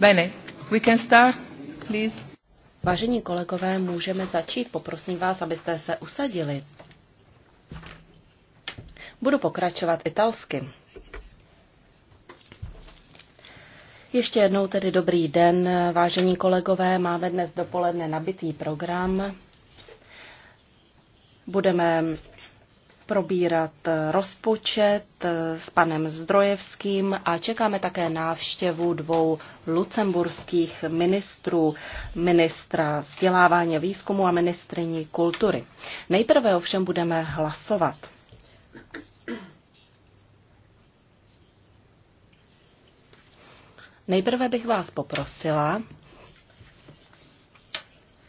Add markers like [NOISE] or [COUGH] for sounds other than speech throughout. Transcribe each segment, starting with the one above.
Bene, we can start, please. Vážení kolegové, můžeme začít. Poprosím vás, abyste se usadili. Budu pokračovat italsky. Ještě jednou tedy dobrý den, vážení kolegové. Máme dnes dopoledne nabitý program. Budeme probírat rozpočet s panem Zdrojevským a čekáme také návštěvu dvou lucemburských ministrů, ministra vzdělávání a výzkumu a ministriní kultury. Nejprve ovšem budeme hlasovat. Nejprve bych vás poprosila,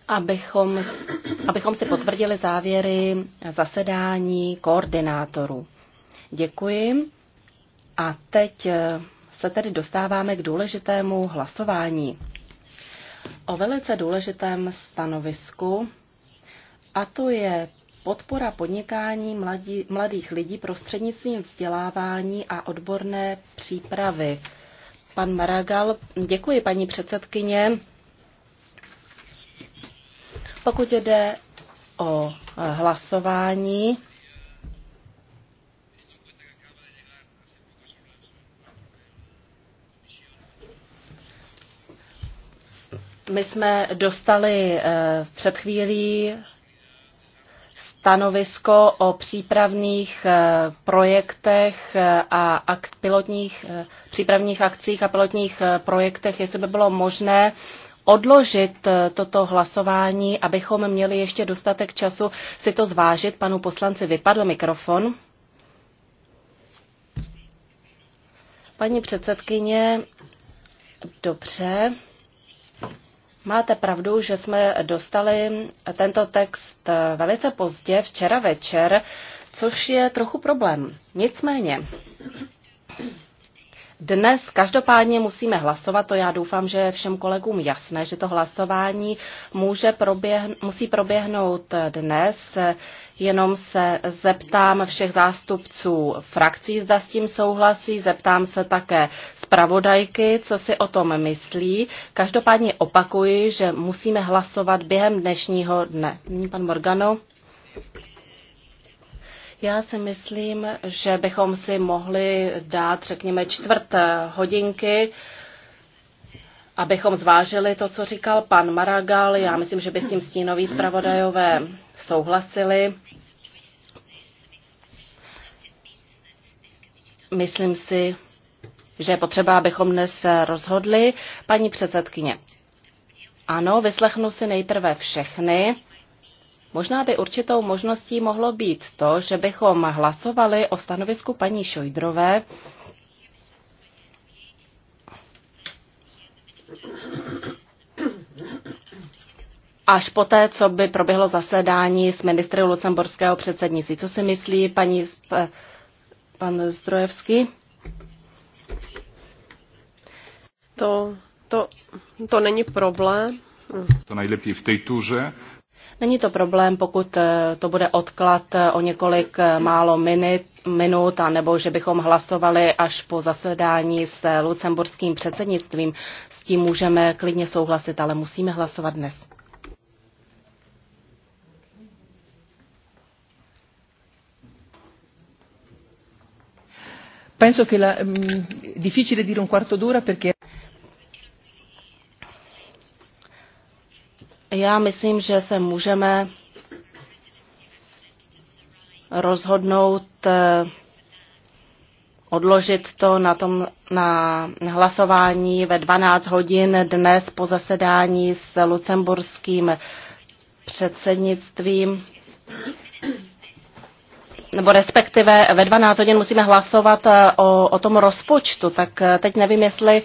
abychom, abychom si potvrdili závěry zasedání koordinátorů. Děkuji. A teď eh, se tedy dostáváme k důležitému hlasování. O velice důležitém stanovisku, a to je podpora podnikání mladí, mladých lidí prostřednictvím vzdělávání a odborné přípravy. Pan Maragal, děkuji paní předsedkyně. Pokud jde o eh, hlasování, My jsme dostali eh, před chvílí stanovisko o přípravných eh, projektech a akt, pilotních, přípravných akcích a pilotních projektech, jestli by bylo možné odložit eh, toto hlasování, abychom měli ještě dostatek času si to zvážit. Panu poslanci vypadl mikrofon. Paní předsedkyně, dobře. Máte pravdu, že jsme dostali tento text eh, velice pozdě, včera večer, což je trochu problém. Nicméně, dnes každopádně musíme hlasovat, to já doufám, že je všem kolegům jasné, že to hlasování může proběh- musí proběhnout dnes. Jenom se zeptám všech zástupců frakcí, zda s tím souhlasí, zeptám se také zpravodajky, co si o tom myslí. Každopádně opakuji, že musíme hlasovat během dnešního dne. Nyní pan Morgano. Já si myslím, že bychom si mohli dát, řekněme, čtvrt eh, hodinky, abychom zvážili to, co říkal pan Maragal. Já myslím, že by s tím stínoví zpravodajové souhlasili. Myslím si, že je potřeba, abychom dnes rozhodli. Paní předsedkyně, ano, vyslechnu si nejprve všechny Možná by určitou možností mohlo být to, že bychom hlasovali o stanovisku paní Šojdrové, až poté, co by proběhlo zasedání s ministry lucemburského předsednictví. Co si myslí paní, eh, pan Zdrojevský? To, to, to není problém. To nejlepší v té tuře. Není to problém, pokud eh, to bude odklad eh, o několik eh, málo minut, minut a nebo že bychom hlasovali až po zasedání s lucemburským předsednictvím. S tím můžeme klidně souhlasit, ale musíme hlasovat dnes. Penso che la, mh, mm, difficile dire un quarto d'ora perché Já myslím, že se můžeme rozhodnout eh, odložit to na, tom, na hlasování ve 12 hodin dnes po zasedání s lucemburským předsednictvím. Nebo respektive ve 12 hodin musíme hlasovat eh, o, o tom rozpočtu, tak eh, teď nevím, jestli,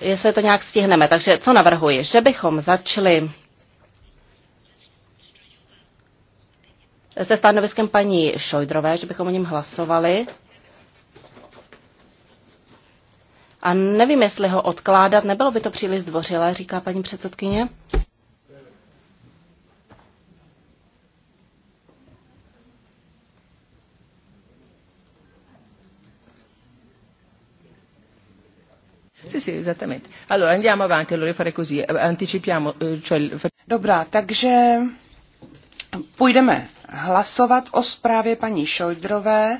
jestli to nějak stihneme. Takže co navrhuji? Že bychom začali se stanoviskem paní Šojdrové, že bychom o něm hlasovali. A nevím, jestli ho odkládat, nebylo by to příliš zdvořilé, říká paní předsedkyně. Sì, sì, esattamente. Allora andiamo avanti, allora fare così, eh, anticipiamo, eh, cioè... Dobrá, takže půjdeme hlasovat o zprávě paní Šojdrové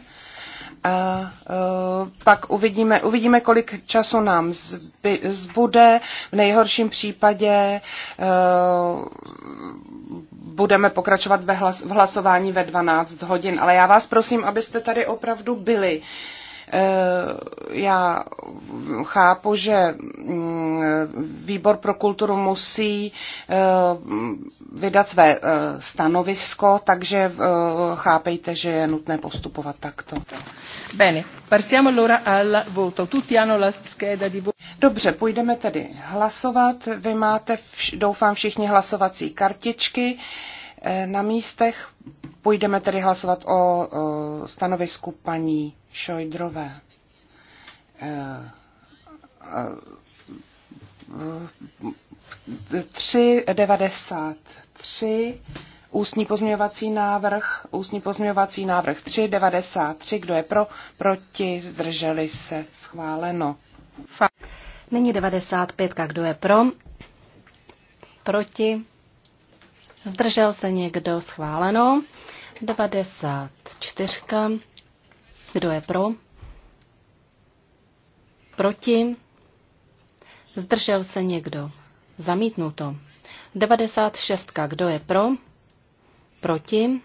a uh, pak uvidíme, uvidíme, kolik času nám zby, zbude. V nejhorším případě uh, budeme pokračovat ve hlas, v hlasování ve 12 hodin. Ale já vás prosím, abyste tady opravdu byli. Uh, Eh, já chápu, že mm, výbor pro kulturu musí eh, vydat své eh, stanovisko, takže chápejte, že je nutné postupovat takto. Bene, passiamo allora al voto. Tutti hanno la scheda di voto. Dobře, půjdeme tedy hlasovat. Vy máte, doufám, všichni hlasovací kartičky. Uh, Eh, na místech. Půjdeme tedy hlasovat o stanovisku paní Šojdrové. Eh, eh, tři devadesát tři ústní pozměňovací návrh, ústní pozměňovací návrh 393, kdo je pro, proti, zdrželi se, schváleno. Fa- Nyní 95, kdo je pro, proti, Zdržel se někdo? Schváleno. 94. Kdo je pro? Proti? Zdržel se někdo? Zamítnuto. 96. Kdo je pro? Proti?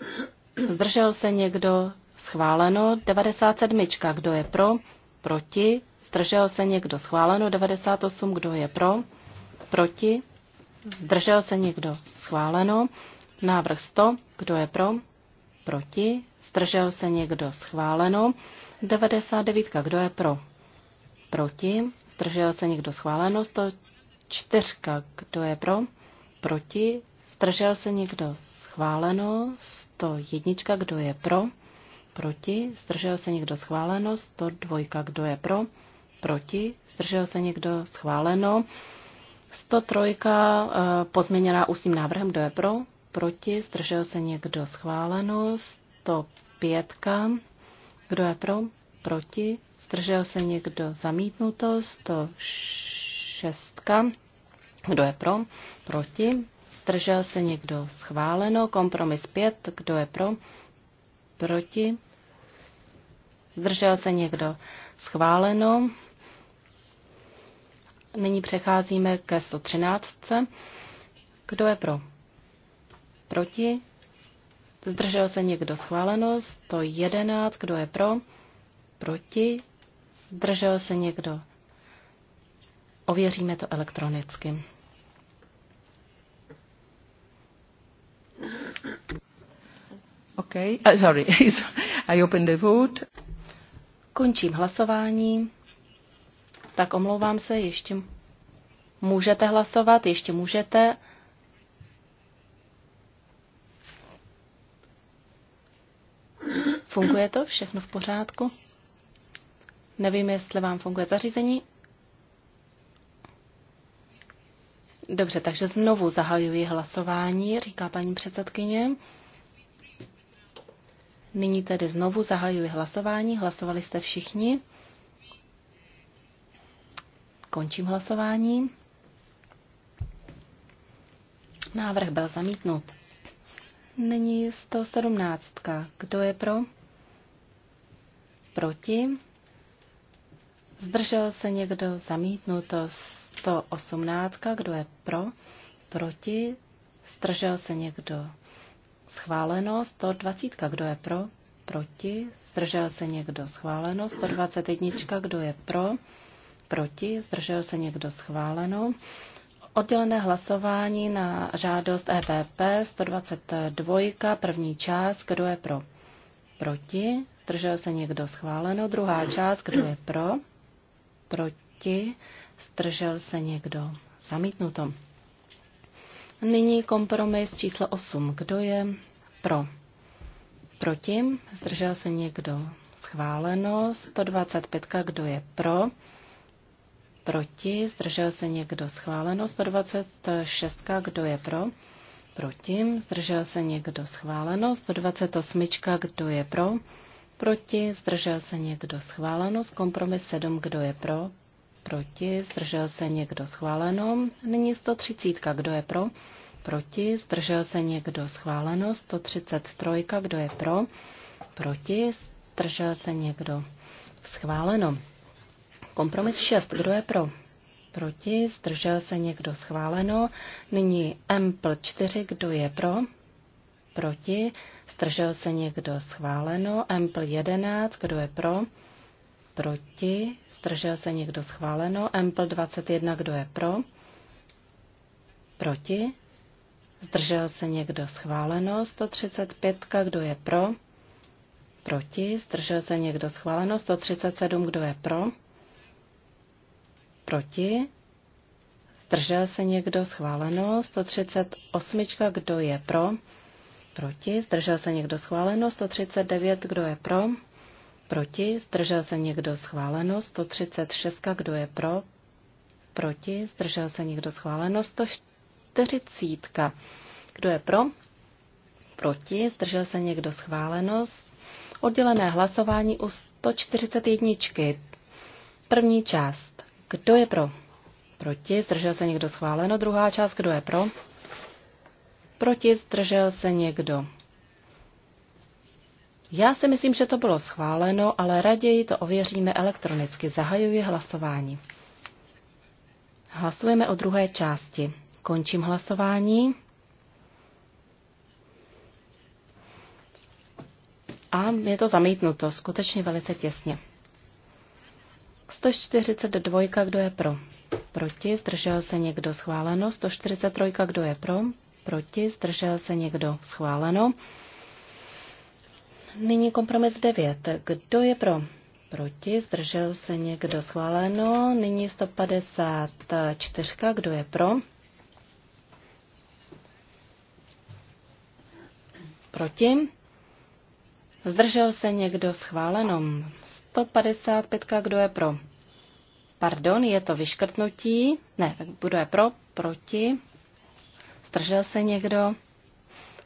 Zdržel se někdo? Schváleno. 97. Kdo je pro? Proti? Zdržel se někdo? Schváleno. 98. Kdo je pro? Proti? Zdržel se někdo? Schváleno. Návrh 100. Kdo je pro? Proti. Zdržel se někdo? Schváleno. 99. Kdo je pro? Proti. Zdržel se někdo? Schváleno. 104. Kdo je pro? Proti. Zdržel se někdo? Schváleno. 101. Kdo je pro? Proti. Zdržel se někdo? Schváleno. 102. Kdo je pro? Proti. Zdržel se někdo? Schváleno. 103 pozměněná ústním návrhem, kdo je pro, proti, zdržel se někdo schváleno, 105, kdo je pro, proti, zdržel se někdo zamítnuto, 106, kdo je pro, proti, zdržel se někdo schváleno, kompromis 5, kdo je pro, proti, zdržel se někdo schváleno, Nyní přecházíme ke 113. Kdo je pro? Proti? Zdržel se někdo schváleno? 111. Kdo je pro? Proti? Zdržel se někdo? Ověříme to elektronicky. Okay. Uh, sorry, [LAUGHS] I open the vote. Končím hlasování. Tak omlouvám se, ještě můžete hlasovat, ještě můžete. Funguje to? Všechno v pořádku? Nevím, jestli vám funguje zařízení. Dobře, takže znovu zahajuji hlasování, říká paní předsedkyně. Nyní tedy znovu zahajuji hlasování. Hlasovali jste všichni? Končím hlasování. Návrh byl zamítnut. Nyní 117. Kdo je pro? Proti? Zdržel se někdo zamítnuto 118. Kdo je pro? Proti? Zdržel se někdo schváleno 120. Kdo je pro? Proti? Zdržel se někdo schváleno 121. Kdo je pro? proti, zdržel se někdo schváleno. Oddělené hlasování na žádost EPP 122, první část, kdo je pro? Proti, zdržel se někdo schváleno. Druhá část, kdo je pro? Proti, zdržel se někdo zamítnuto. Nyní kompromis číslo 8. Kdo je pro? Proti? Zdržel se někdo? Schváleno. 125. Kdo je pro? Proti? Zdržel se někdo? Schváleno. 126. Kdo je pro? Proti? Zdržel se někdo? Schváleno. 128. Kdo je pro? Proti? Zdržel se někdo? Schváleno. Kompromis 7. Kdo je pro? Proti? Zdržel se někdo? Schváleno. Nyní 130. Kdo je pro? Proti? Zdržel se někdo? Schváleno. 133. Kdo je pro? Proti? Zdržel se někdo? Schváleno. Kompromis 6. Kdo je pro? Proti. Zdržel se někdo schváleno. Nyní Mpl 4. Kdo je pro? Proti. Zdržel se někdo schváleno. Mpl 11. Kdo je pro? Proti. Zdržel se někdo schváleno. Ample 21. Kdo je pro? Proti. Zdržel se někdo schváleno. 135. Kdo je pro? Proti. Zdržel se někdo schváleno. 137. Kdo je pro? Proti? Zdržel se někdo? Schváleno. 138. Kdo je pro? Proti? Zdržel se někdo? Schváleno. 139. Kdo je pro? Proti? Zdržel se někdo? Schváleno. 136. Kdo je pro? Proti? Zdržel se někdo? Schváleno. 140. Kdo je pro? Proti? Zdržel se někdo? Schváleno. Oddělené hlasování u 141. První část. Kdo je pro? Proti, zdržel se někdo schváleno. Druhá část, kdo je pro? Proti, zdržel se někdo. Já si myslím, že to bylo schváleno, ale raději to ověříme elektronicky. Zahajuji hlasování. Hlasujeme o druhé části. Končím hlasování. A je to zamítnuto, skutečně velice těsně. 142, kdo je pro? Proti, zdržel se někdo schváleno. 143, kdo je pro? Proti, zdržel se někdo schváleno. Nyní kompromis 9. Kdo je pro? Proti, zdržel se někdo schváleno. Nyní 154, kdo je pro? Proti. Zdržel se někdo schváleno. 155, kdo je pro? Pardon, je to vyškrtnutí. Ne, tak kdo je pro? Proti. Zdržel se někdo?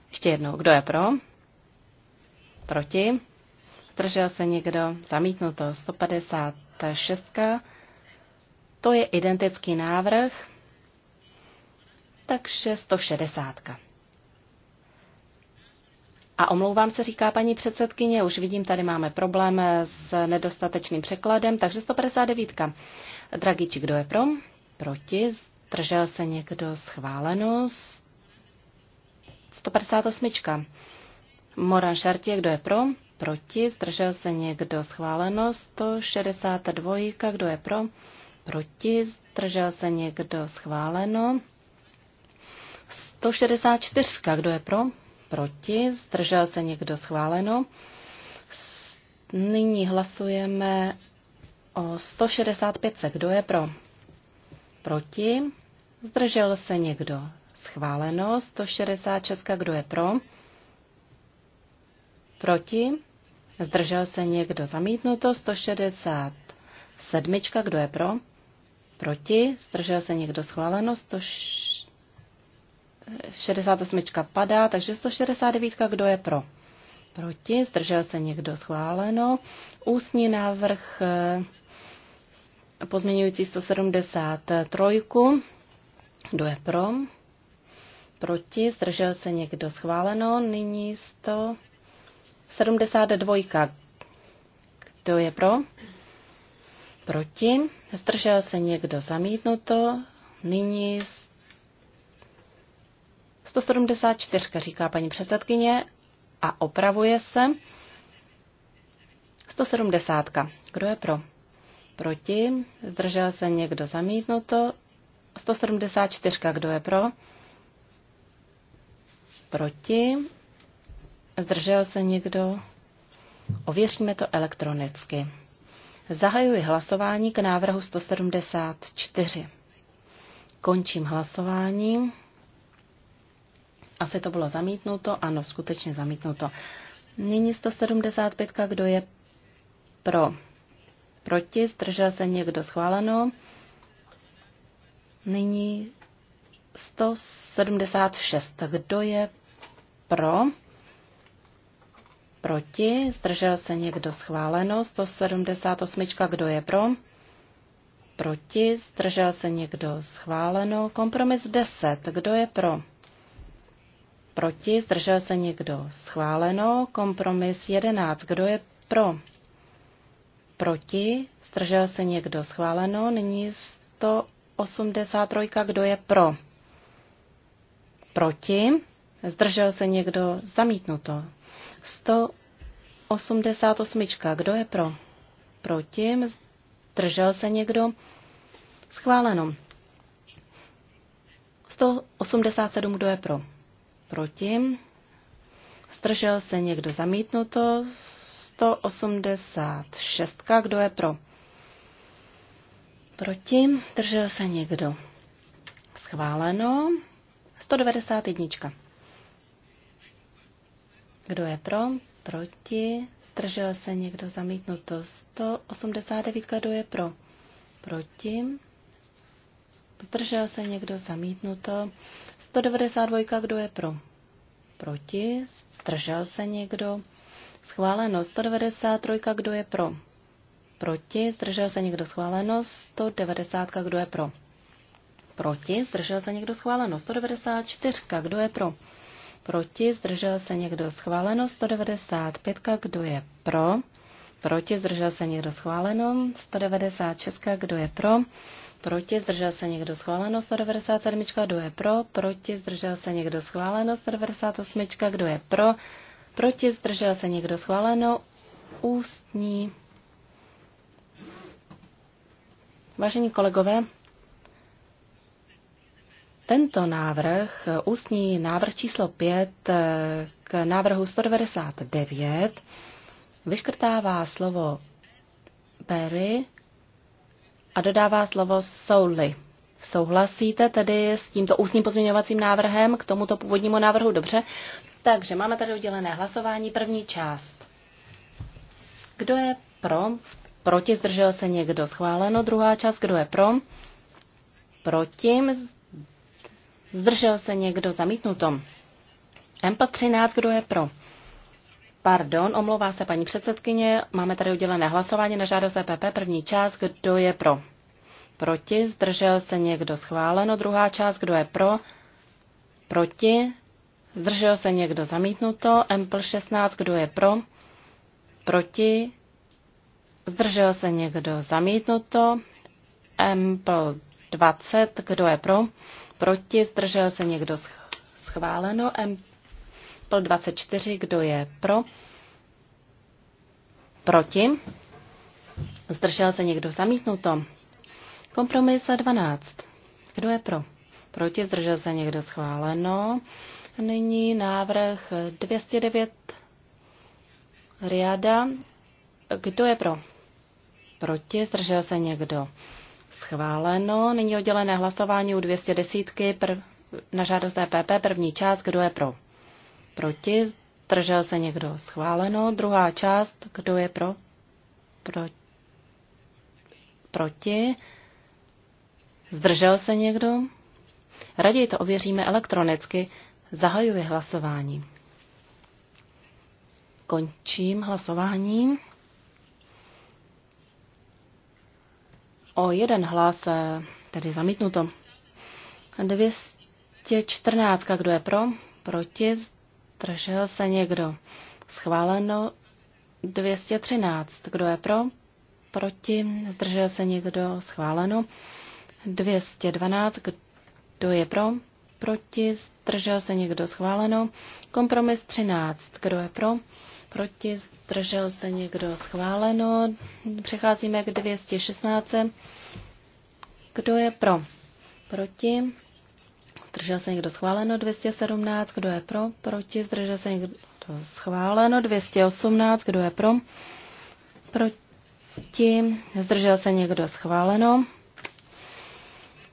Ještě jednou, kdo je pro? Proti. Zdržel se někdo? Zamítnuto. 156. To je identický návrh. Takže 160. A omlouvám se, říká paní předsedkyně, už vidím, tady máme problém s nedostatečným překladem, takže 159. Dragiči, kdo je pro? Proti. Zdržel se někdo schváleno? 158. Moran Šartě, kdo je pro? Proti. Zdržel se někdo schváleno? 162. Kdo je pro? Proti. Zdržel se někdo schváleno? 164. Kdo je pro? proti, zdržel se někdo schváleno. Nyní hlasujeme o 165. Kdo je pro? Proti. Zdržel se někdo? Schváleno. 166. Kdo je pro? Proti. Zdržel se někdo? Zamítnuto. 167. Kdo je pro? Proti. Zdržel se někdo? Schváleno. 160. 68 padá, takže 169, kdo je pro? Proti, zdržel se někdo schváleno. Ústní návrh eh, pozměňující 173, kdo je pro? Proti, zdržel se někdo schváleno. Nyní 172, kdo je pro? Proti, zdržel se někdo zamítnuto. Nyní 174, říká paní předsedkyně a opravuje se. 170. Kdo je pro? Proti. Zdržel se někdo zamítnuto. 174. Kdo je pro? Proti. Zdržel se někdo? Ověříme to elektronicky. Zahajuji hlasování k návrhu 174. Končím hlasování. Asi to bylo zamítnuto, ano, skutečně zamítnuto. Nyní 175, kdo je pro? Proti, zdržel se někdo schváleno. Nyní 176, kdo je pro? Proti, zdržel se někdo schváleno. 178, kdo je pro? Proti, zdržel se někdo schváleno. Kompromis 10, kdo je pro? Proti? Zdržel se někdo? Schváleno. Kompromis 11. Kdo je pro? Proti? Zdržel se někdo? Schváleno. Nyní 183. Kdo je pro? Proti? Zdržel se někdo? Zamítnuto. 188. Kdo je pro? Proti? Zdržel se někdo? Schváleno. 187. Kdo je pro? proti, zdržel se někdo zamítnuto, 186, kdo je pro, proti, zdržel se někdo schváleno, 191. Kdo je pro, proti, zdržel se někdo zamítnuto, 189, kdo je pro, proti, Zdržel se někdo zamítnuto. 192, kdo je pro? Proti. Zdržel se někdo? Schváleno. 193, kdo je pro? Proti. Zdržel se někdo schváleno? 190, kdo je pro? Proti. Zdržel se někdo schváleno? 194, kdo je pro? Proti. Zdržel se někdo schváleno? 195, kdo je pro? Proti. Zdržel se někdo schváleno? 196, kdo je pro? proti, zdržel se někdo schváleno, 197, kdo je pro, proti, zdržel se někdo schváleno, 198, kdo je pro, proti, zdržel se někdo schváleno, ústní. Vážení kolegové, tento návrh, ústní návrh číslo 5 eh, k návrhu 199, vyškrtává slovo Perry a dodává slovo souly. Souhlasíte tedy s tímto ústním pozměňovacím návrhem k tomuto původnímu návrhu? Dobře. Takže máme tady udělené hlasování, první část. Kdo je pro? Proti zdržel se někdo. Schváleno. Druhá část. Kdo je pro? Proti. Zdržel se někdo. Zamítnuto. MP13. Kdo je pro? Pardon, omlouvá se paní předsedkyně. Máme tady udělené hlasování na žádost EPP. První část, kdo je pro? Proti, zdržel se někdo schváleno. Druhá část, kdo je pro? Proti, zdržel se někdo zamítnuto. Empl 16, kdo je pro? Proti, zdržel se někdo zamítnuto. Empl 20, kdo je pro? Proti, zdržel se někdo schváleno. Empl Ample 24, kdo je pro? Proti? Zdržel se někdo zamítnuto? Kompromis za 12. Kdo je pro? Proti zdržel se někdo schváleno. Nyní návrh 209 Riada. Kdo je pro? Proti zdržel se někdo schváleno. Nyní oddělené hlasování u 210 prv, na žádost EPP. První část. Kdo je pro? proti, zdržel se někdo schváleno. Druhá část, kdo je pro, pro proti, zdržel se někdo. Raději to ověříme elektronicky. Zahajuji hlasování. Končím hlasování. O jeden hlas, eh, tedy zamítnuto. 214, kdo je pro? Proti, Zdržel se někdo? Schváleno 213. Kdo je pro? Proti? Zdržel se někdo? Schváleno 212. Kdo je pro? Proti? Zdržel se někdo? Schváleno. Kompromis 13. Kdo je pro? Proti? Zdržel se někdo? Schváleno. Přecházíme k 216. Kdo je pro? Proti? Zdržel se někdo schváleno 217, kdo je pro? Proti. Zdržel se někdo schváleno 218, kdo je pro? Proti. Zdržel se někdo schváleno.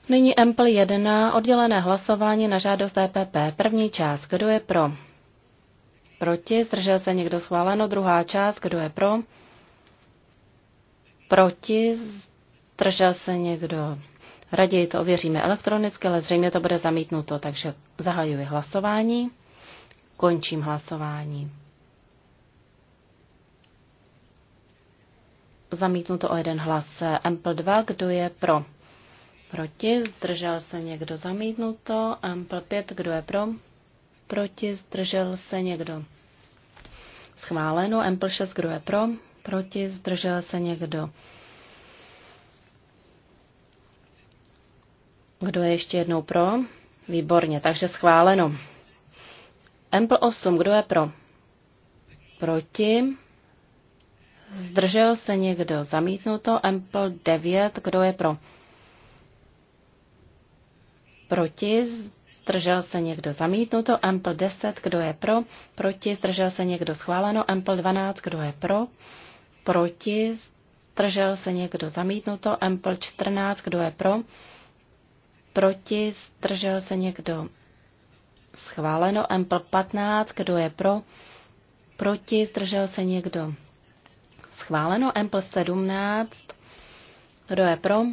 Nyní MPL 1, oddělené hlasování na žádost EPP. První část, kdo je pro? Proti. Zdržel se někdo schváleno. Druhá část, kdo je pro? Proti. Zdržel se někdo Raději to ověříme elektronicky, ale zřejmě to bude zamítnuto, takže zahajuji hlasování. Končím hlasování. Zamítnuto o jeden hlas. Ample 2, kdo je pro? Proti, zdržel se někdo zamítnuto. Ample 5, kdo je pro? Proti, zdržel se někdo. Schváleno. Ample 6, kdo je pro? Proti, zdržel se někdo. Kdo je ještě jednou pro? Výborně, takže schváleno. Ample 8, kdo je pro? Proti. Zdržel se někdo? Zamítnuto. Ample 9, kdo je pro? Proti. Zdržel se někdo? Zamítnuto. Ample 10, kdo je pro? Proti. Zdržel se někdo? Schváleno. Ample 12, kdo je pro? Proti. Zdržel se někdo? Zamítnuto. Ample 14, kdo je pro? proti, zdržel se někdo schváleno, empl 15, kdo je pro, proti, zdržel se někdo schváleno, empl 17, kdo je pro,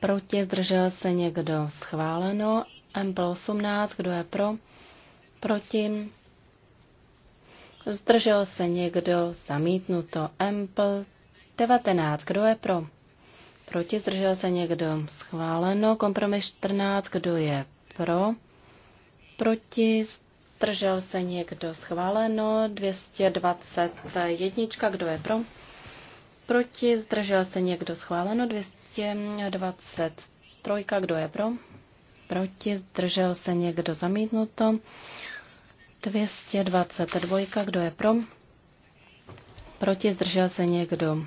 proti, zdržel se někdo schváleno, empl 18, kdo je pro, proti, zdržel se někdo zamítnuto, empl 19, kdo je pro, Proti zdržel se někdo? Schváleno. Kompromis 14. Kdo je pro? Proti zdržel se někdo? Schváleno. 221. Kdo je pro? Proti zdržel se někdo? Schváleno. 223. Kdo je pro? Proti zdržel se někdo? Zamítnuto. 222. Kdo je pro? Proti zdržel se někdo?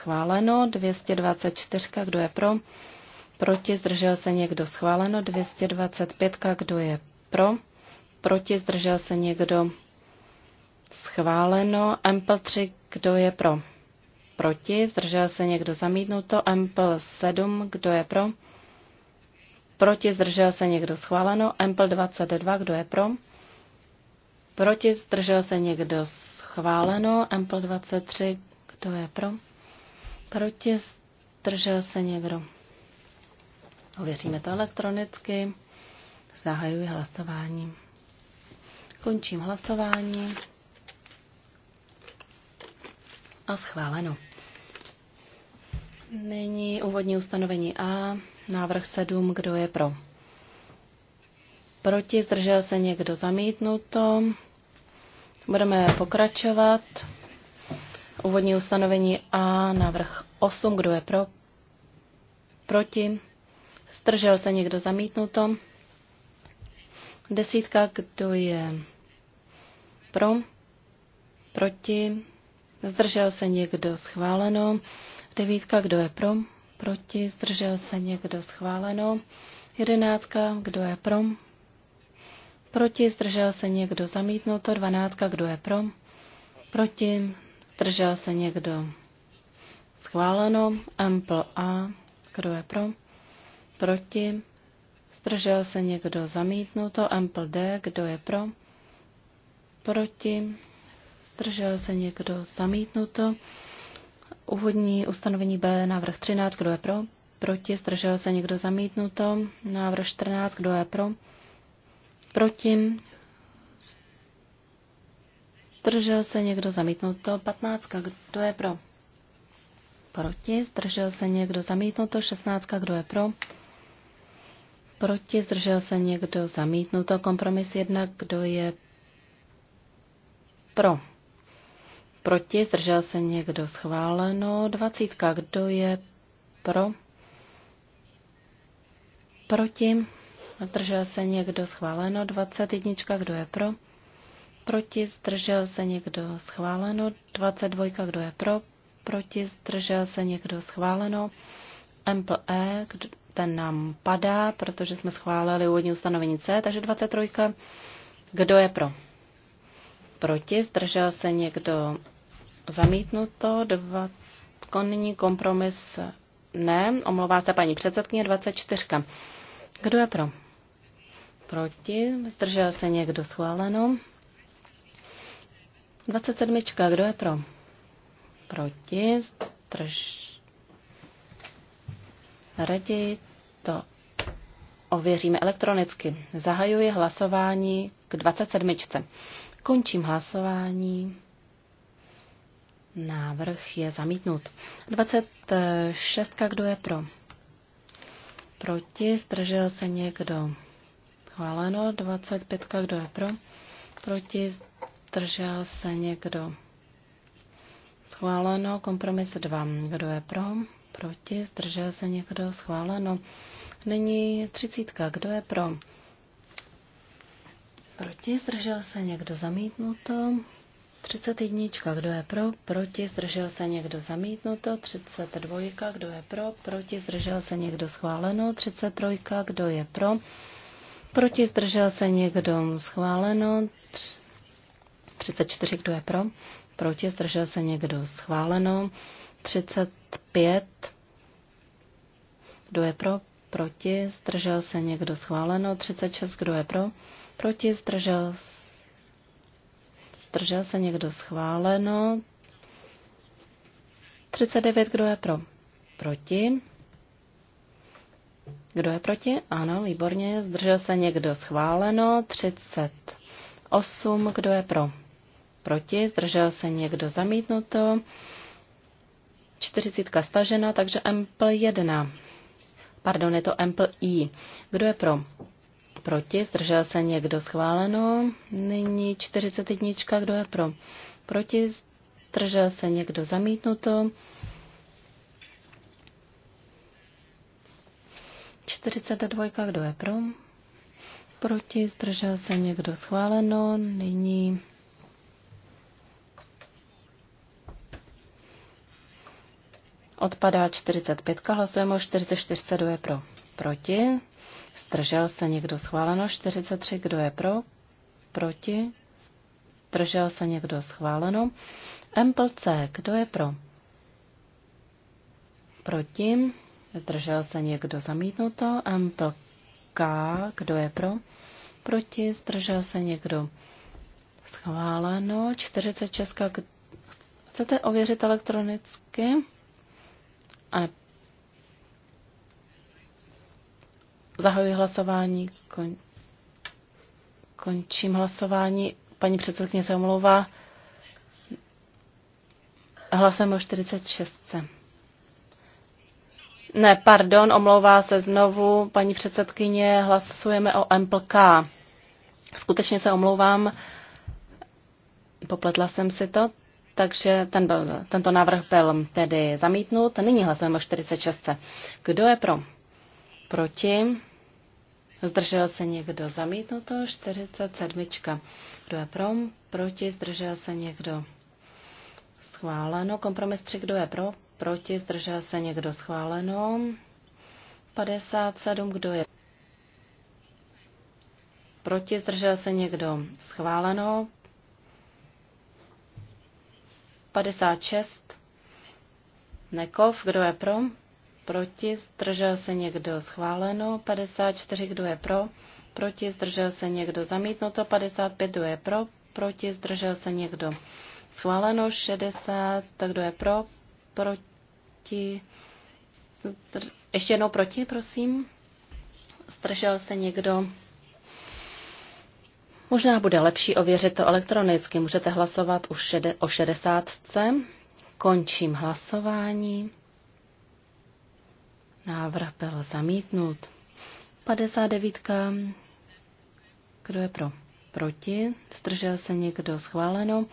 Schváleno. 224. Kdo je pro? Proti. Zdržel se někdo? Schváleno. 225. Kdo je pro? Proti. Zdržel se někdo? Schváleno. mpl 3. Kdo je pro? Proti. Zdržel se někdo? Zamítnuto. mpl 7. Kdo je pro? Proti. Zdržel se někdo? Schváleno. mpl 22. Kdo je pro? Proti zdržel se někdo schváleno. mpl 23, kdo je pro? Proti zdržel se někdo. Ověříme to elektronicky. Zahajuji hlasování. Končím hlasování. A schváleno. Nyní úvodní ustanovení A, návrh 7, kdo je pro. Proti zdržel se někdo zamítnuto. Budeme pokračovat. Úvodní ustanovení A, návrh 8, kdo je pro, proti, zdržel se někdo zamítnuto. Desítka, kdo je pro, proti, zdržel se někdo schváleno. Devítka, kdo je pro, proti, zdržel se někdo schváleno. Jedenáctka, kdo je pro, proti, zdržel se někdo zamítnuto. Dvanáctka, kdo je pro, proti, Zdržel se někdo? Schváleno. Ampl A. Kdo je pro? Proti. Zdržel se někdo? Zamítnuto. Ampl D. Kdo je pro? Proti. Zdržel se někdo? Zamítnuto. Úvodní ustanovení B. Návrh 13. Kdo je pro? Proti. Zdržel se někdo? Zamítnuto. Návrh 14. Kdo je pro? Proti. Zdržel se někdo zamítnuto? 15. Kdo je pro? Proti. Zdržel se někdo zamítnuto? 16. Kdo je pro? Proti. Zdržel se někdo zamítnuto? Kompromis 1. Kdo je pro? Proti. Zdržel se někdo schváleno? 20. Kdo je pro? Proti. Zdržel se někdo schváleno? 21. Kdo je pro? Proti zdržel se někdo schváleno. 22. Kdo je pro? Proti zdržel se někdo schváleno. MPE, ten nám padá, protože jsme schválili úvodní ustanovení C, takže 23. Kdo je pro? Proti zdržel se někdo zamítnuto. Dva, konní kompromis ne, omlouvá se paní předsedkyně 24. Kdo je pro? Proti, zdržel se někdo schváleno. 27. Kdo je pro? Proti. Drž. Raději to ověříme elektronicky. Zahajuji hlasování k 27. Končím hlasování. Návrh je zamítnut. 26. Kdo je pro? Proti. Zdržel se někdo? Chváleno. 25. Kdo je pro? Proti. Zdržel se někdo? Schváleno. Kompromis 2. Kdo je pro? Proti. Zdržel se někdo? Schváleno. Nyní třicítka. Kdo je pro? Proti. Zdržel se někdo? Zamítnuto. 31. Kdo je pro? Proti. Zdržel se někdo? Zamítnuto. 32. Kdo je pro? Proti. Zdržel se někdo? Schváleno. 33. Kdo je pro? Proti. Zdržel se někdo? Schváleno. 34, kdo je pro? Proti, zdržel se někdo? Schváleno. 35, kdo je pro? Proti, zdržel se někdo? Schváleno. 36, kdo je pro? Proti, zdržel Zdržel se někdo? Schváleno. 39, kdo je pro? Proti. Kdo je proti? Ano, výborně. Zdržel se někdo? Schváleno. 38. Kdo je pro? proti, zdržel se někdo zamítnuto, 40 stažena, takže Ample 1. Pardon, je to Ample I. Kdo je pro? Proti, zdržel se někdo schváleno. Nyní 41, kdo je pro? Proti, zdržel se někdo zamítnuto. 42, kdo je pro? Proti, zdržel se někdo schváleno. Nyní Odpadá 45, hlasujeme o 44, kdo je pro. Proti. Zdržel se někdo schváleno 43, kdo je pro. Proti. Zdržel se někdo schváleno. Mplc, kdo je pro. Proti. Zdržel se někdo zamítnuto. Mplk, kdo je pro. Proti. Zdržel se někdo schváleno. 46, chcete ověřit elektronicky? Zahajuji hlasování, kon... končím hlasování. Paní předsedkyně se omlouvá. Hlasujeme o 46. Ne, pardon, omlouvá se znovu paní předsedkyně, hlasujeme o MPK. Skutečně se omlouvám, popletla jsem si to takže ten byl, tento návrh byl tedy zamítnut. Nyní hlasujeme o 46. Kdo je pro? Proti? Zdržel se někdo zamítnuto? 47. Kdo je pro? Proti? Zdržel se někdo? Schváleno. Kompromis 3. Kdo je pro? Proti? Zdržel se někdo? Schváleno. 57. Kdo je Proti? Zdržel se někdo? Schváleno. 56. Nekov, kdo je pro? Proti, zdržel se někdo schváleno. 54, kdo je pro? Proti, zdržel se někdo zamítnuto. 55, kdo je pro? Proti, zdržel se někdo schváleno. 60, tak kdo je pro? Proti, zdr... ještě jednou proti, prosím. Zdržel se někdo Možná bude lepší ověřit to elektronicky. Můžete hlasovat už šede, o 60. Končím hlasování. Návrh byl zamítnut. 59. Kdo je pro? Proti. Zdržel se někdo schváleno.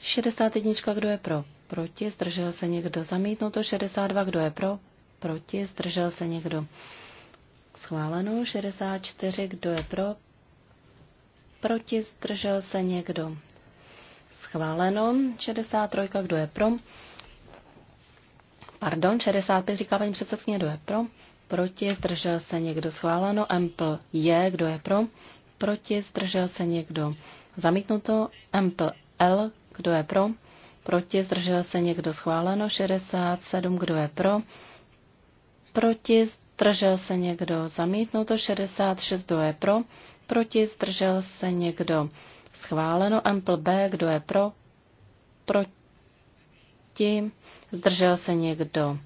61. Kdo je pro? Proti. Zdržel se někdo zamítnuto. 62. Kdo je pro? Proti. Zdržel se někdo schváleno. 64. Kdo je pro? proti, zdržel se někdo. Schváleno. 63, kdo je pro? Pardon, 65 říká paní předsedkyně, kdo je pro? Proti, zdržel se někdo. Schváleno. Ample je, kdo je pro? Proti, zdržel se někdo. Zamítnuto. Ample L, kdo je pro? Proti, zdržel se někdo. Schváleno. 67, kdo je pro? Proti, zdržel se někdo. Zamítnuto. 66, kdo je pro? Proti zdržel se někdo. Schváleno ampl B, kdo je pro? Proti zdržel se někdo.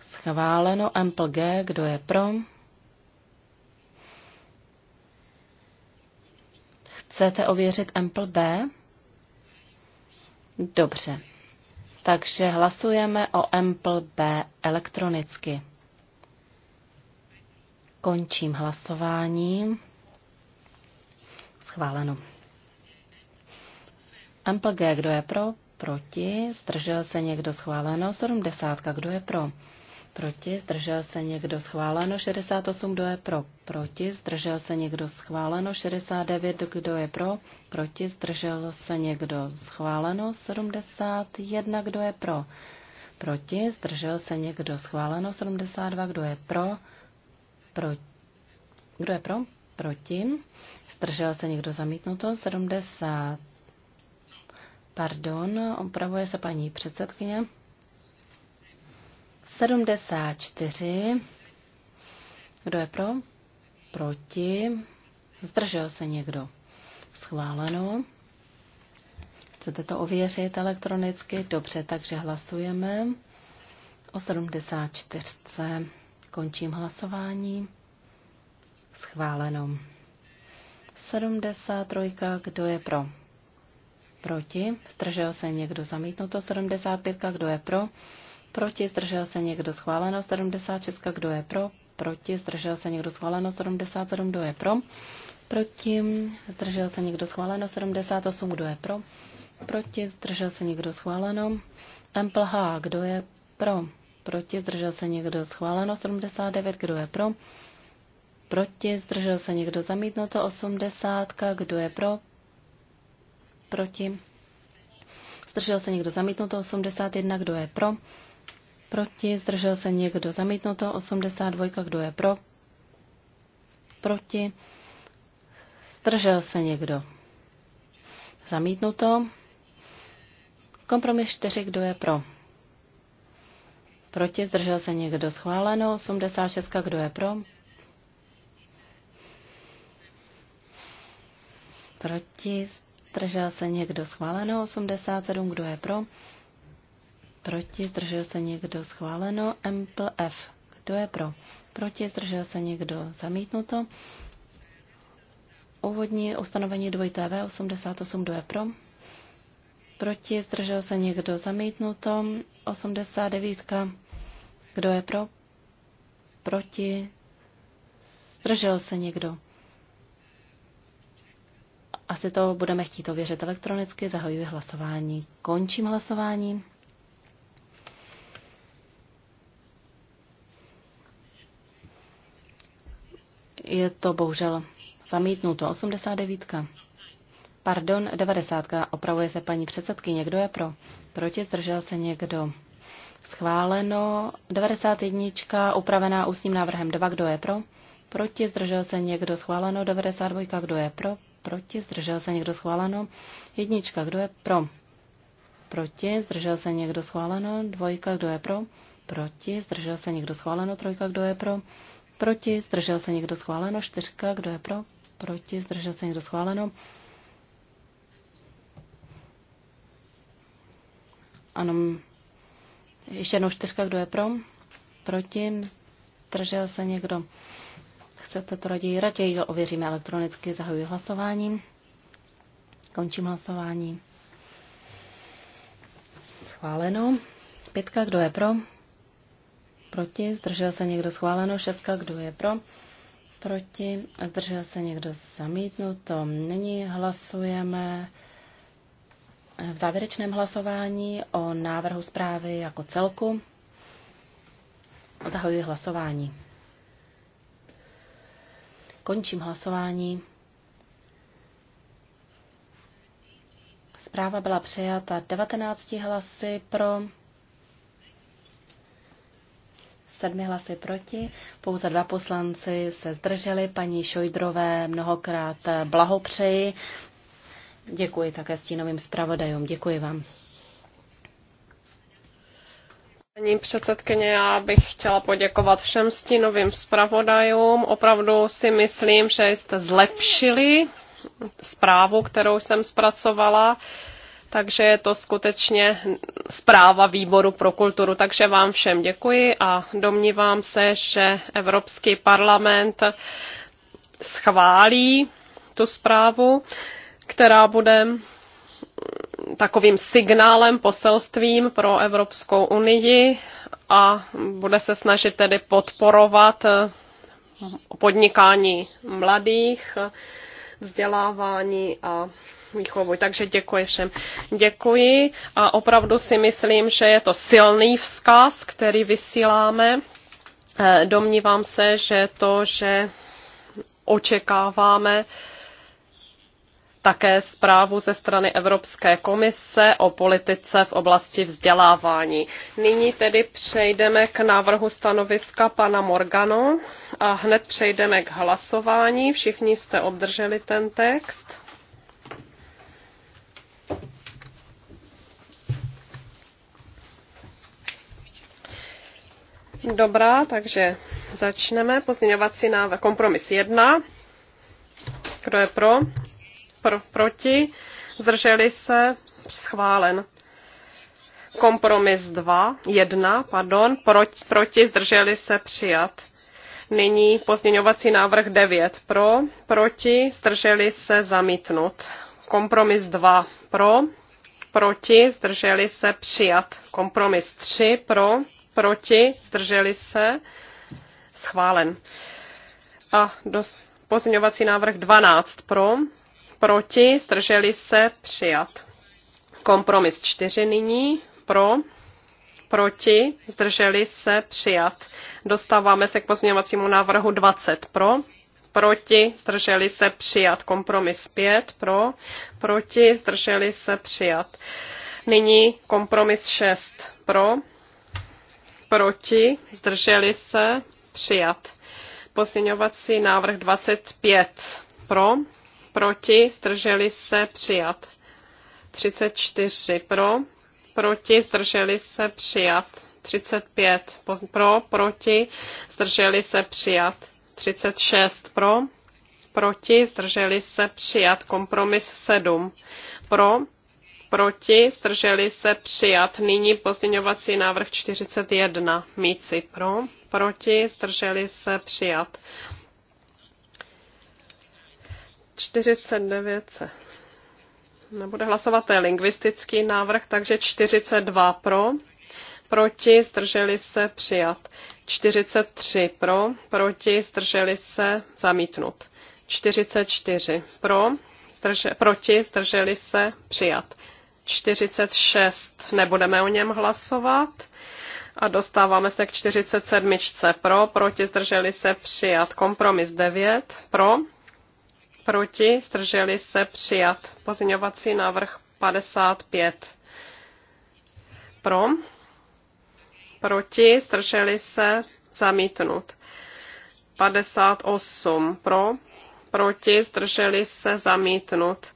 Schváleno ampl G, kdo je pro? Chcete ověřit ampl B? Dobře. Takže hlasujeme o ampl B elektronicky. Končím hlasování. Schváleno. MPG, kdo je pro? Proti. Zdržel se někdo? Schváleno. 70, kdo je pro? Proti. Zdržel se někdo? Schváleno. 68, kdo je pro? Proti. Zdržel se někdo? Schváleno. 69, kdo je pro? Proti. Zdržel se někdo? Schváleno. 71, kdo je pro? Proti. Zdržel se někdo? Schváleno. 72, kdo je pro? Proti. Kdo je pro? Proti. Zdržel se někdo zamítnuto? 70. Pardon, opravuje se paní předsedkyně. 74. Kdo je pro? Proti. Zdržel se někdo? Schváleno. Chcete to ověřit elektronicky? Dobře, takže hlasujeme o 74. Končím hlasování. Schváleno. 73. Kdo je pro? Proti. Zdržel se někdo zamítnuto 75. Kdo je pro? Proti. Zdržel se někdo schváleno 76. Kdo je pro? Proti. Zdržel se někdo schváleno 77. Kdo je pro? Proti. Zdržel se někdo schváleno 78. Kdo je pro? Proti. Zdržel se někdo schváleno. MPH. Kdo je pro? Proti. Zdržel se někdo schváleno 79. Kdo je pro? proti, zdržel se někdo zamítnuto, 80, kdo je pro, proti, zdržel se někdo zamítnuto, 81, kdo je pro, proti, zdržel se někdo zamítnuto, 82, kdo je pro, proti, zdržel se někdo zamítnuto, kompromis 4, kdo je pro. Proti zdržel se někdo schváleno, 86, kdo je pro, Proti? Zdržel se někdo schváleno? 87. Kdo je pro? Proti? Zdržel se někdo schváleno? Empl F. Kdo je pro? Proti? Zdržel se někdo zamítnuto? Úvodní ustanovení 2TV 88. Kdo je pro? Proti? Zdržel se někdo zamítnuto? 89. Kdo je pro? Proti? Zdržel se někdo? Asi to budeme chtít ověřit elektronicky, zahajuji hlasování. Končím hlasování. Je to bohužel zamítnuto. 89. Pardon, 90. Opravuje se paní předsedkyně. Někdo je pro? Proti zdržel se někdo. Schváleno. 91. Upravená ústním návrhem 2. Kdo je pro? Proti zdržel se někdo. Schváleno. 92. Kdo je pro? proti, zdržel se někdo schváleno. Jednička, kdo je pro, proti, zdržel se někdo schváleno. Dvojka, kdo je pro, proti, zdržel se někdo schváleno. Trojka, kdo je pro, proti, zdržel se někdo schváleno. Čtyřka, kdo je pro, proti, zdržel se někdo schváleno. Ano, ještě jednou čtyřka, kdo je pro, proti, zdržel se někdo chcete to raději, raději to ověříme elektronicky, zahajuji hlasování, končím hlasování. Schváleno. Pětka, kdo je pro? Proti, zdržel se někdo schváleno. Šestka, kdo je pro? Proti, zdržel se někdo zamítnuto. Nyní hlasujeme v závěrečném hlasování o návrhu zprávy jako celku. Zahajuji hlasování. Končím hlasování. Zpráva byla přijata 19 hlasy pro, 7 hlasy proti, pouze dva poslanci se zdrželi. Paní Šojdrové mnohokrát blahopřeji. Děkuji také stínovým zpravodajům. Děkuji vám. Paní předsedkyně, já bych chtěla poděkovat všem stínovým zpravodajům. Opravdu si myslím, že jste zlepšili zprávu, kterou jsem zpracovala. Takže je to skutečně zpráva výboru pro kulturu. Takže vám všem děkuji a domnívám se, že Evropský parlament schválí tu zprávu, která bude takovým signálem, poselstvím pro Evropskou unii a bude se snažit tedy podporovat eh, podnikání mladých, vzdělávání a výchovu. Takže děkuji všem. Děkuji a opravdu si myslím, že je to silný vzkaz, který vysíláme. Eh, domnívám se, že to, že očekáváme, také zprávu ze strany Evropské komise o politice v oblasti vzdělávání. Nyní tedy přejdeme k návrhu stanoviska pana Morgano a hned přejdeme k hlasování. Všichni jste obdrželi ten text. Dobrá, takže začneme. Pozměňovací návrh kompromis 1. Kdo je pro? pr- proti, zdrželi se, schválen. Kompromis 2, 1, pardon, proti, proti, zdrželi se, přijat. Nyní pozměňovací návrh 9 pro, proti, zdrželi se, zamítnut. Kompromis 2 pro, proti, zdrželi se, přijat. Kompromis 3 pro, proti, zdrželi se, schválen. A dos, pozměňovací návrh 12 pro, proti, zdrželi se, přijat. Kompromis 4 nyní, pro, proti, zdrželi se, přijat. Dostáváme se k pozměňovacímu návrhu 20 pro, proti, zdrželi se, přijat. Kompromis 5 pro, proti, zdrželi se, přijat. Nyní kompromis 6 pro, proti, zdrželi se, přijat. Pozměňovací návrh 25 pro, proti, zdrželi se, přijat. 34 pro, proti, zdrželi se, přijat. 35 pro, proti, zdrželi se, přijat. 36 pro, proti, zdrželi se, přijat. Kompromis 7 pro, proti, zdrželi se, přijat. Nyní pozměňovací návrh 41. Míci pro, proti, zdrželi se, přijat. 49 se nebude no, hlasovat, to je lingvistický návrh, takže 42 pro, proti, zdrželi se, přijat. 43 pro, proti, zdrželi se, zamítnut. 44 pro, zdrže, proti, zdrželi se, přijat. 46 nebudeme o něm hlasovat. A dostáváme se k 47. Pro, proti zdrželi se přijat. Kompromis 9. Pro, proti, zdrželi se přijat. Pozměňovací návrh 55 pro, proti, zdrželi se zamítnut. 58 pro, proti, zdrželi se zamítnut.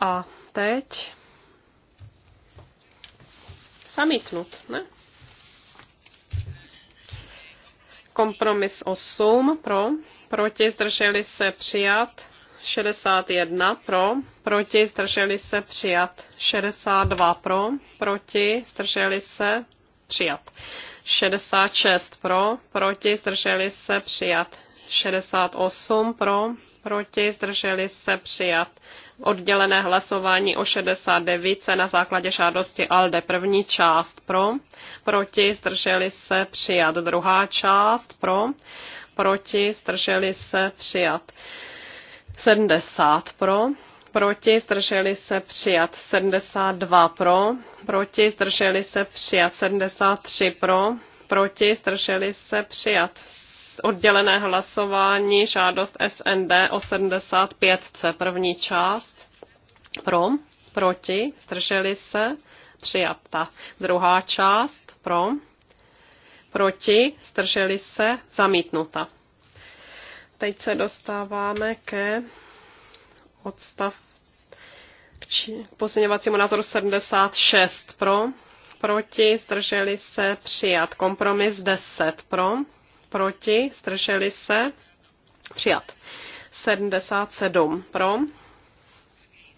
A teď zamítnut, ne? Kompromis 8 pro, proti, zdrželi se přijat. 61 pro, proti, zdrželi se přijat. 62 pro, proti, zdrželi se přijat. 66 pro, proti, zdrželi se přijat. 68 pro, proti, zdrželi se přijat. Oddělené hlasování o 69 se na základě žádosti ALDE první část pro, proti, zdrželi se přijat druhá část pro, proti, zdrželi se přijat. 70 pro, proti, zdrželi se přijat 72 pro, proti, zdrželi se přijat 73 pro, proti, zdrželi se přijat oddělené hlasování, žádost SND o 75 první část, pro, proti, zdrželi se, přijata. Druhá část, pro, proti, strželi se, zamítnuta. Teď se dostáváme ke odstav k či, pozměňovacímu názoru 76 pro, proti, strželi se, přijat. Kompromis 10 pro, proti, strželi se, přijat. 77 pro,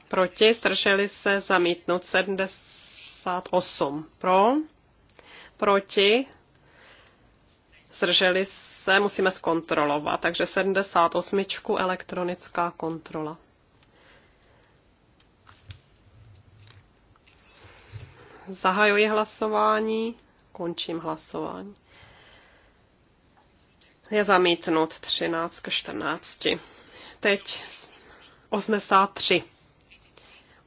proti, strželi se, zamítnout 78 pro, proti, zdrželi se, musíme zkontrolovat. Takže 78. elektronická kontrola. Zahajuji hlasování, končím hlasování. Je zamítnut 13 k 14. Teď 83.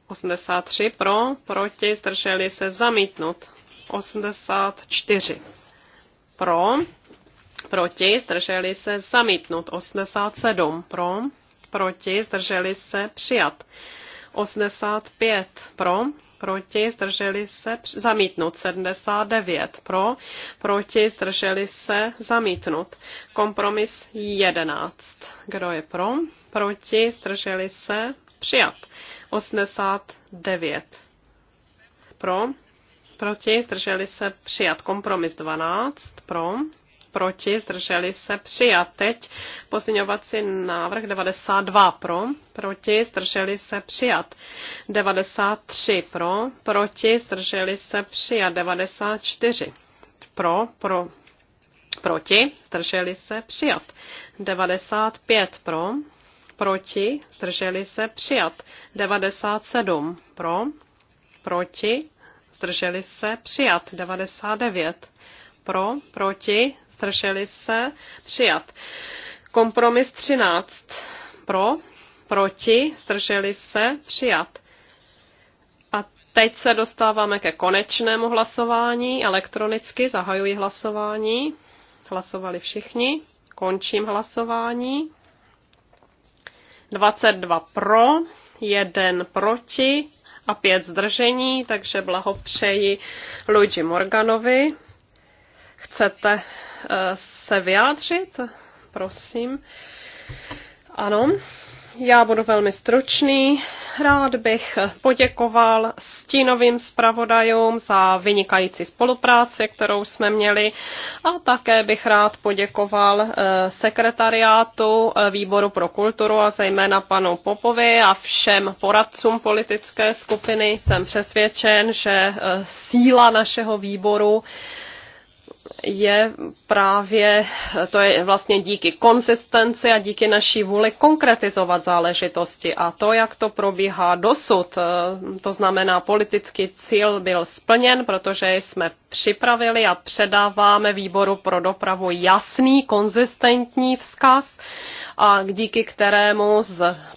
83 pro, proti, zdrželi se zamítnut. 84 pro, proti, zdrželi se zamítnut 87 pro, proti, zdrželi se přijat 85 pro, proti, zdrželi se zamítnut 79 pro, proti, zdrželi se zamítnut. Kompromis 11. Kdo je pro, proti, zdrželi se přijat 89 pro, proti, zdrželi se přijat kompromis 12 pro, proti, zdrželi se, přijat. Teď pozměňovací návrh 92 pro, proti, zdrželi se, přijat. 93 pro, proti, zdrželi se, přijat. 94 pro, pro, proti, zdrželi se, přijat. 95 pro, proti, zdrželi se, přijat. 97 pro, proti, zdrželi se, přijat. 99 pro, proti, zdrželi se, přijat. Kompromis 13 pro, proti, zdrželi se, přijat. A teď se dostáváme ke konečnému hlasování. Elektronicky zahajuji hlasování. Hlasovali všichni. Končím hlasování. 22 pro, 1 proti a 5 zdržení, takže blahopřeji Luigi Morganovi. Chcete se vyjádřit? Prosím. Ano, já budu velmi stručný. Rád bych poděkoval stínovým zpravodajům za vynikající spolupráci, kterou jsme měli a také bych rád poděkoval eh, sekretariátu eh, Výboru pro kulturu a zejména panu Popovi a všem poradcům politické skupiny. Jsem přesvědčen, že eh, síla našeho výboru je právě, to je vlastně díky konsistenci a díky naší vůli konkretizovat záležitosti. A to, jak to probíhá dosud, eh, to znamená, politický cíl byl splněn, protože jsme připravili a předáváme výboru pro dopravu jasný, konzistentní vzkaz, a díky kterému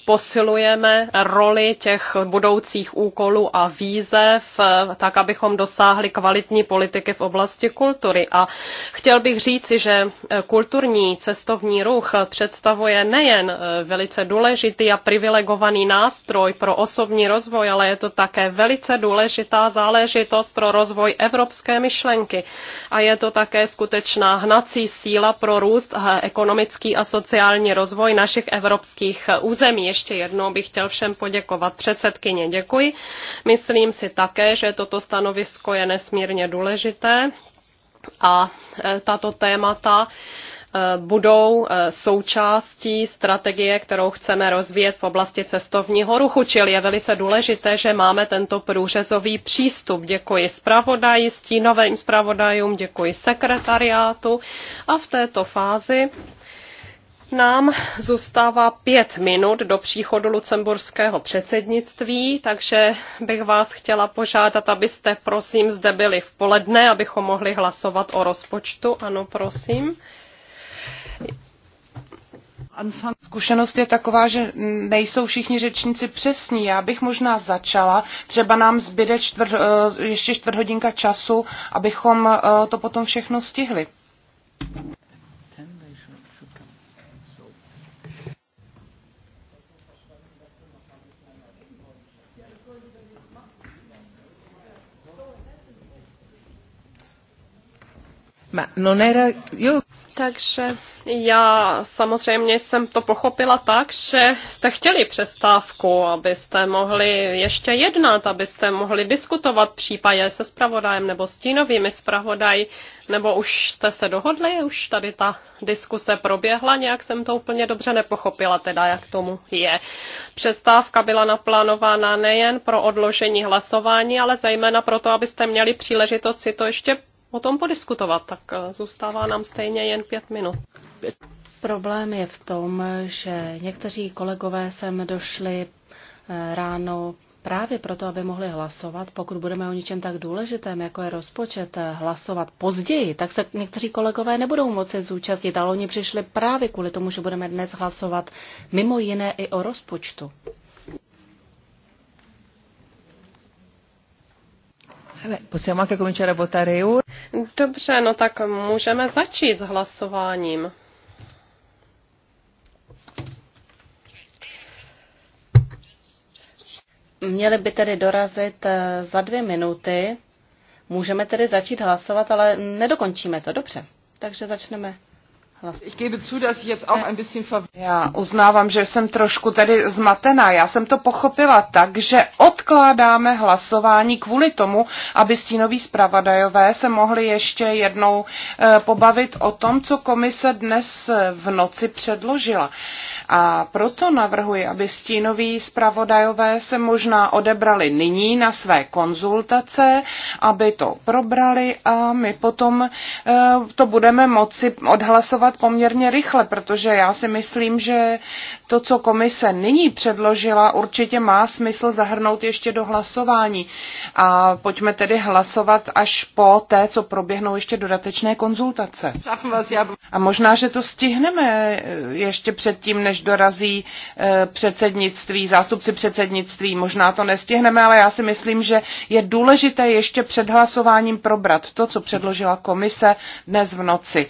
posilujeme roli těch budoucích úkolů a výzev, eh, tak abychom dosáhli kvalitní politiky v oblasti kultury. A Chtěl bych říci, že eh, kulturní cestovní ruch představuje nejen eh, velice důležitý a privilegovaný nástroj pro osobní rozvoj, ale je to také velice důležitá záležitost pro rozvoj evropské myšlenky. A je to také skutečná hnací síla pro růst a ekonomický a sociální rozvoj našich evropských eh, území. Ještě jednou bych chtěl všem poděkovat předsedkyně. Děkuji. Myslím si také, že toto stanovisko je nesmírně důležité a e, tato témata e, budou e, součástí strategie, kterou chceme rozvíjet v oblasti cestovního ruchu, čili je velice důležité, že máme tento průřezový přístup. Děkuji zpravodaji, stínovým zpravodajům, děkuji sekretariátu a v této fázi nám zůstává pět minut do příchodu lucemburského předsednictví, takže bych vás chtěla požádat, abyste prosím zde byli v poledne, abychom mohli hlasovat o rozpočtu. Ano, prosím. Zkušenost je taková, že nejsou všichni řečníci přesní. Já bych možná začala, třeba nám zbyde čtvr, eh, ještě čtvrt hodinka času, abychom eh, to potom všechno stihli. No Takže já samozřejmě jsem to pochopila tak, že jste chtěli přestávku, abyste mohli ještě jednat, abyste mohli diskutovat případě se spravodajem nebo stínovými spravodaj, nebo už jste se dohodli, už tady ta diskuse proběhla, nějak jsem to úplně dobře nepochopila teda, jak tomu je. Přestávka byla naplánována nejen pro odložení hlasování, ale zejména proto, abyste měli příležitost si to ještě o tom podiskutovat, tak eh, zůstává nám stejně jen pět minut. Problém je v tom, že někteří kolegové sem došli eh, ráno právě proto, aby mohli hlasovat, pokud budeme o něčem tak důležitém, jako je rozpočet, eh, hlasovat později, tak se někteří kolegové nebudou moci zúčastnit, ale oni přišli právě kvůli tomu, že budeme dnes hlasovat mimo jiné i o rozpočtu. Dobře, no tak můžeme začít s hlasováním. Měli by tedy dorazit eh, za dvě minuty. Můžeme tedy začít hlasovat, ale nedokončíme to. Dobře, takže začneme Eh. Já uznávám, že jsem trošku tady zmatená. Já jsem to pochopila tak, že odkládáme hlasování kvůli tomu, aby stínoví zpravodajové se mohli ještě jednou eh, pobavit o tom, co komise dnes eh, v noci předložila. A proto navrhuji, aby stínoví zpravodajové se možná odebrali nyní na své konzultace, aby to probrali a my potom e, to budeme moci odhlasovat poměrně rychle, protože já si myslím, že to, co komise nyní předložila, určitě má smysl zahrnout ještě do hlasování. A pojďme tedy hlasovat až po té, co proběhnou ještě dodatečné konzultace. A možná, že to stihneme ještě předtím, než dorazí eh, předsednictví, zástupci předsednictví. Možná to nestihneme, ale já si myslím, že je důležité ještě před hlasováním probrat to, co předložila komise dnes v noci.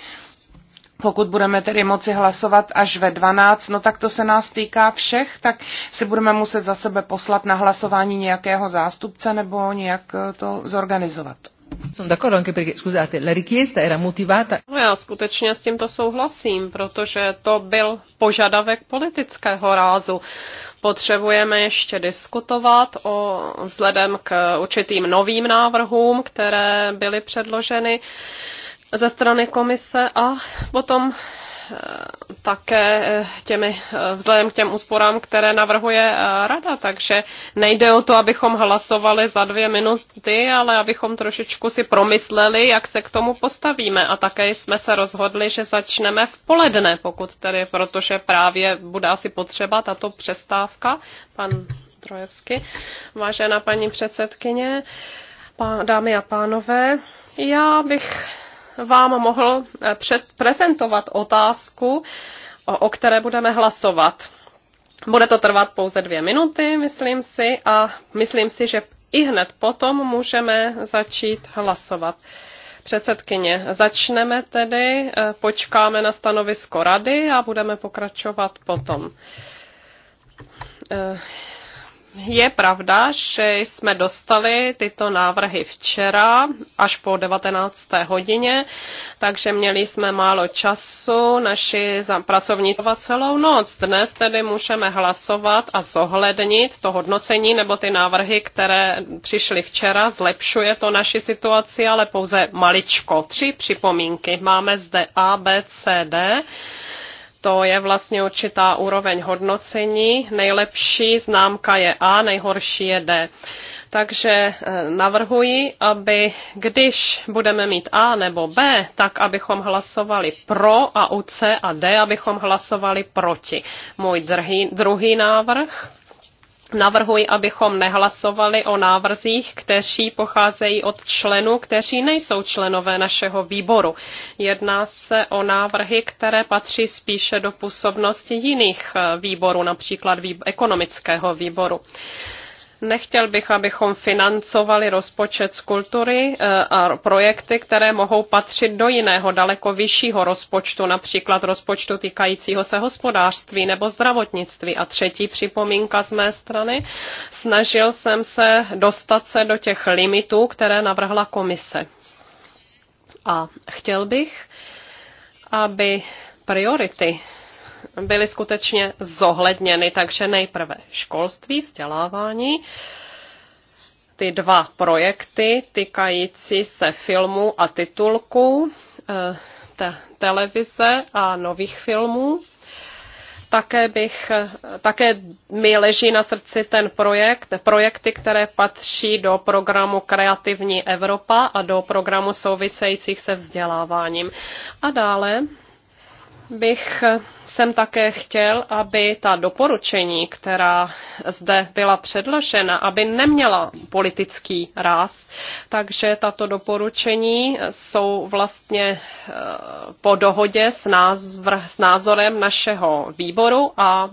Pokud budeme tedy moci hlasovat až ve 12, no tak to se nás týká všech, tak si budeme muset za sebe poslat na hlasování nějakého zástupce nebo nějak to zorganizovat. No, já skutečně s tímto souhlasím, protože to byl požadavek politického rázu. Potřebujeme ještě diskutovat o, vzhledem k určitým novým návrhům, které byly předloženy ze strany komise a potom Eh, také eh, těmi, eh, vzhledem k těm úsporám, které navrhuje rada. Takže nejde o to, abychom hlasovali za dvě minuty, ale abychom trošičku si promysleli, jak se k tomu postavíme. A také jsme se rozhodli, že začneme v poledne, pokud tedy, protože právě bude asi potřeba tato přestávka. Pan Trojevsky, vážená paní předsedkyně, dámy a pánové, já bych vám mohl eh, před, prezentovat otázku, o, o které budeme hlasovat. Bude to trvat pouze dvě minuty, myslím si, a myslím si, že i hned potom můžeme začít hlasovat. Předsedkyně, začneme tedy, eh, počkáme na stanovisko rady a budeme pokračovat potom. Eh, je pravda, že jsme dostali tyto návrhy včera až po 19. hodině, takže měli jsme málo času, naši pracovníci celou noc. Dnes tedy můžeme hlasovat a zohlednit to hodnocení nebo ty návrhy, které přišly včera. Zlepšuje to naši situaci, ale pouze maličko. Tři připomínky. Máme zde A, B, C, D to je vlastně určitá úroveň hodnocení. Nejlepší známka je A, nejhorší je D. Takže eh, navrhuji, aby když budeme mít A nebo B, tak abychom hlasovali pro a u C a D, abychom hlasovali proti. Můj druhý, druhý návrh Navrhuji, abychom nehlasovali o návrzích, kteří pocházejí od členů, kteří nejsou členové našeho výboru. Jedná se o návrhy, které patří spíše do působnosti jiných eh, výborů, například ekonomického výboru. Nechtěl bych, abychom financovali rozpočet z kultury eh, a projekty, které mohou patřit do jiného, daleko vyššího rozpočtu, například rozpočtu týkajícího se hospodářství nebo zdravotnictví. A třetí připomínka z mé strany, snažil jsem se dostat se do těch limitů, které navrhla komise. A chtěl bych, aby priority byly skutečně zohledněny. Takže nejprve školství, vzdělávání, ty dva projekty týkající se filmu a titulku eh, te- televize a nových filmů. Také, bych, eh, také mi leží na srdci ten projekt, projekty, které patří do programu Kreativní Evropa a do programu souvisejících se vzděláváním. A dále bych jsem eh, také chtěl, aby ta doporučení, která zde byla předložena, aby neměla politický ráz. Takže tato doporučení jsou vlastně eh, po dohodě s, názv, s názorem našeho výboru a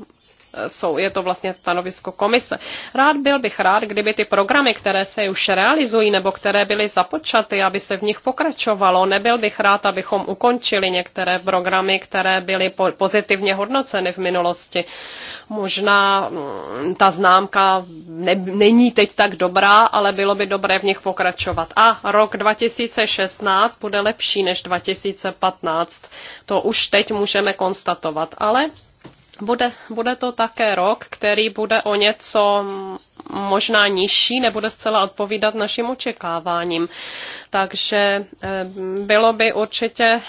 jsou, je to vlastně stanovisko komise. Rád byl bych rád, kdyby ty programy, které se už realizují nebo které byly započaty, aby se v nich pokračovalo. Nebyl bych rád, abychom ukončili některé programy, které byly pozitivně hodnoceny v minulosti. Možná mm, ta známka ne, není teď tak dobrá, ale bylo by dobré v nich pokračovat. A rok 2016 bude lepší než 2015. To už teď můžeme konstatovat, ale bude, bude to také rok, který bude o něco možná nižší, nebude zcela odpovídat našim očekáváním. Takže eh, bylo by určitě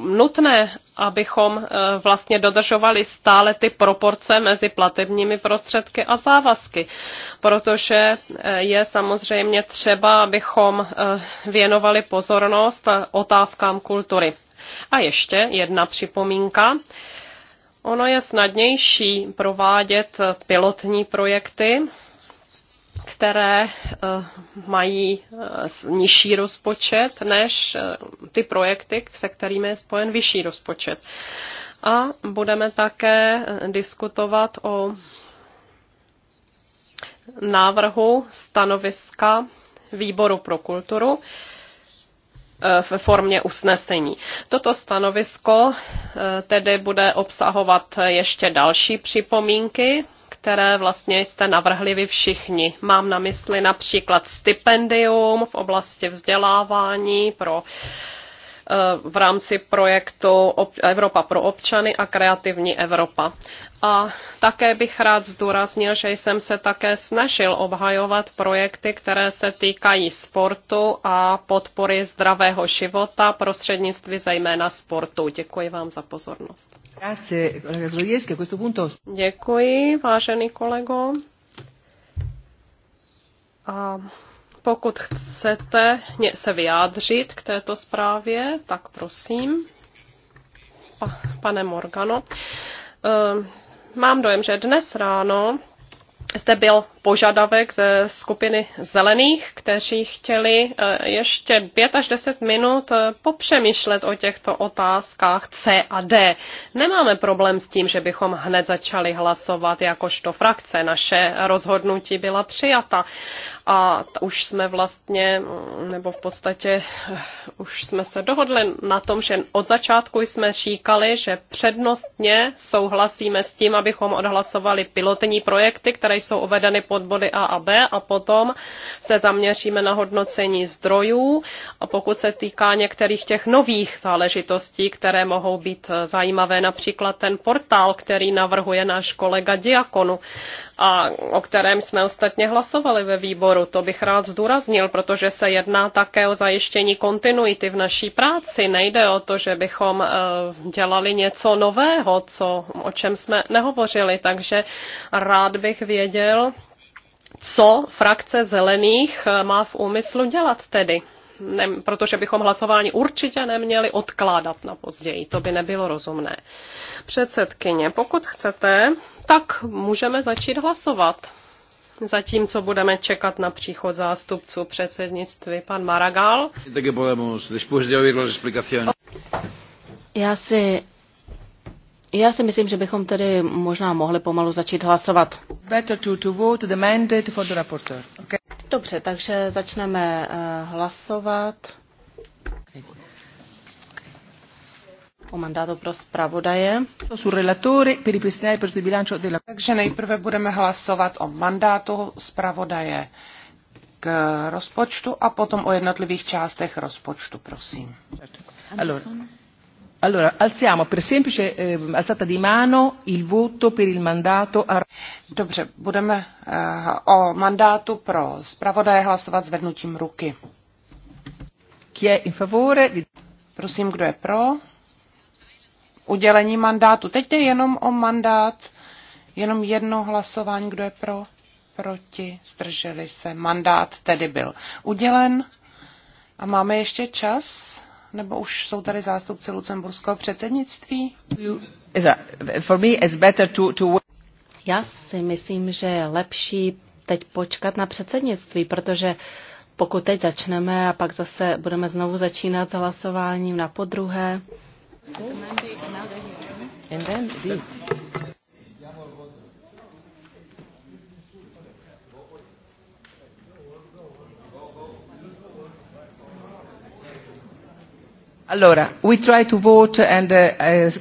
nutné, abychom eh, vlastně dodržovali stále ty proporce mezi platebními prostředky a závazky, protože eh, je samozřejmě třeba, abychom věnovali pozornost otázkám kultury. A ještě jedna připomínka. Ono je snadnější provádět eh, pilotní projekty, které eh, mají eh, nižší rozpočet než ty projekty, se kterými je spojen vyšší rozpočet. A budeme také diskutovat o návrhu stanoviska výboru pro kulturu, v formě usnesení. Toto stanovisko eh, tedy bude obsahovat ještě další připomínky, které vlastně jste navrhli vy všichni. Mám na mysli například stipendium v oblasti vzdělávání pro uh, v rámci projektu Evropa pro občany a kreativní Evropa. A také bych rád zdůraznil, že jsem se také snažil obhajovat projekty, které se týkají sportu a podpory zdravého života prostřednictví zejména sportu. Děkuji vám za pozornost. Děkuji, vážený kolego. A pokud chcete se vyjádřit k této zprávě, tak prosím, pa, pane Morgano. Ehm, mám dojem, že dnes ráno jste byl požadavek ze skupiny zelených, kteří chtěli eh, ještě 5 až 10 minut eh, popřemýšlet o těchto otázkách C a D. Nemáme problém s tím, že bychom hned začali hlasovat jakožto frakce. Naše rozhodnutí byla přijata a už jsme vlastně, mm, nebo v podstatě eh, už jsme se dohodli na tom, že od začátku jsme říkali, že přednostně souhlasíme s tím, abychom odhlasovali pilotní projekty, které jsou uvedeny body A a B a potom se zaměříme na hodnocení zdrojů a pokud se týká některých těch nových záležitostí, které mohou být zajímavé, například ten portál, který navrhuje náš kolega Diakonu a o kterém jsme ostatně hlasovali ve výboru, to bych rád zdůraznil, protože se jedná také o zajištění kontinuity v naší práci. Nejde o to, že bychom eh, dělali něco nového, co, o čem jsme nehovořili, takže rád bych věděl, co frakce zelených eh, má v úmyslu dělat tedy. Ne, protože bychom hlasování určitě neměli odkládat na později. To by nebylo rozumné. Předsedkyně, pokud chcete, tak můžeme začít hlasovat. Zatímco budeme čekat na příchod zástupců předsednictví, pan Maragal. Já si já si myslím, že bychom tedy možná mohli pomalu začít hlasovat. Dobře, takže začneme eh, hlasovat o mandátu pro zpravodaje. Takže nejprve budeme hlasovat o mandátu zpravodaje k rozpočtu a potom o jednotlivých částech rozpočtu, prosím. Anderson. Allora, alziamo per semplice eh, alzata di mano il voto per il mandato a... Dobře, budeme eh, o mandátu pro zpravodaje hlasovat zvednutím ruky. Chi è in favore? Di... Prosím, kdo je pro? Udělení mandátu. Teď je jenom o mandát, jenom jedno hlasování, kdo je pro? Proti, zdrželi se. Mandát tedy byl udělen. A máme ještě čas? Nebo už jsou tady zástupci lucemburského předsednictví? For me it's better to, to... Já si myslím, že je lepší teď počkat na předsednictví, protože pokud teď začneme a pak zase budeme znovu začínat s hlasováním na podruhé. And then Allora, we try to vote and, uh, as...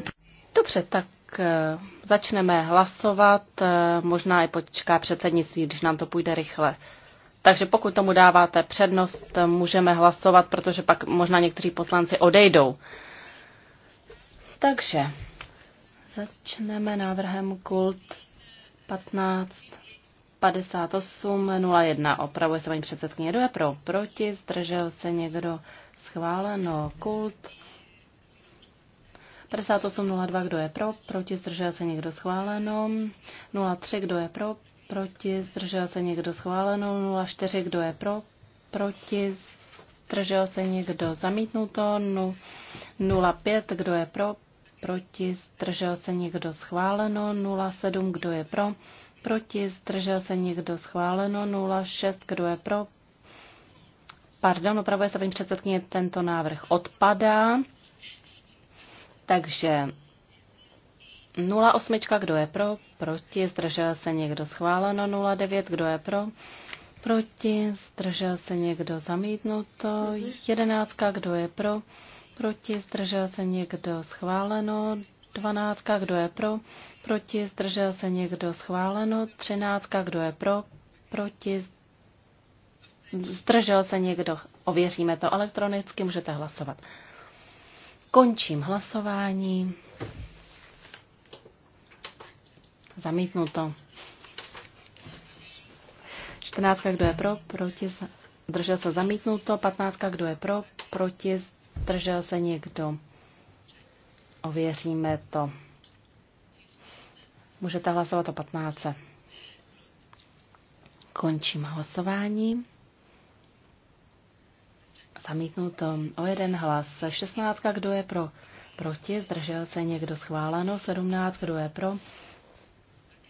Dobře, tak uh, začneme hlasovat, Uh, možná i počká předsednictví, když nám to půjde rychle. Takže pokud tomu dáváte přednost, eh, můžeme hlasovat, protože pak možná někteří poslanci odejdou. Takže začneme návrhem Kult 15. 58.01. Opravuje se paní předsedkyně. Kdo je pro? Proti? Zdržel se někdo? Schváleno. Kult 58.02, kdo je pro, proti, zdržel se někdo schváleno. 03, kdo je pro, proti, zdržel se někdo schváleno. 04, kdo je pro, proti, zdržel se někdo zamítnuto. 05, kdo je pro, proti, zdržel se někdo schváleno. 07, kdo je pro, proti, zdržel se někdo schváleno. 06, kdo je pro, Pardon, opravuje se paní předsedkyně, tento návrh odpadá. Takže 08, kdo je pro, proti, zdržel se někdo schváleno, 09, kdo je pro, proti, zdržel se někdo zamítnuto, 11, kdo je pro, proti, zdržel se někdo schváleno, 12, kdo je pro, proti, zdržel se někdo schváleno, 13, kdo je pro, proti, Zdržel se někdo? Ověříme to elektronicky, můžete hlasovat. Končím hlasování. to. 14. Kdo je pro? Proti. Zdržel se to. 15. Kdo je pro? Proti. Zdržel se někdo? Ověříme to. Můžete hlasovat o 15. Končím hlasování. Zamítnuto o jeden hlas. 16. Kdo je pro? Proti. Zdržel se někdo schváleno. 17. Kdo je pro?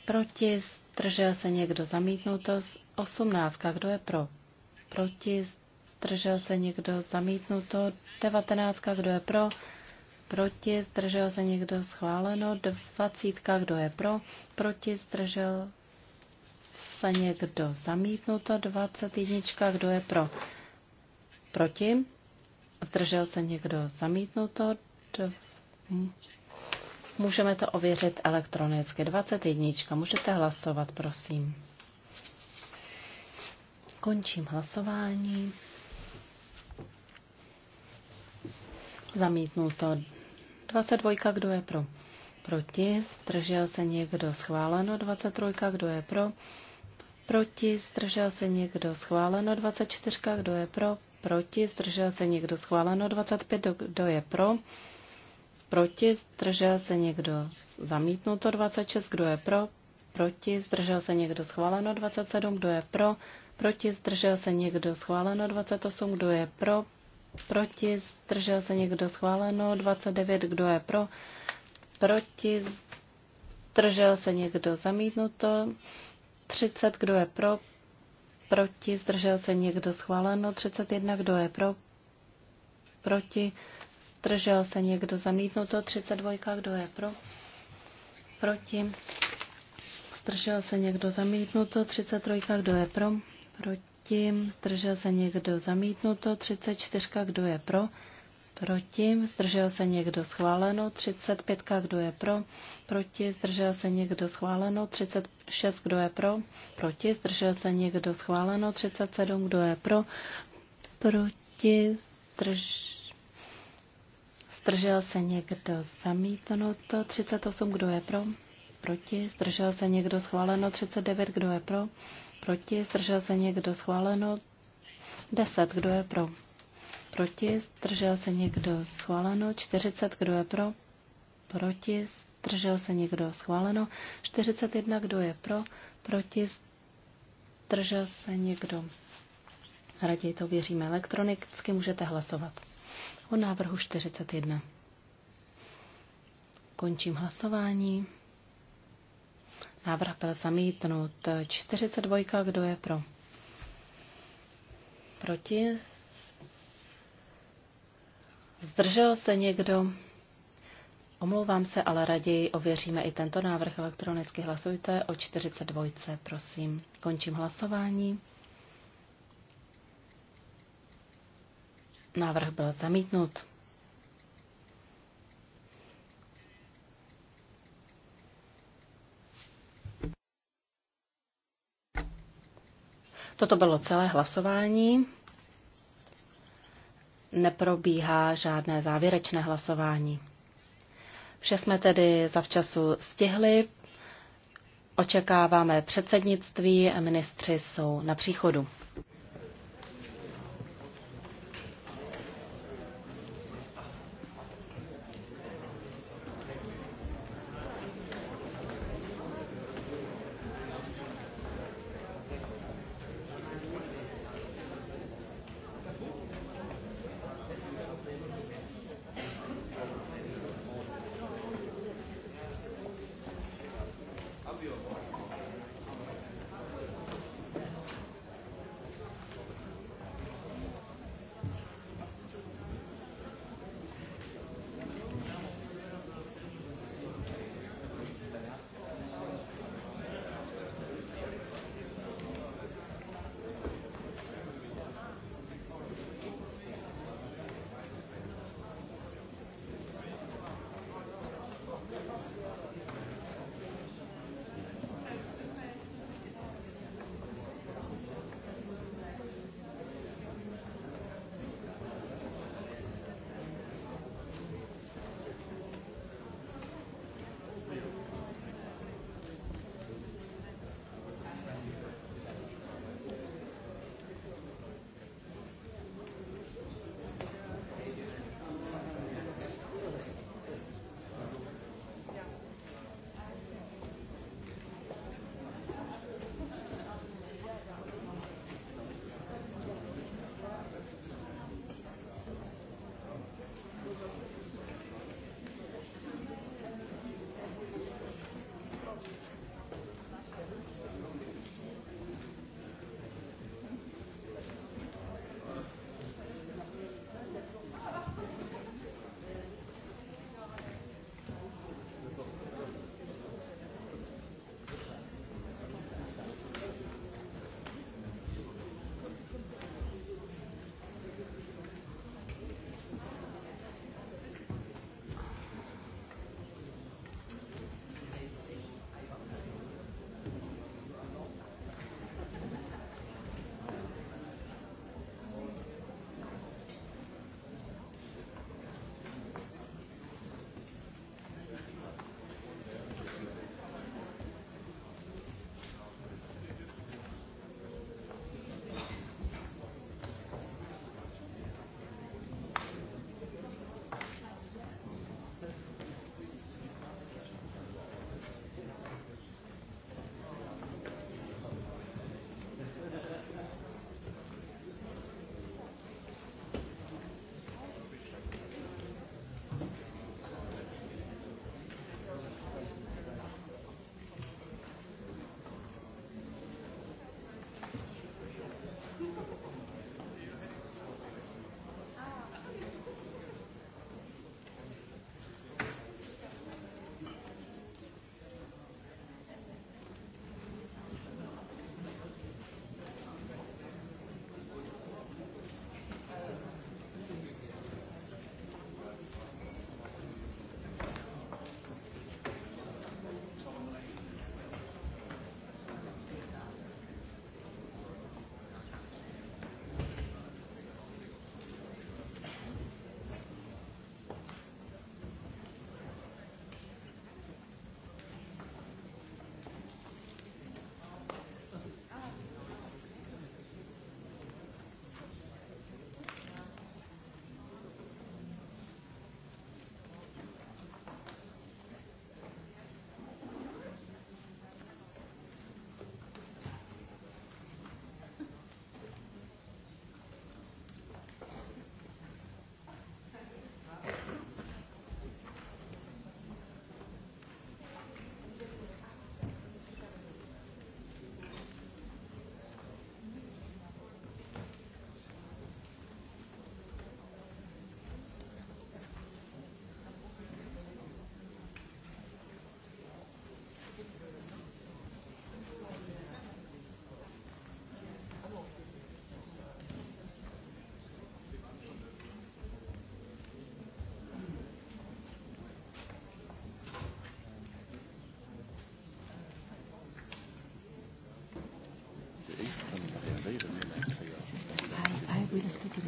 Proti. Zdržel se někdo zamítnuto. 18. Kdo je pro? Proti. Zdržel se někdo zamítnuto. 19. Kdo je pro? Proti. Zdržel se někdo schváleno. 20. Kdo je pro? Proti. Zdržel se někdo zamítnuto. 21. Kdo je pro? Proti? Zdržel se někdo? Zamítnuto? Můžeme to ověřit elektronicky. 21. Můžete hlasovat, prosím. Končím hlasování. Zamítnuto. 22. Kdo je pro? Proti. Zdržel se někdo? Schváleno. 23. Kdo je pro? Proti. Zdržel se někdo? Schváleno. 24. Kdo je pro? proti, zdržel se někdo schváleno 25, kdo je pro, proti, zdržel se někdo zamítnuto 26, kdo je pro, proti, zdržel se někdo schváleno 27, kdo je pro, proti, zdržel se někdo schváleno 28, kdo je pro, proti, zdržel se někdo schváleno 29, kdo je pro, proti, zdržel se někdo zamítnuto 30, kdo je pro, proti, zdržel se někdo schváleno, 31, kdo je pro, proti, zdržel se někdo zamítnuto, 32, kdo je pro, proti, zdržel se někdo zamítnuto, 33, kdo je pro, proti, zdržel se někdo zamítnuto, 34, kdo je pro, proti, zdržel se někdo schváleno, 35, kdo je pro, proti, zdržel se někdo schváleno, 36, kdo je pro, proti, zdržel se někdo schváleno, 37, kdo je pro, proti, zdrž... zdržel se někdo zamítnuto, 38, kdo je pro, proti, zdržel se někdo schváleno, 39, kdo je pro, proti, zdržel se někdo schváleno, 10, kdo je pro. Proti? Zdržel se někdo? Schváleno. 40. Kdo je pro? Proti? Zdržel se někdo? Schváleno. 41. Kdo je pro? Proti? Zdržel se někdo? Raději to věříme elektronicky. Můžete hlasovat o návrhu 41. Končím hlasování. Návrh byl zamítnut. 42. Kdo je pro? Proti? Zdržel se někdo? Omlouvám se, ale raději ověříme i tento návrh elektronicky. Hlasujte o 42, prosím. Končím hlasování. Návrh byl zamítnut. Toto bylo celé hlasování neprobíhá žádné závěrečné hlasování. Vše jsme tedy zavčasu stihli. Očekáváme předsednictví, ministři jsou na příchodu.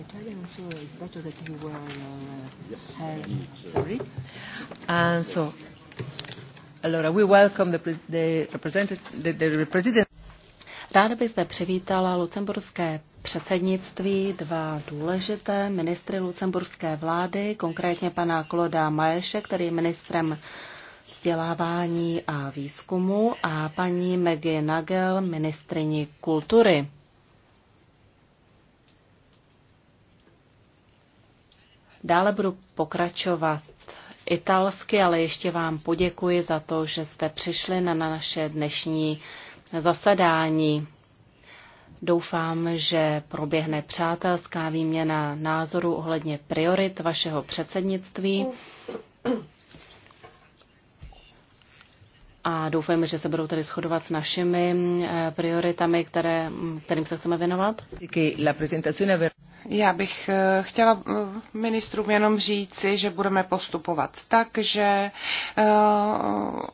Italian, so it's better that you wear your uh, hair. Sorry. And so, allora, we welcome the, the representative, the, the representative. Ráda bych zde přivítala lucemburské předsednictví, dva důležité ministry lucemburské vlády, konkrétně pana Kloda Maješe, který je ministrem vzdělávání a výzkumu, a paní Maggie Nagel, ministrině kultury. Dále budu pokračovat italsky, ale ještě vám poděkuji za to, že jste přišli na naše dnešní zasedání. Doufám, že proběhne přátelská výměna názoru ohledně priorit vašeho předsednictví. A doufejme, že se budou tedy shodovat s našimi eh, prioritami, které, kterým se chceme věnovat. Já bych eh, chtěla eh, ministrům jenom říci, že budeme postupovat tak, že eh,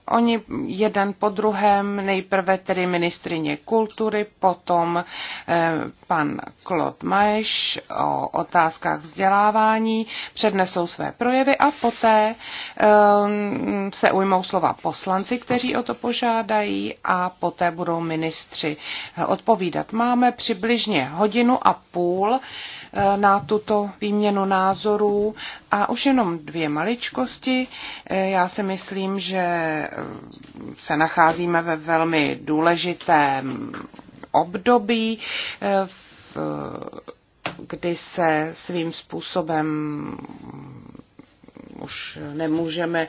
oni jeden po druhém, nejprve tedy ministrině kultury, potom pan Claude Maeš o otázkách vzdělávání přednesou své projevy a poté se ujmou slova poslanci, kteří o to požádají a poté budou ministři odpovídat. Máme přibližně hodinu a půl Eh, na tuto výměnu názorů. A už jenom dvě maličkosti. Eh, já si myslím, že eh, se nacházíme ve velmi důležitém období, kdy se svým způsobem už nemůžeme eh,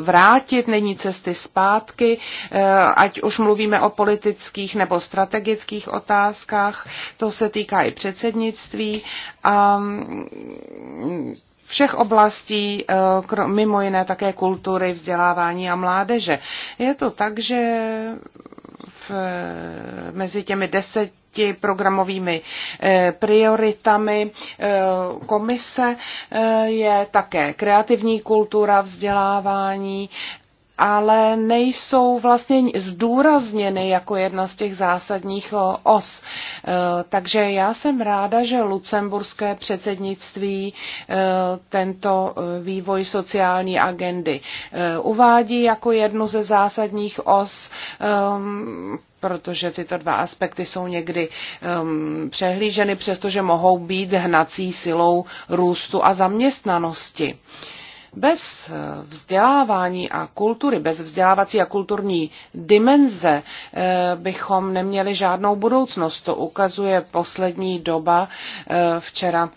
vrátit, není cesty zpátky, eh, ať už mluvíme o politických nebo strategických otázkách, to se týká i předsednictví. A mm, všech oblastí, eh, mimo jiné také kultury, vzdělávání a mládeže. Je to tak, že v, mezi těmi deset pěti programovými eh, prioritami eh, komise eh, je také kreativní kultura, vzdělávání, ale nejsou vlastně zdůrazněny jako jedna z těch zásadních eh, os. Eh, takže já jsem ráda, že lucemburské předsednictví eh, tento vývoj sociální agendy uvádí jako jednu ze zásadních os ehm, protože tyto dva aspekty jsou někdy um, přehlíženy, přestože mohou být hnací silou růstu a zaměstnanosti. Uh, bez eh, vzdělávání a kultury, bez vzdělávací a kulturní dimenze eh, bychom neměli žádnou budoucnost. To ukazuje poslední doba eh, včera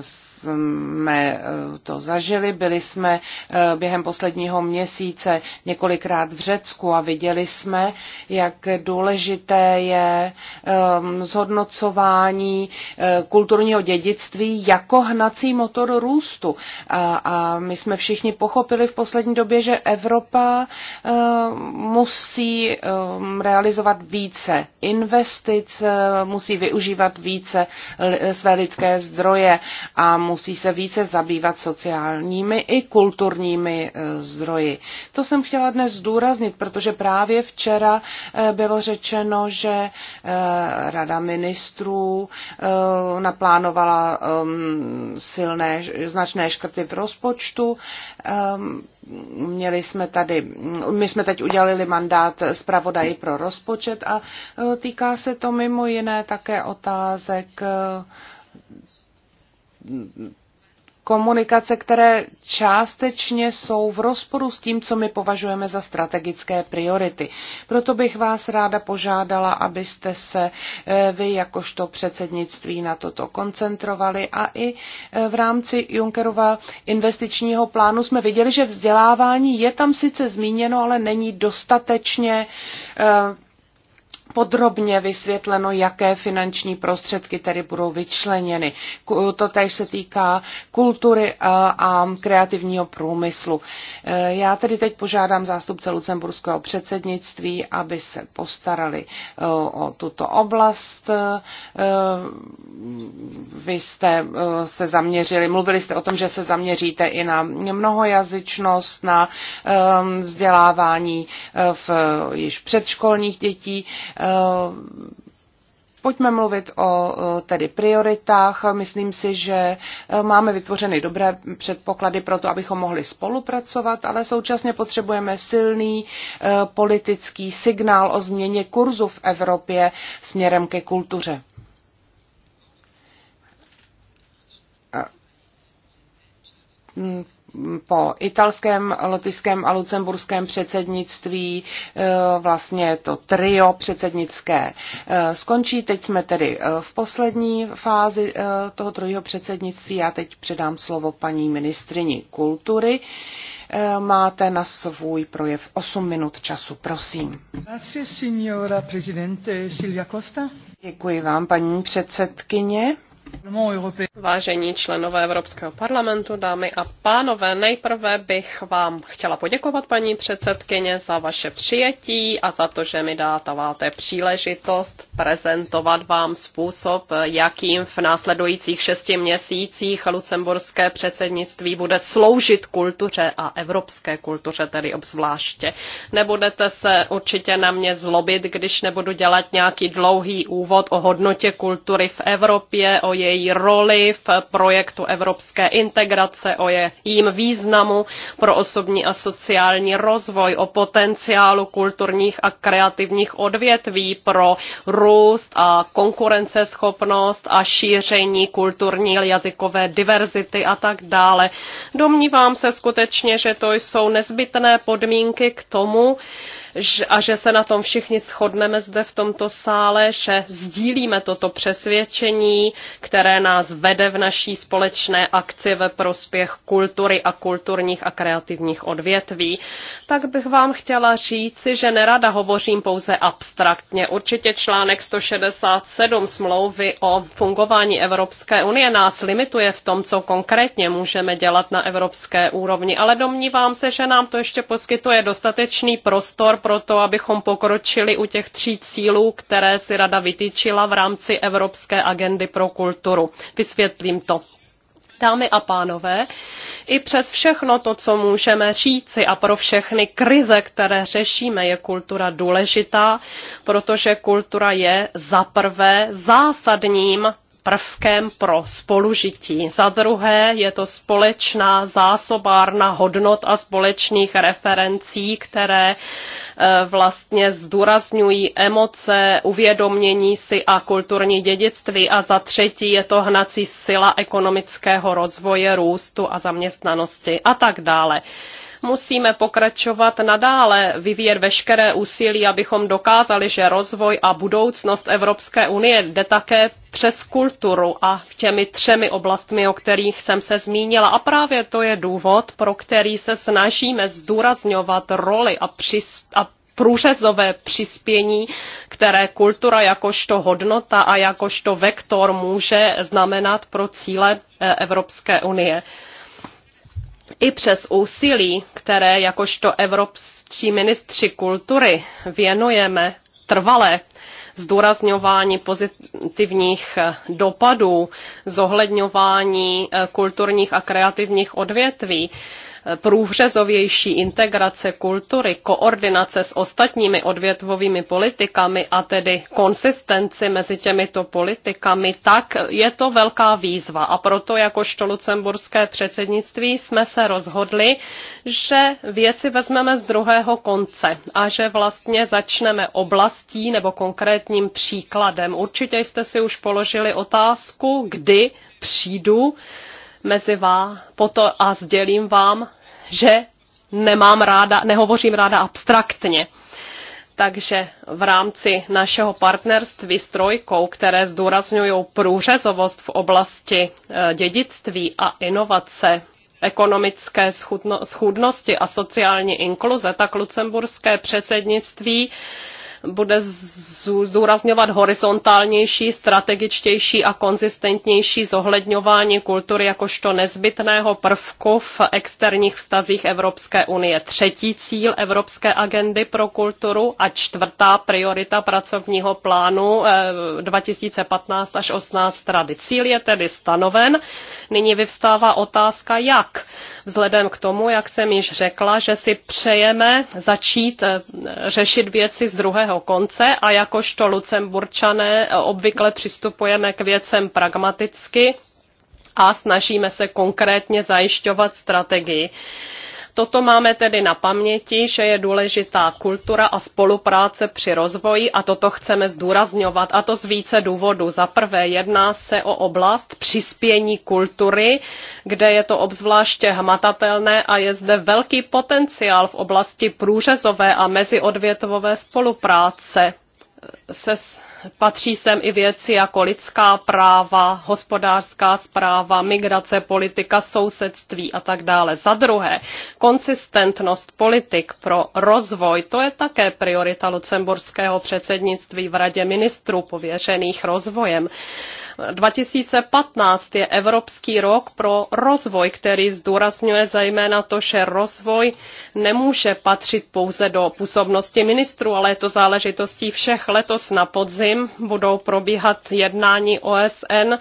s jsme eh, to zažili. Byli jsme eh, během posledního měsíce několikrát v Řecku a viděli jsme, jak důležité je ehm, zhodnocování eh, kulturního dědictví jako hnací motor růstu. A my jsme všichni pochopili v poslední době, že Evropa musí ehm, realizovat více investic, musí využívat více své lidské zdroje a musí se více zabývat sociálními i kulturními e, zdroji. To jsem chtěla dnes zdůraznit, protože právě včera e, bylo řečeno, že e, Rada ministrů naplánovala silné, značné škrty v rozpočtu měli jsme tady, my jsme teď udělali mandát zpravodaji pro rozpočet a týká se to mimo jiné také otázek komunikace, které částečně jsou v rozporu s tím, co my považujeme za strategické priority. Proto bych vás ráda požádala, abyste se eh, vy jakožto předsednictví na toto koncentrovali a i eh, v rámci Junckerova investičního plánu jsme viděli, že vzdělávání je tam sice zmíněno, ale není dostatečně eh, podrobně vysvětleno, jaké finanční prostředky tedy budou vyčleněny. To tež se týká kultury a kreativního průmyslu. E, já tedy teď požádám zástupce Lucemburského předsednictví, aby se postarali e, o tuto oblast. E, vy jste se zaměřili, mluvili jste o tom, že se zaměříte i na mnohojazyčnost, na vzdělávání v již předškolních dětí Eh, pojďme mluvit o eh, tedy prioritách. Myslím si, že eh, máme vytvořeny dobré předpoklady pro to, abychom mohli spolupracovat, ale současně potřebujeme silný politický signál o změně kurzu v Evropě směrem ke kultuře. Hm, po italském, lotyšském a lucemburském předsednictví e, vlastně to trio předsednické e, skončí. Teď jsme tedy e, v poslední fázi toho trojího předsednictví. Já teď předám slovo paní ministrini kultury. Máte na svůj projev 8 minut času, prosím. Děkuji vám, paní předsedkyně. Vážení členové Evropského parlamentu, dámy a pánové, nejprve bych vám chtěla poděkovat, paní předsedkyně, za vaše přijetí a za to, že mi dáváte příležitost prezentovat vám způsob, jakým v následujících šesti měsících lucemburské předsednictví bude sloužit kultuře a evropské kultuře tedy obzvláště. Nebudete se určitě na mě zlobit, když nebudu dělat nějaký dlouhý úvod o hodnotě kultury v Evropě, o její roli v projektu evropské integrace, o jejím významu pro osobní a sociální rozvoj, o potenciálu kulturních a kreativních odvětví pro růst a konkurenceschopnost a šíření kulturní jazykové diverzity a tak dále. Domnívám se skutečně, že to jsou nezbytné podmínky k tomu, a že se na tom všichni shodneme zde v tomto sále, že sdílíme toto přesvědčení, které nás vede v naší společné akci ve prospěch kultury a kulturních a kreativních odvětví. Tak bych vám chtěla říci, že nerada hovořím pouze abstraktně. Určitě článek 167 smlouvy o fungování Evropské unie nás limituje v tom, co konkrétně můžeme dělat na evropské úrovni, ale domnívám se, že nám to ještě poskytuje dostatečný prostor pro to, abychom pokročili u těch tří cílů, které si Rada vytýčila v rámci Evropské agendy pro kulturu. Vysvětlím to. Dámy a pánové, i přes všechno to, co můžeme říci a pro všechny krize, které řešíme, je kultura důležitá, protože kultura je zaprvé zásadním prvkem pro spolužití. Za druhé je to společná zásobárna hodnot a společných referencí, které e, vlastně zdůrazňují emoce, uvědomění si a kulturní dědictví. A za třetí je to hnací sila ekonomického rozvoje, růstu a zaměstnanosti a tak dále. Musíme pokračovat nadále, vyvíjet veškeré úsilí, abychom dokázali, že rozvoj a budoucnost Evropské unie jde také přes kulturu a těmi třemi oblastmi, o kterých jsem se zmínila. A právě to je důvod, pro který se snažíme zdůrazňovat roli a, přis, a průřezové přispění, které kultura jakožto hodnota a jakožto vektor může znamenat pro cíle e, Evropské unie i přes úsilí, které jakožto evropští ministři kultury věnujeme trvale zdůrazňování pozitivních dopadů, zohledňování eh, kulturních a kreativních odvětví, průřezovější integrace kultury, koordinace s ostatními odvětvovými politikami a tedy konsistenci mezi těmito politikami, tak je to velká výzva. A proto jakožto lucemburské předsednictví jsme se rozhodli, že věci vezmeme z druhého konce a že vlastně začneme oblastí nebo konkrétním příkladem. Určitě jste si už položili otázku, kdy přijdu mezi vás poto a sdělím vám že nemám ráda, nehovořím ráda abstraktně. Takže v rámci našeho partnerství s trojkou, které zdůrazňují průřezovost v oblasti eh, dědictví a inovace, ekonomické schudnosti a sociální inkluze, tak lucemburské předsednictví bude zdůrazňovat horizontálnější, strategičtější a konzistentnější zohledňování kultury jakožto nezbytného prvku v externích vztazích Evropské unie. Třetí cíl Evropské agendy pro kulturu a čtvrtá priorita pracovního plánu 2015 eh, až 18 rady. Cíl je tedy stanoven. Nyní vyvstává otázka, jak. Vzhledem k tomu, jak jsem již řekla, že si přejeme začít eh, řešit věci z druhého zdárného konce a jakožto lucemburčané obvykle přistupujeme k věcem pragmaticky a snažíme se konkrétně zajišťovat strategii. Toto máme tedy na paměti, že je důležitá kultura a spolupráce při rozvoji a toto chceme zdůrazňovat a to z více důvodů. Za prvé jedná se o oblast přispění kultury, kde je to obzvláště hmatatelné a je zde velký potenciál v oblasti průřezové a meziodvětvové spolupráce se patří sem i věci jako lidská práva, hospodářská zpráva, migrace, politika, sousedství a tak dále. Za druhé, konsistentnost politik pro rozvoj, to je také priorita lucemburského předsednictví v Radě ministrů pověřených rozvojem. 2015 je Evropský rok pro rozvoj, který zdůrazňuje zejména to, že rozvoj nemůže patřit pouze do působnosti ministrů, ale je to záležitostí všech letos na podzim budou probíhat jednání OSN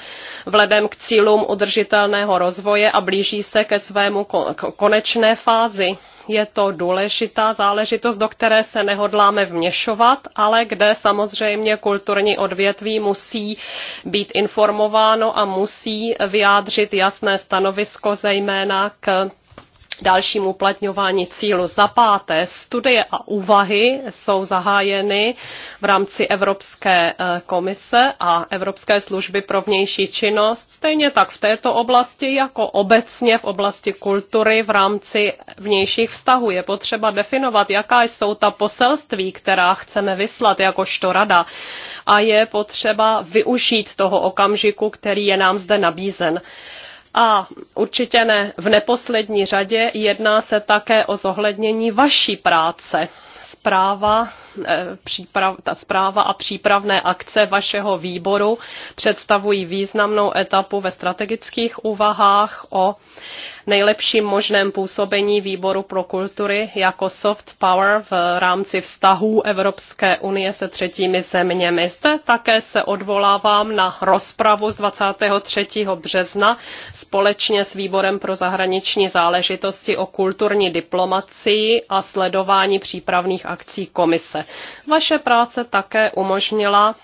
vledem k cílům udržitelného rozvoje a blíží se ke svému konečné fázi je to důležitá záležitost, do které se nehodláme vměšovat, ale kde samozřejmě kulturní odvětví musí být informováno a musí vyjádřit jasné stanovisko zejména k dalším uplatňování cílu. Za páté, studie a úvahy jsou zahájeny v rámci Evropské eh, komise a Evropské služby pro vnější činnost, stejně tak v této oblasti jako obecně v oblasti kultury v rámci vnějších vztahů. Je potřeba definovat, jaká jsou ta poselství, která chceme vyslat jakožto rada a je potřeba využít toho okamžiku, který je nám zde nabízen. A určitě ne v neposlední řadě jedná se také o zohlednění vaší práce. Zpráva Eh, příprav, ta zpráva a přípravné akce vašeho výboru představují významnou etapu ve strategických úvahách o nejlepším možném působení výboru pro kultury jako soft power v rámci vztahů Evropské unie se třetími zeměmi. Zde také se odvolávám na rozpravu z 23. března společně s výborem pro zahraniční záležitosti o kulturní diplomacii a sledování přípravných akcí komise. Vaše práce také umožnila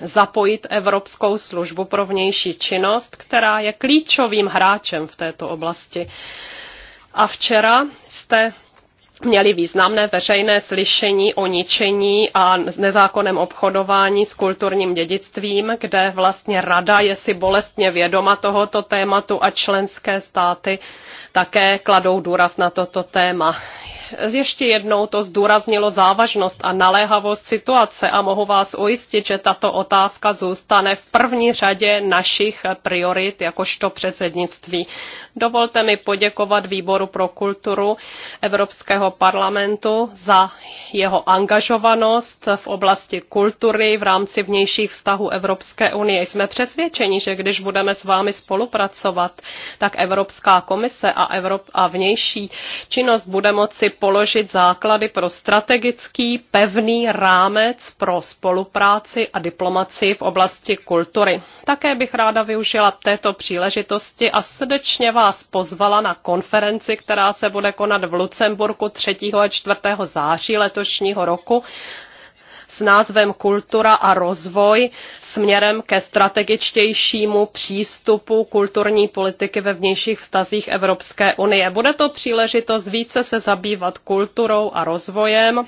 zapojit Evropskou službu pro vnější činnost, která je klíčovým hráčem v této oblasti. A včera jste měli významné veřejné slyšení o ničení a nezákonném obchodování s kulturním dědictvím, kde vlastně rada je si bolestně vědoma tohoto tématu a členské státy také kladou důraz na toto téma ještě jednou to zdůraznilo závažnost a naléhavost situace a mohu vás ujistit, že tato otázka zůstane v první řadě našich priorit jakožto předsednictví. Dovolte mi poděkovat Výboru pro kulturu Evropského parlamentu za jeho angažovanost v oblasti kultury v rámci vnějších vztahů Evropské unie. Jsme přesvědčeni, že když budeme s vámi spolupracovat, tak Evropská komise a, Evrop- a vnější činnost bude moci položit základy pro strategický pevný rámec pro spolupráci a diplomacii v oblasti kultury. Také bych ráda využila této příležitosti a srdečně vás pozvala na konferenci, která se bude konat v Lucemburku 3. a 4. září letošního roku s názvem Kultura a rozvoj směrem ke strategičtějšímu přístupu kulturní politiky ve vnějších vztazích Evropské unie. Bude to příležitost více se zabývat kulturou a rozvojem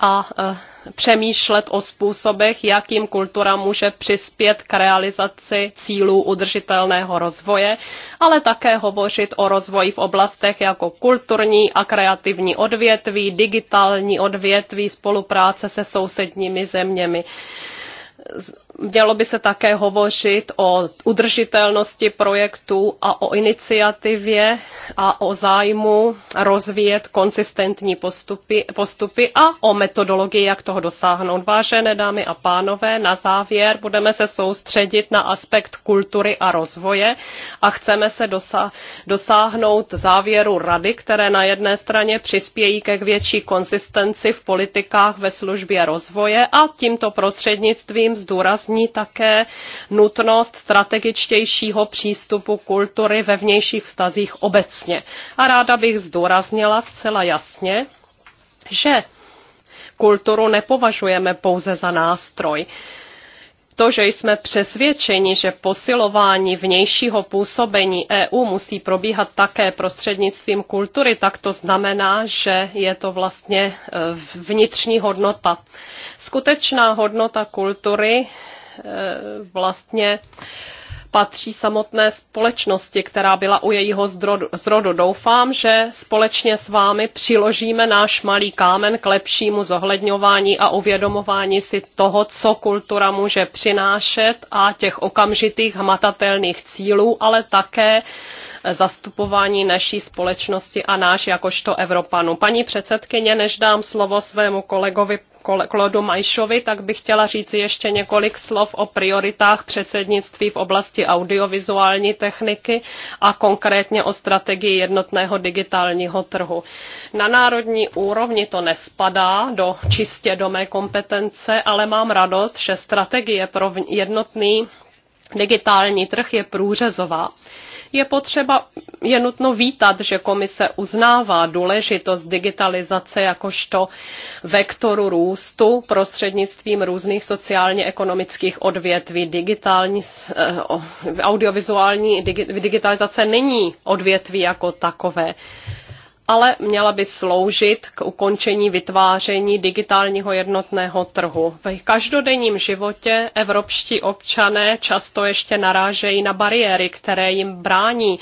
a e, přemýšlet o způsobech, jakým kultura může přispět k realizaci cílů udržitelného rozvoje, ale také hovořit o rozvoji v oblastech jako kulturní a kreativní odvětví, digitální odvětví, spolupráce se sousedními zeměmi Mělo by se také hovořit o udržitelnosti projektu a o iniciativě a o zájmu rozvíjet konsistentní postupy, postupy a o metodologii, jak toho dosáhnout. Vážené dámy a pánové, na závěr budeme se soustředit na aspekt kultury a rozvoje a chceme se dosáhnout závěru rady, které na jedné straně přispějí ke větší konsistenci v politikách ve službě rozvoje a tímto prostřednictvím zdůraz zdůrazní také nutnost strategičtějšího přístupu kultury ve vnějších vztazích obecně. A ráda bych zdůraznila zcela jasně, že kulturu nepovažujeme pouze za nástroj. To, že jsme přesvědčeni, že posilování vnějšího působení EU musí probíhat také prostřednictvím kultury, tak to znamená, že je to vlastně e, vnitřní hodnota. Skutečná hodnota kultury Eh, vlastně patří samotné společnosti, která byla u jejího zrodu. Doufám, že společně s vámi přiložíme náš malý kámen k lepšímu zohledňování a uvědomování si toho, co kultura může přinášet a těch okamžitých hmatatelných cílů, ale také zastupování naší společnosti a náš jakožto Evropanů. Paní předsedkyně, než dám slovo svému kolegovi Klodu Majšovi, tak bych chtěla říci ještě několik slov o prioritách předsednictví v oblasti audiovizuální techniky a konkrétně o strategii jednotného digitálního trhu. Na národní úrovni to nespadá do čistě do mé kompetence, ale mám radost, že strategie pro jednotný digitální trh je průřezová je potřeba, je nutno vítat, že komise uznává důležitost digitalizace jakožto vektoru růstu prostřednictvím různých sociálně-ekonomických odvětví. Digitální, eh, audiovizuální digitalizace není odvětví jako takové ale měla by sloužit k ukončení vytváření digitálního jednotného trhu. V každodenním životě evropští občané často ještě narážejí na bariéry, které jim brání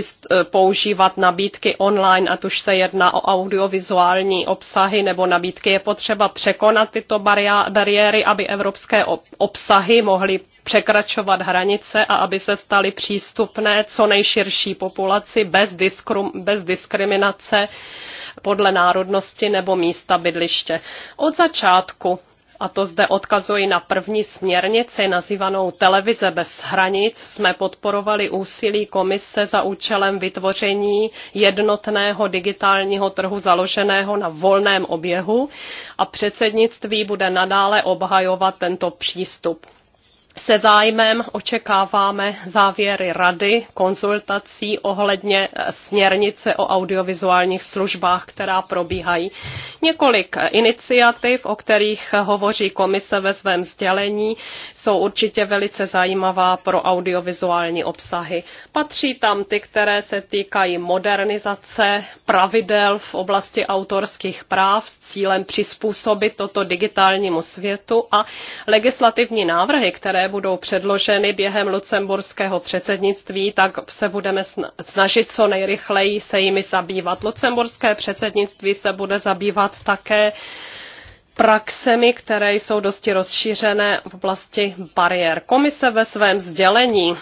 eh, používat nabídky online, ať už se jedná o audiovizuální obsahy nebo nabídky. Je potřeba překonat tyto bariéry, aby evropské obsahy mohly překračovat hranice a aby se staly přístupné co nejširší populaci bez, diskrum, bez diskriminace podle národnosti nebo místa bydliště. Od začátku a to zde odkazuji na první směrnici nazývanou Televize bez hranic, jsme podporovali úsilí komise za účelem vytvoření jednotného digitálního trhu založeného na volném oběhu a předsednictví bude nadále obhajovat tento přístup se zájmem očekáváme závěry rady, konzultací ohledně eh, směrnice o audiovizuálních službách, která probíhají. Několik iniciativ, o kterých hovoří komise ve svém sdělení, jsou určitě velice zajímavá pro audiovizuální obsahy. Patří tam ty, které se týkají modernizace pravidel v oblasti autorských práv s cílem přizpůsobit toto digitálnímu světu a legislativní návrhy, které které budou předloženy během lucemburského předsednictví, tak se budeme snažit co nejrychleji se jimi zabývat. Lucemburské předsednictví se bude zabývat také praxemi, které jsou dosti rozšířené v oblasti bariér. Komise ve svém sdělení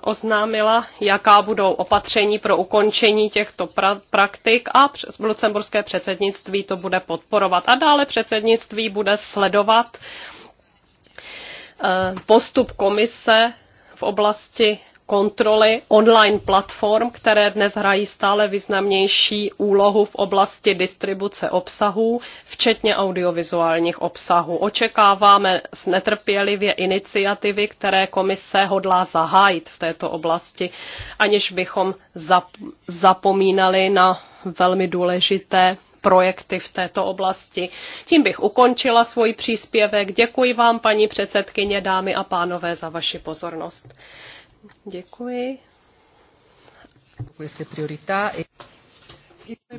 oznámila, jaká budou opatření pro ukončení těchto pra- praktik a lucemburské předsednictví to bude podporovat. A dále předsednictví bude sledovat Eh, postup komise v oblasti kontroly online platform, které dnes hrají stále významnější úlohu v oblasti distribuce obsahů, včetně audiovizuálních obsahů. Očekáváme s netrpělivě iniciativy, které komise hodlá zahájit v této oblasti, aniž bychom zapomínali na velmi důležité projekty v této oblasti. Tím bych ukončila svůj příspěvek. Děkuji vám, paní předsedkyně, dámy a pánové, za vaši pozornost. Děkuji. Děkuji,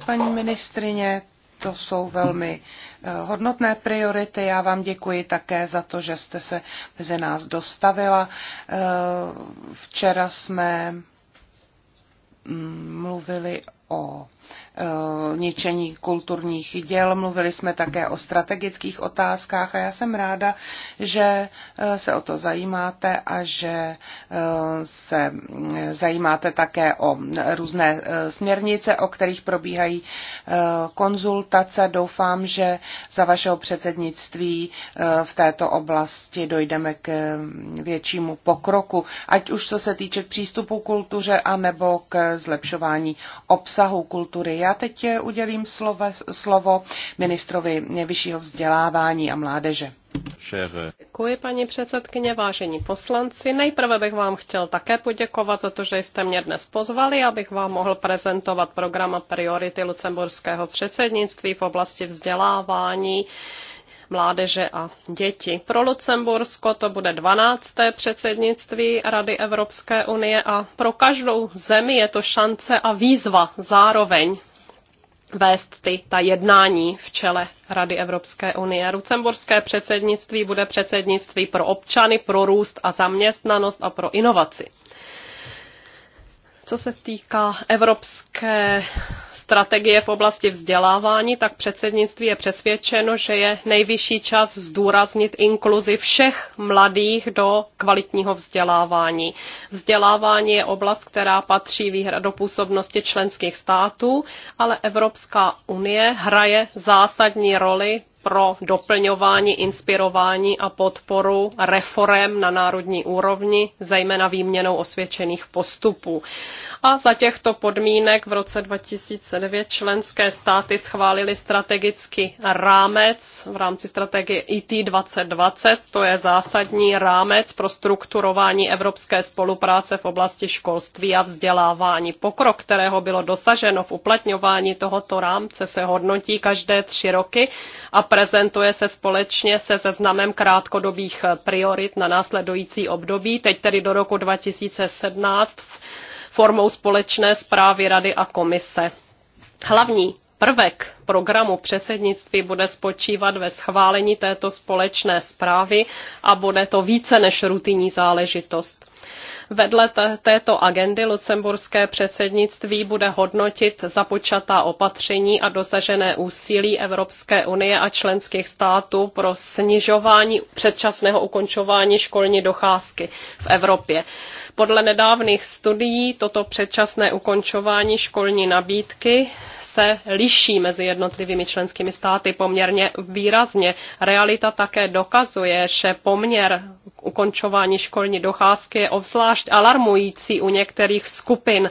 paní ministrině. To jsou velmi eh, hodnotné priority. Já vám děkuji také za to, že jste se mezi nás dostavila. Eh, včera jsme mm, mluvili o Eh, ničení kulturních děl, mluvili jsme také o strategických otázkách a já jsem ráda, že eh, se o to zajímáte a že eh, se mm, zajímáte také o různé směrnice, o kterých probíhají konzultace. Doufám, že za vašeho předsednictví v této oblasti dojdeme k mm, většímu pokroku, ať už co se týče k přístupu k kultuře, nebo k zlepšování obsahu kultury kultury. Já teď udělím slovo, slovo ministrovi vyššího vzdělávání a mládeže. Děkuji, paní předsedkyně, vážení poslanci. Nejprve bych vám chtěl také poděkovat za to, že jste mě dnes pozvali, abych vám mohl prezentovat program a priority lucemburského předsednictví v oblasti vzdělávání mládeže a děti. Pro Lucembursko to bude 12. předsednictví Rady Evropské unie a pro každou zemi je to šance a výzva zároveň vést ty, ta jednání v čele Rady Evropské unie. Lucemburské předsednictví bude předsednictví pro občany, pro růst a zaměstnanost a pro inovaci. Co se týká Evropské strategie v oblasti vzdělávání, tak předsednictví je přesvědčeno, že je nejvyšší čas zdůraznit inkluzi všech mladých do kvalitního vzdělávání. Vzdělávání je oblast, která patří výhra do působnosti členských států, ale Evropská unie hraje zásadní roli pro doplňování, inspirování a podporu reform na národní úrovni, zejména výměnou osvědčených postupů. A za těchto podmínek v roce 2009 členské státy schválily strategický rámec v rámci strategie IT e 2020, to je zásadní rámec pro strukturování evropské spolupráce v oblasti školství a vzdělávání. Pokrok, kterého bylo dosaženo v uplatňování tohoto rámce, se hodnotí každé tři roky a prezentuje se společně se seznamem krátkodobých priorit na následující období, teď tedy do roku 2017 formou společné zprávy Rady a Komise. Hlavní prvek programu předsednictví bude spočívat ve schválení této společné zprávy a bude to více než rutinní záležitost. Vedle této agendy lucemburské předsednictví bude hodnotit započatá opatření a dosažené úsilí Evropské unie a členských států pro snižování předčasného ukončování školní docházky v Evropě. Podle nedávných studií toto předčasné ukončování školní nabídky se liší mezi jednotlivými členskými státy poměrně výrazně. Realita také dokazuje, že poměr ukončování školní docházky je obzvlášť zvlášť alarmující u některých skupin,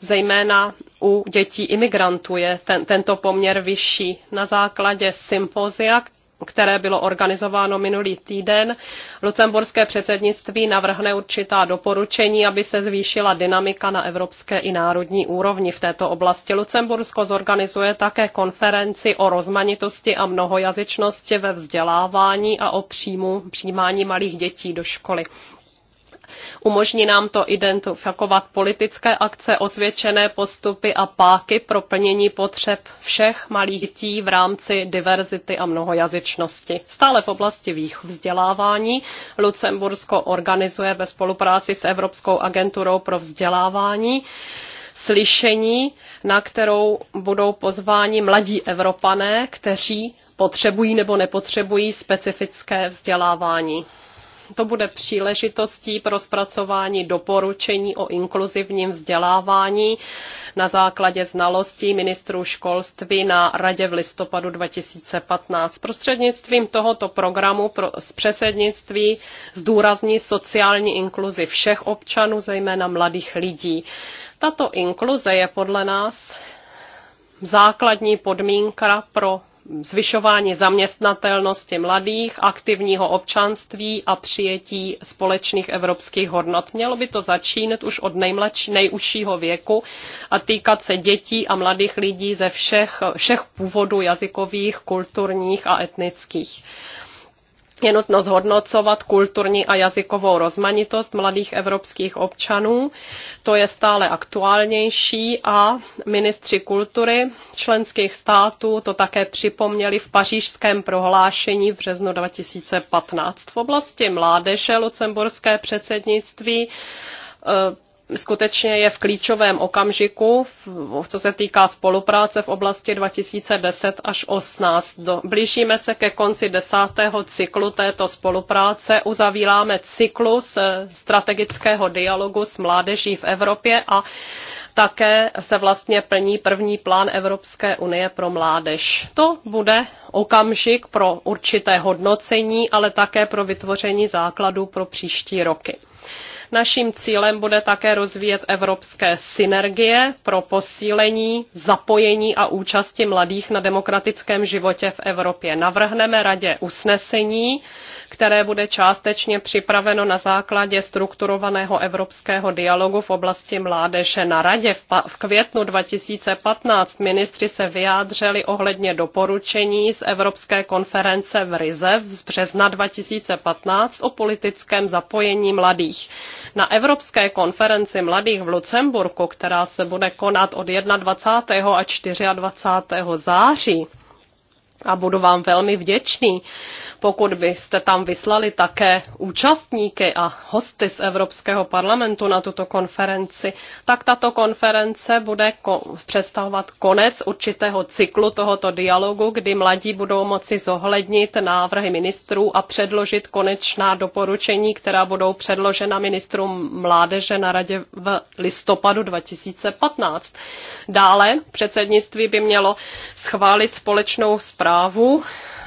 zejména u dětí imigrantů je ten, tento poměr vyšší. Na základě sympozia, které bylo organizováno minulý týden. Lucemburské předsednictví navrhne určitá doporučení, aby se zvýšila dynamika na evropské i národní úrovni v této oblasti. Lucembursko zorganizuje také konferenci o rozmanitosti a mnohojazyčnosti ve vzdělávání a o příjmu, přijímání malých dětí do školy. Umožní nám to identifikovat politické akce, osvědčené postupy a páky pro plnění potřeb všech malých dětí v rámci diverzity a mnohojazyčnosti. Stále v oblasti vých vzdělávání Lucembursko organizuje ve spolupráci s Evropskou agenturou pro vzdělávání slyšení, na kterou budou pozváni mladí Evropané, kteří potřebují nebo nepotřebují specifické vzdělávání to bude příležitostí pro zpracování doporučení o inkluzivním vzdělávání na základě znalostí ministrů školství na radě v listopadu 2015. Prostřednictvím tohoto programu pro, z předsednictví zdůrazní sociální inkluzi všech občanů, zejména mladých lidí. Tato inkluze je podle nás základní podmínka pro zvyšování zaměstnatelnosti mladých, aktivního občanství a přijetí společných evropských hodnot. Mělo by to začínat už od nejmladší, nejužšího věku a týkat se dětí a mladých lidí ze všech, všech původů jazykových, kulturních a etnických. Je nutno zhodnocovat kulturní a jazykovou rozmanitost mladých evropských občanů. To je stále aktuálnější a ministři kultury členských států to také připomněli v pařížském prohlášení v březnu 2015. V oblasti mládeže lucemburské předsednictví skutečně je v klíčovém okamžiku, co se týká spolupráce v oblasti 2010 až 2018. Blížíme se ke konci desátého cyklu této spolupráce, uzavíráme cyklus eh, strategického dialogu s mládeží v Evropě a také se vlastně plní první plán Evropské unie pro mládež. To bude okamžik pro určité hodnocení, ale také pro vytvoření základů pro příští roky. Naším cílem bude také rozvíjet evropské synergie pro posílení, zapojení a účasti mladých na demokratickém životě v Evropě. Navrhneme radě usnesení, které bude částečně připraveno na základě strukturovaného evropského dialogu v oblasti mládeže. Na radě v květnu 2015 ministři se vyjádřili ohledně doporučení z Evropské konference v Rize z března 2015 o politickém zapojení mladých. Na Evropské konferenci mladých v Lucemburku, která se bude konat od 21. a 24. září, a budu vám velmi vděčný, pokud byste tam vyslali také účastníky a hosty z Evropského parlamentu na tuto konferenci, tak tato konference bude představovat konec určitého cyklu tohoto dialogu, kdy mladí budou moci zohlednit návrhy ministrů a předložit konečná doporučení, která budou předložena ministrům mládeže na radě v listopadu 2015. Dále předsednictví by mělo schválit společnou zprávu zprávu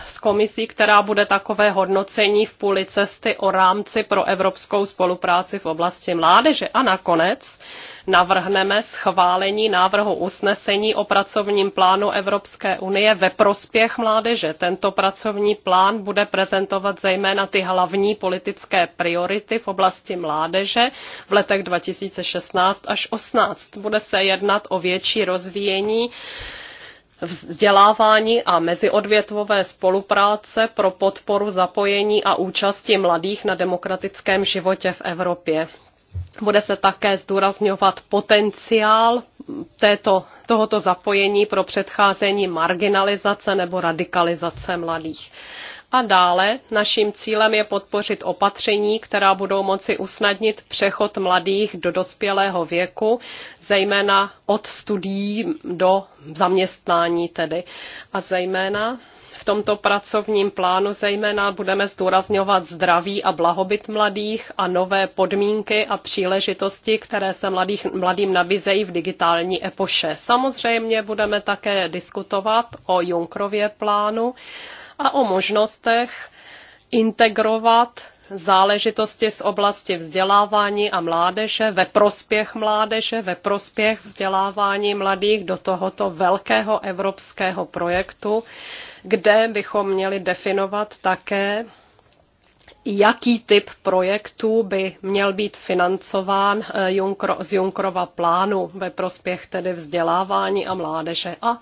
z komisí, která bude takové hodnocení v půli cesty o rámci pro evropskou spolupráci v oblasti mládeže. A nakonec navrhneme schválení návrhu usnesení o pracovním plánu Evropské unie ve prospěch mládeže. Tento pracovní plán bude prezentovat zejména ty hlavní politické priority v oblasti mládeže v letech 2016 až 2018. Bude se jednat o větší rozvíjení vzdělávání a meziodvětvové spolupráce pro podporu zapojení a účasti mladých na demokratickém životě v Evropě. Bude se také zdůrazňovat potenciál této, tohoto zapojení pro předcházení marginalizace nebo radikalizace mladých. A dále naším cílem je podpořit opatření, která budou moci usnadnit přechod mladých do dospělého věku, zejména od studií do zaměstnání tedy. A zejména v tomto pracovním plánu zejména budeme zdůrazňovat zdraví a blahobyt mladých a nové podmínky a příležitosti, které se mladých, mladým nabízejí v digitální epoše. Samozřejmě budeme také diskutovat o Junkrově plánu a o možnostech integrovat záležitosti z oblasti vzdělávání a mládeže ve prospěch mládeže, ve prospěch vzdělávání mladých do tohoto velkého evropského projektu, kde bychom měli definovat také, jaký typ projektů by měl být financován eh, z Junkrova plánu ve prospěch tedy vzdělávání a mládeže. A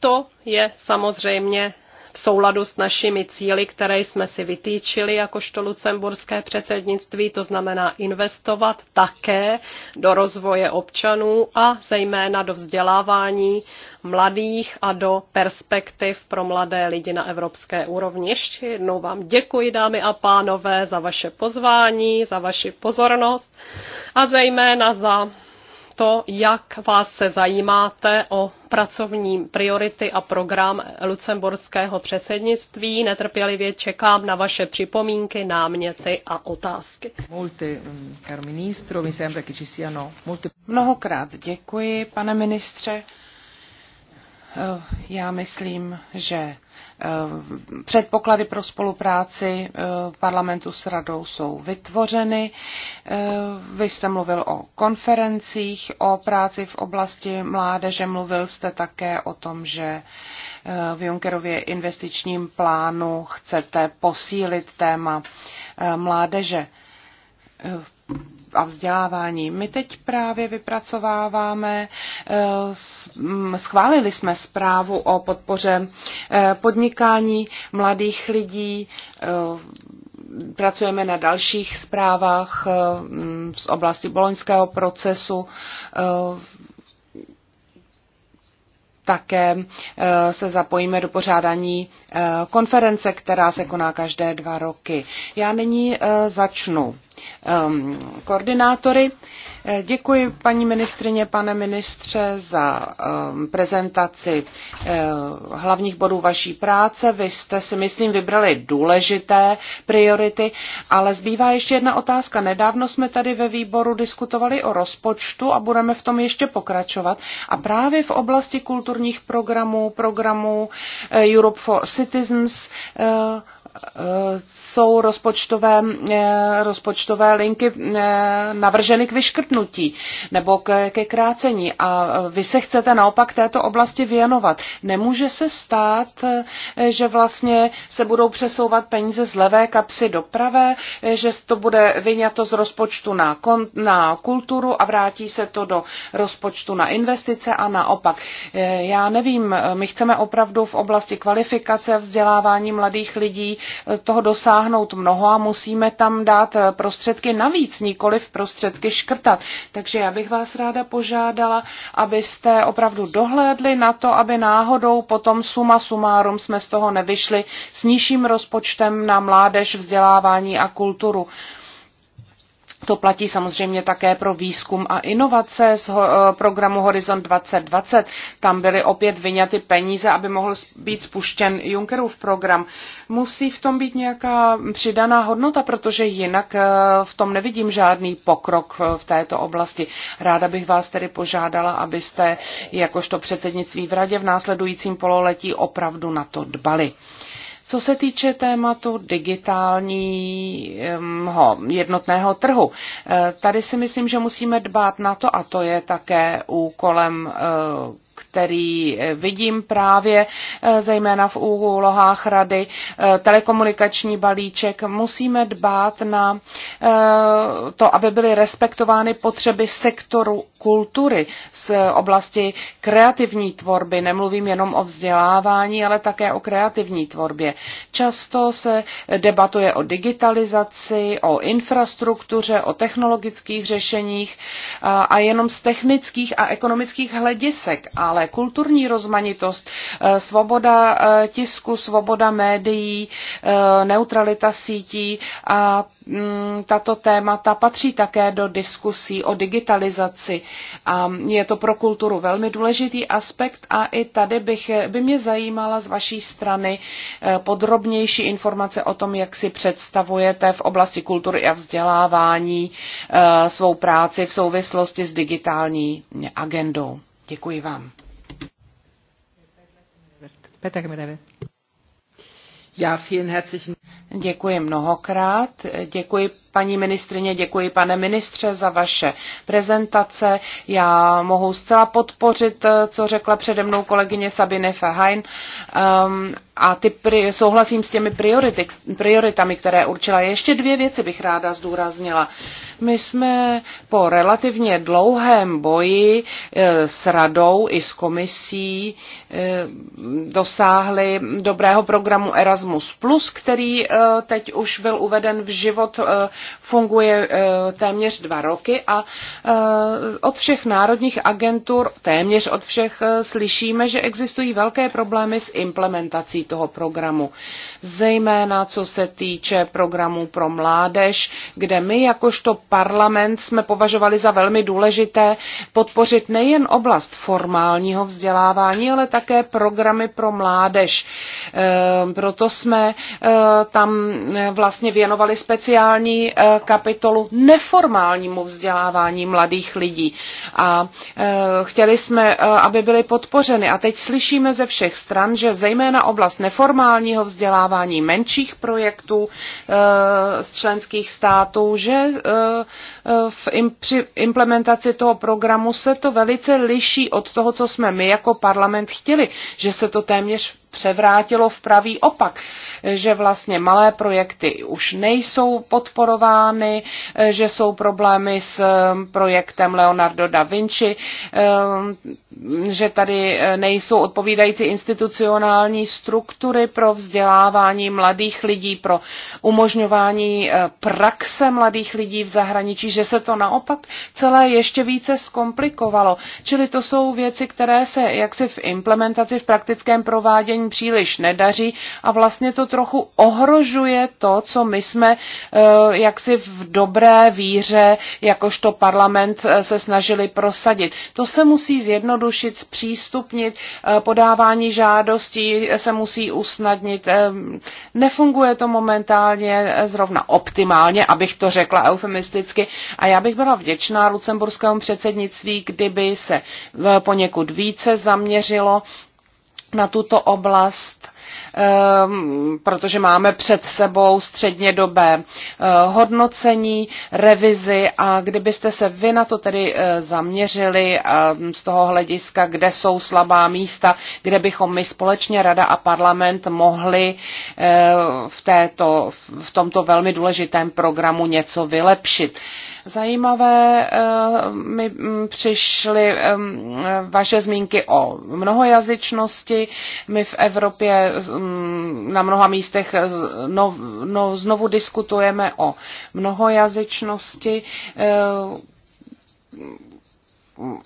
to je samozřejmě v souladu s našimi cíly, které jsme si vytýčili jakožto lucemburské předsednictví, to znamená investovat také do rozvoje občanů a zejména do vzdělávání mladých a do perspektiv pro mladé lidi na evropské úrovni. Ještě jednou vám děkuji, dámy a pánové, za vaše pozvání, za vaši pozornost a zejména za to, jak vás se zajímáte o pracovní priority a program lucemburského předsednictví. Netrpělivě čekám na vaše připomínky, náměty a otázky. Mm, Mnohokrát děkuji, pane ministře. Eh, já myslím, že Eh, předpoklady pro spolupráci eh, parlamentu s radou jsou vytvořeny. Eh, vy jste mluvil o konferencích, o práci v oblasti mládeže, mluvil jste také o tom, že v Junckerově investičním plánu chcete posílit téma mládeže a vzdělávání. My teď právě vypracováváme, eh, mm, schválili jsme zprávu o podpoře eh, podnikání mladých lidí, eh, pracujeme na dalších zprávách mm, z oblasti boloňského procesu, také se zapojíme do pořádání konference, která se koná každé dva roky. Já nyní začnu um, koordinátory. Eh, děkuji paní ministrině, pane ministře, za um, prezentaci um, hlavních bodů vaší práce. Vy jste si, myslím, vybrali důležité priority, ale zbývá ještě jedna otázka. Nedávno jsme tady ve výboru diskutovali o rozpočtu a budeme v tom ještě pokračovat. A právě v oblasti kulturních programů, programů eh, Europe for Citizens, uh, jsou rozpočtové, eh, rozpočtové linky eh, navrženy k vyškrtnutí nebo ke, ke krácení a vy se chcete naopak této oblasti věnovat. Nemůže se stát, eh, že vlastně se budou přesouvat peníze z levé kapsy do pravé, že to bude vyňato z rozpočtu na, kon, na kulturu a vrátí se to do rozpočtu na investice a naopak. Já nevím, my chceme opravdu v oblasti kvalifikace vzdělávání mladých lidí toho dosáhnout mnoho a musíme tam dát eh, prostředky navíc, nikoli v prostředky škrtat. Takže já bych vás ráda požádala, abyste opravdu dohlédli na to, aby náhodou potom suma sumárum jsme z toho nevyšli s nižším rozpočtem na mládež, vzdělávání a kulturu. To platí samozřejmě také pro výzkum a inovace z eh, programu Horizon 2020. Tam byly opět vyňaty peníze, aby mohl být spuštěn Junckerův program. Musí v tom být nějaká přidaná hodnota, protože jinak eh, v tom nevidím žádný pokrok eh, v této oblasti. Ráda bych vás tedy požádala, abyste jakožto předsednictví v radě v následujícím pololetí opravdu na to dbali. Co se týče tématu digitálního jednotného trhu, eh, tady si myslím, že musíme dbát na to, a to je také úkolem eh, který eh, vidím právě zejména v úlohách rady, telekomunikační balíček. Musíme dbát na to, aby byly respektovány potřeby sektoru kultury, z oblasti kreativní tvorby. Nemluvím jenom o vzdělávání, ale také o kreativní tvorbě. Často se debatuje o digitalizaci, o infrastruktuře, o technologických řešeních a jenom z technických a ekonomických hledisek, ale kulturní rozmanitost, e, svoboda e, tisku, svoboda médií, e, neutralita sítí a mm, tato témata patří také do diskusí o digitalizaci a je to pro kulturu velmi důležitý aspekt a i tady bych, by mě zajímala z vaší strany eh, podrobnější informace o tom, jak si představujete v oblasti kultury a vzdělávání eh, svou práci v souvislosti s digitální agendou. Děkuji vám. Petr Já Ja, vielen herzlichen Děkuji mnohokrát. Děkuji paní ministrině, děkuji pane ministře za vaše prezentace. Já mohu zcela podpořit, co řekla přede mnou kolegyně Sabine Fehain. Um, a ty pri, souhlasím s těmi priority, prioritami, které určila. Ještě dvě věci bych ráda zdůraznila. My jsme po relativně dlouhém boji eh, s radou i s komisí eh, dosáhli dobrého programu Erasmus+, který Eh, teď už byl uveden v život, eh, funguje eh, téměř dva roky a od všech národních agentur, téměř od všech slyšíme, že existují velké problémy s implementací toho programu zejména co se týče programů pro mládež, kde my jakožto parlament jsme považovali za velmi důležité podpořit nejen oblast formálního vzdělávání, ale také programy pro mládež. E, proto jsme e, tam vlastně věnovali speciální e, kapitolu neformálnímu vzdělávání mladých lidí. A chtěli jsme, aby byly podpořeny. A teď slyšíme ze všech stran, že zejména oblast neformálního vzdělávání vyjednávání menších projektů eh, z členských států, že eh, eh, v, při implementaci toho programu se to velice liší od toho, co jsme my jako parlament chtěli, že se to téměř převrátilo v pravý opak že vlastně malé projekty už nejsou podporovány, eh, že jsou problémy s eh, projektem Leonardo da Vinci, eh, že tady nejsou odpovídající institucionální struktury pro vzdělávání mladých lidí, pro umožňování praxe mladých lidí v zahraničí, že se to naopak celé ještě více zkomplikovalo. Čili to jsou věci, které se jaksi v implementaci, v praktickém provádění příliš nedaří a vlastně to trochu ohrožuje to, co my jsme eh, jaksi v dobré víře, jakožto parlament eh, se snažili prosadit. To se musí zjednodušit, zpřístupnit, eh, podávání žádostí se musí usnadnit. Nefunguje to momentálně zrovna optimálně, abych to řekla eufemisticky. A já bych byla vděčná lucemburskému předsednictví, kdyby se poněkud více zaměřilo na tuto oblast Ehm, protože máme před sebou střednědobé eh, hodnocení, revizi a kdybyste se vy na to tedy eh, zaměřili ehm, z toho hlediska, kde jsou slabá místa, kde bychom my společně Rada a parlament mohli eh, v, této, v tomto velmi důležitém programu něco vylepšit. Uh, Zajímavé eh, mi mm, přišly vaše zmínky o mnohojazyčnosti. My v Evropě mm, na mnoha místech no, no, znovu diskutujeme o mnohojazyčnosti eh,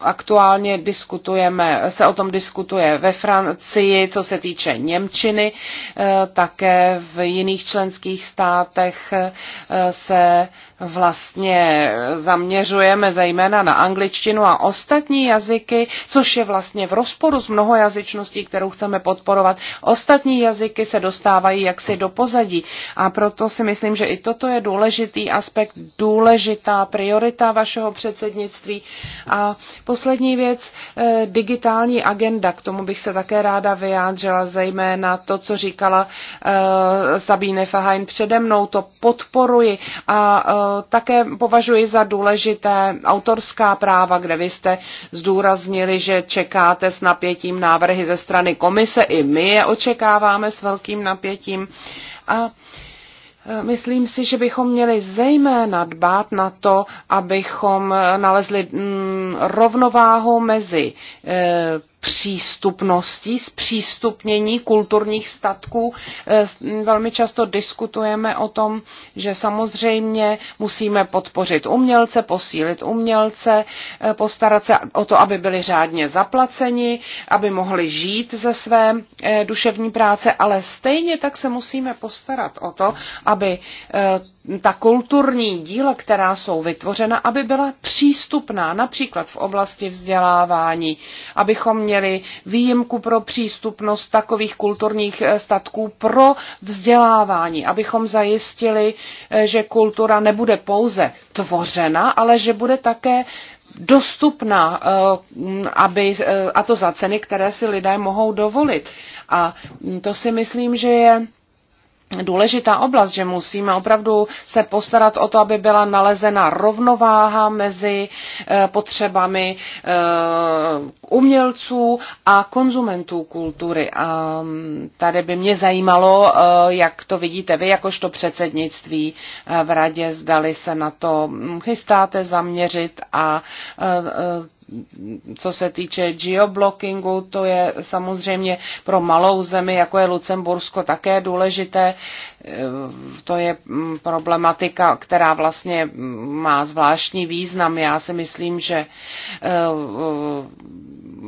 aktuálně diskutujeme, se o tom diskutuje ve Francii, co se týče Němčiny, eh, také v jiných členských státech se vlastně zaměřujeme zejména na angličtinu a ostatní jazyky, což je vlastně v rozporu s mnohojazyčností, kterou chceme podporovat. Ostatní jazyky se dostávají jaksi do pozadí a proto si myslím, že i toto je důležitý aspekt, důležitá priorita vašeho předsednictví. A poslední věc, eh, digitální agenda, k tomu bych se také ráda vyjádřila, zejména to, co říkala eh, Sabine Fahajn přede mnou, to podporuji a eh, také považuji za důležité autorská práva, kde vy jste zdůraznili, že čekáte s napětím návrhy ze strany komise. I my je očekáváme s velkým napětím. A e, Myslím si, že bychom měli zejména dbát na to, abychom nalezli mm, rovnováhu mezi e, přístupnosti, zpřístupnění kulturních statků. E, velmi často diskutujeme o tom, že samozřejmě musíme podpořit umělce, posílit umělce, e, postarat se o to, aby byli řádně zaplaceni, aby mohli žít ze své e, duševní práce, ale stejně tak se musíme postarat o to, aby ta kulturní díla, která jsou vytvořena, aby byla přístupná například v oblasti vzdělávání, abychom měli výjimku pro přístupnost takových kulturních eh, statků pro vzdělávání, abychom zajistili, eh, že kultura nebude pouze tvořena, ale že bude také dostupná, eh, aby, a to za ceny, které si lidé mohou dovolit. A to si myslím, že je důležitá oblast, že musíme opravdu se postarat o to, aby byla nalezena rovnováha mezi eh, potřebami eh, umělců a konzumentů kultury. A mm, tady by mě zajímalo, eh, jak to vidíte vy, jakožto předsednictví v radě, zdali se na to mm, chystáte zaměřit a co se týče geoblockingu, to je samozřejmě pro malou zemi, jako je Lucembursko, také důležité Eh, to je mm, problematika, která vlastně mm, má zvláštní význam. Já si myslím, že eh, eh,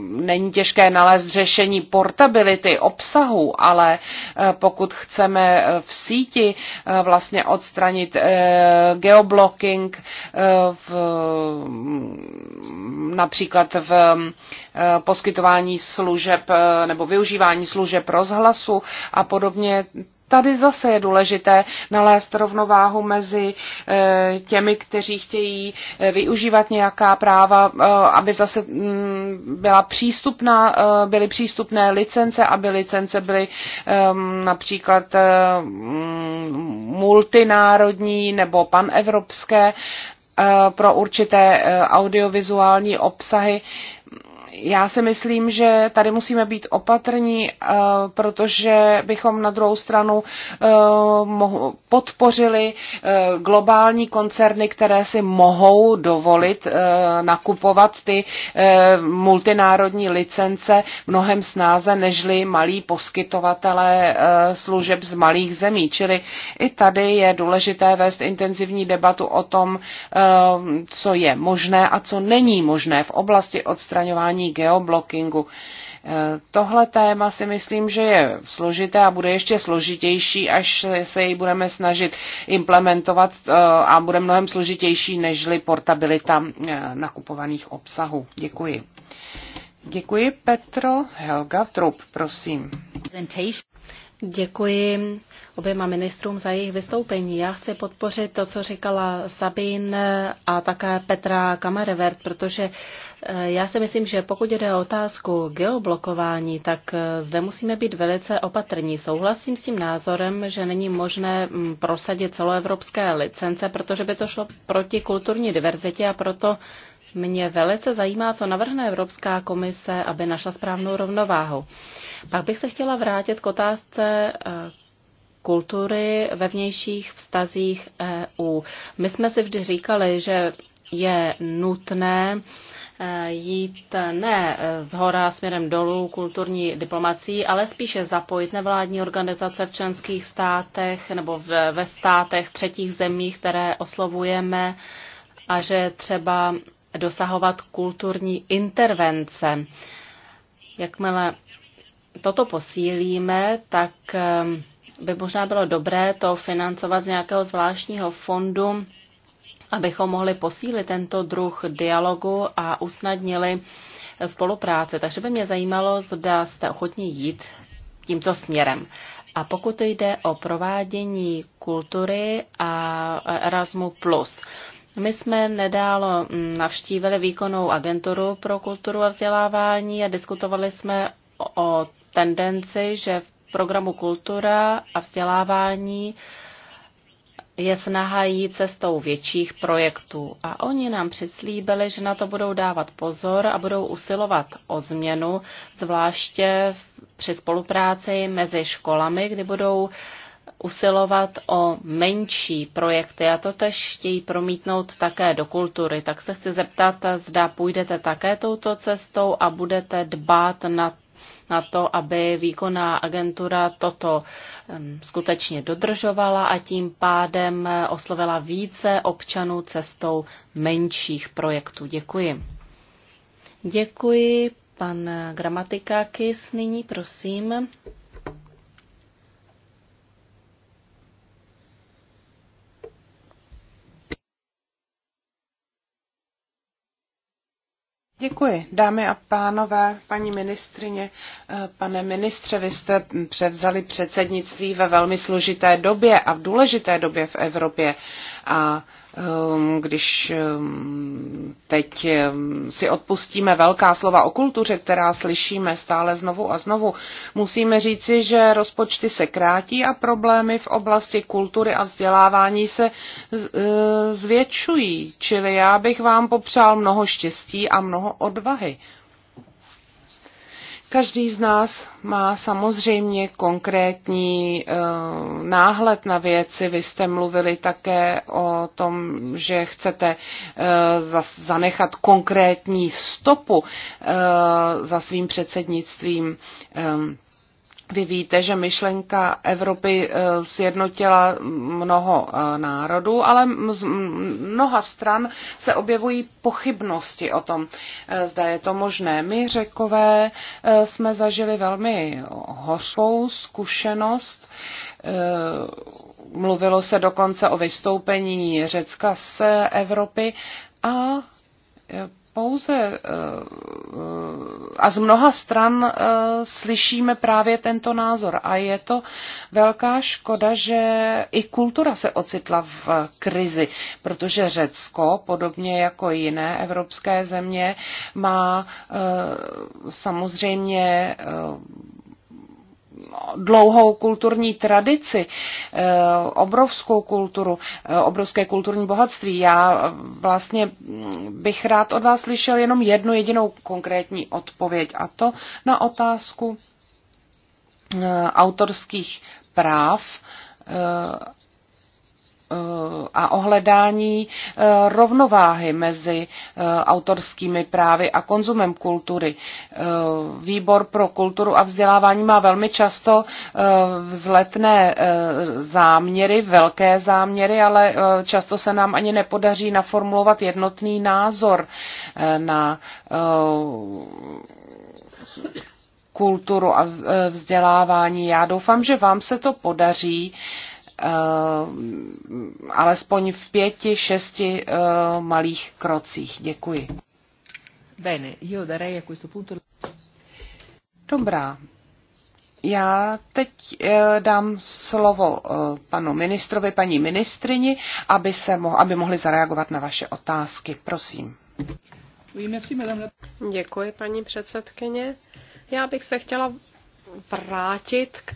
není těžké nalézt řešení portability obsahu, ale pokud chceme v síti vlastně odstranit geoblocking v, mm, například v poskytování služeb nebo využívání služeb rozhlasu a podobně, tady zase je důležité nalézt rovnováhu mezi eh, těmi, kteří chtějí eh, využívat nějaká práva, eh, aby zase mm, byla přístupná, byly přístupné licence, aby licence byly ehm, například mm, multinárodní nebo panevropské pro určité audiovizuální obsahy já si myslím, že tady musíme být opatrní, eh, protože bychom na druhou stranu eh, podpořili eh, globální koncerny, které si mohou dovolit nakupovat ty multinárodní licence mnohem snáze nežli malí poskytovatelé služeb z malých zemí. Čili i tady je důležité vést intenzivní debatu o tom, co je možné a co není možné v oblasti odstraňování zabraňování geoblockingu. E, tohle téma si myslím, že je složité a bude ještě složitější, až se jej budeme snažit implementovat e, a bude mnohem složitější nežli portabilita e, nakupovaných obsahů. Děkuji. Děkuji, Petro. Helga Trup, prosím. Děkuji oběma ministrům za jejich vystoupení. Já chci podpořit to, co říkala Sabin a také Petra Kamarevert, protože eh, já si myslím, že pokud jde o otázku geoblokování, tak eh, zde musíme být velice opatrní. Souhlasím s tím názorem, že není možné mm, prosadit celoevropské licence, protože by to šlo proti kulturní diverzitě a proto mě velice zajímá, co navrhne Evropská komise, aby našla správnou rovnováhu. Pak bych se chtěla vrátit k otázce eh, kultury ve vnějších vztazích EU. My jsme si vždy říkali, že je nutné eh, jít eh, ne z hora směrem dolů kulturní diplomací, ale spíše zapojit nevládní organizace v členských státech nebo ve státech třetích zemích, které oslovujeme a že třeba dosahovat kulturní intervence. Jakmile toto posílíme, tak ehm, by možná bylo dobré to financovat z nějakého zvláštního fondu, abychom mohli posílit tento druh dialogu a usnadnili spolupráce. Takže by mě zajímalo, zda jste ochotní jít tímto směrem. A pokud jde o provádění kultury a Erasmu+, my jsme nedálo mm, navštívili výkonnou agenturu pro kulturu a vzdělávání a diskutovali jsme o tendenci, že v programu kultura a vzdělávání je snaha jít cestou větších projektů. A oni nám přislíbili, že na to budou dávat pozor a budou usilovat o změnu, zvláště při spolupráci mezi školami, kdy budou usilovat o menší projekty a to tež chtějí promítnout také do kultury. Tak se chci zeptat, zda půjdete také touto cestou a budete dbát na na to, aby výkonná agentura toto skutečně dodržovala a tím pádem oslovila více občanů cestou menších projektů. Děkuji. Děkuji. Pan Gramatikákis, nyní, prosím. Děkuji, dámy a pánové, paní ministrině, eh, pane ministře, vy jste převzali předsednictví ve velmi složité době a v důležité době v Evropě. A um, když um, teď um, si odpustíme velká slova o kultuře, která slyšíme stále znovu a znovu, musíme říci, že rozpočty se krátí a problémy v oblasti kultury a vzdělávání se e, zvětšují. Čili já bych vám popřál mnoho štěstí a mnoho odvahy. Každý z nás má samozřejmě konkrétní uh, náhled na věci. Vy jste mluvili také o tom, že chcete eh, zanechat konkrétní stopu eh, za svým předsednictvím. Ehm, vy víte, že myšlenka Evropy eh, sjednotila mnoho eh, národů, ale z mnoha stran se objevují pochybnosti o tom, eh, zda je to možné. My, řekové, jsme zažili velmi hořkou zkušenost. Mluvilo se dokonce o vystoupení Řecka z Evropy a pouze eh, eh, a z mnoha stran eh, slyšíme právě tento názor. A je to velká škoda, že i kultura se ocitla v krizi, protože Řecko, podobně jako jiné evropské země, má samozřejmě No, dlouhou kulturní tradici, eh, obrovskou kulturu, eh, obrovské kulturní bohatství. Já eh, vlastně mm, bych rád od vás slyšel jenom jednu jedinou konkrétní odpověď a to na otázku autorských práv Eh, a ohledání eh, rovnováhy mezi eh, autorskými právy a konzumem kultury. Výbor pro kulturu a vzdělávání má velmi často vzletné záměry, velké záměry, ale často se nám ani nepodaří naformulovat jednotný názor na kulturu a vzdělávání. Já doufám, že vám se to podaří Eh, alespoň v pěti, šesti eh, malých krocích. Děkuji. Bene, io darei a questo punto... Dobrá. Já teď eh, dám slovo panu ministrovi, paní ministrini, aby, se mo- aby mohli zareagovat na vaše otázky. Prosím. Děkuji, paní předsedkyně. Já bych se chtěla vrátit k,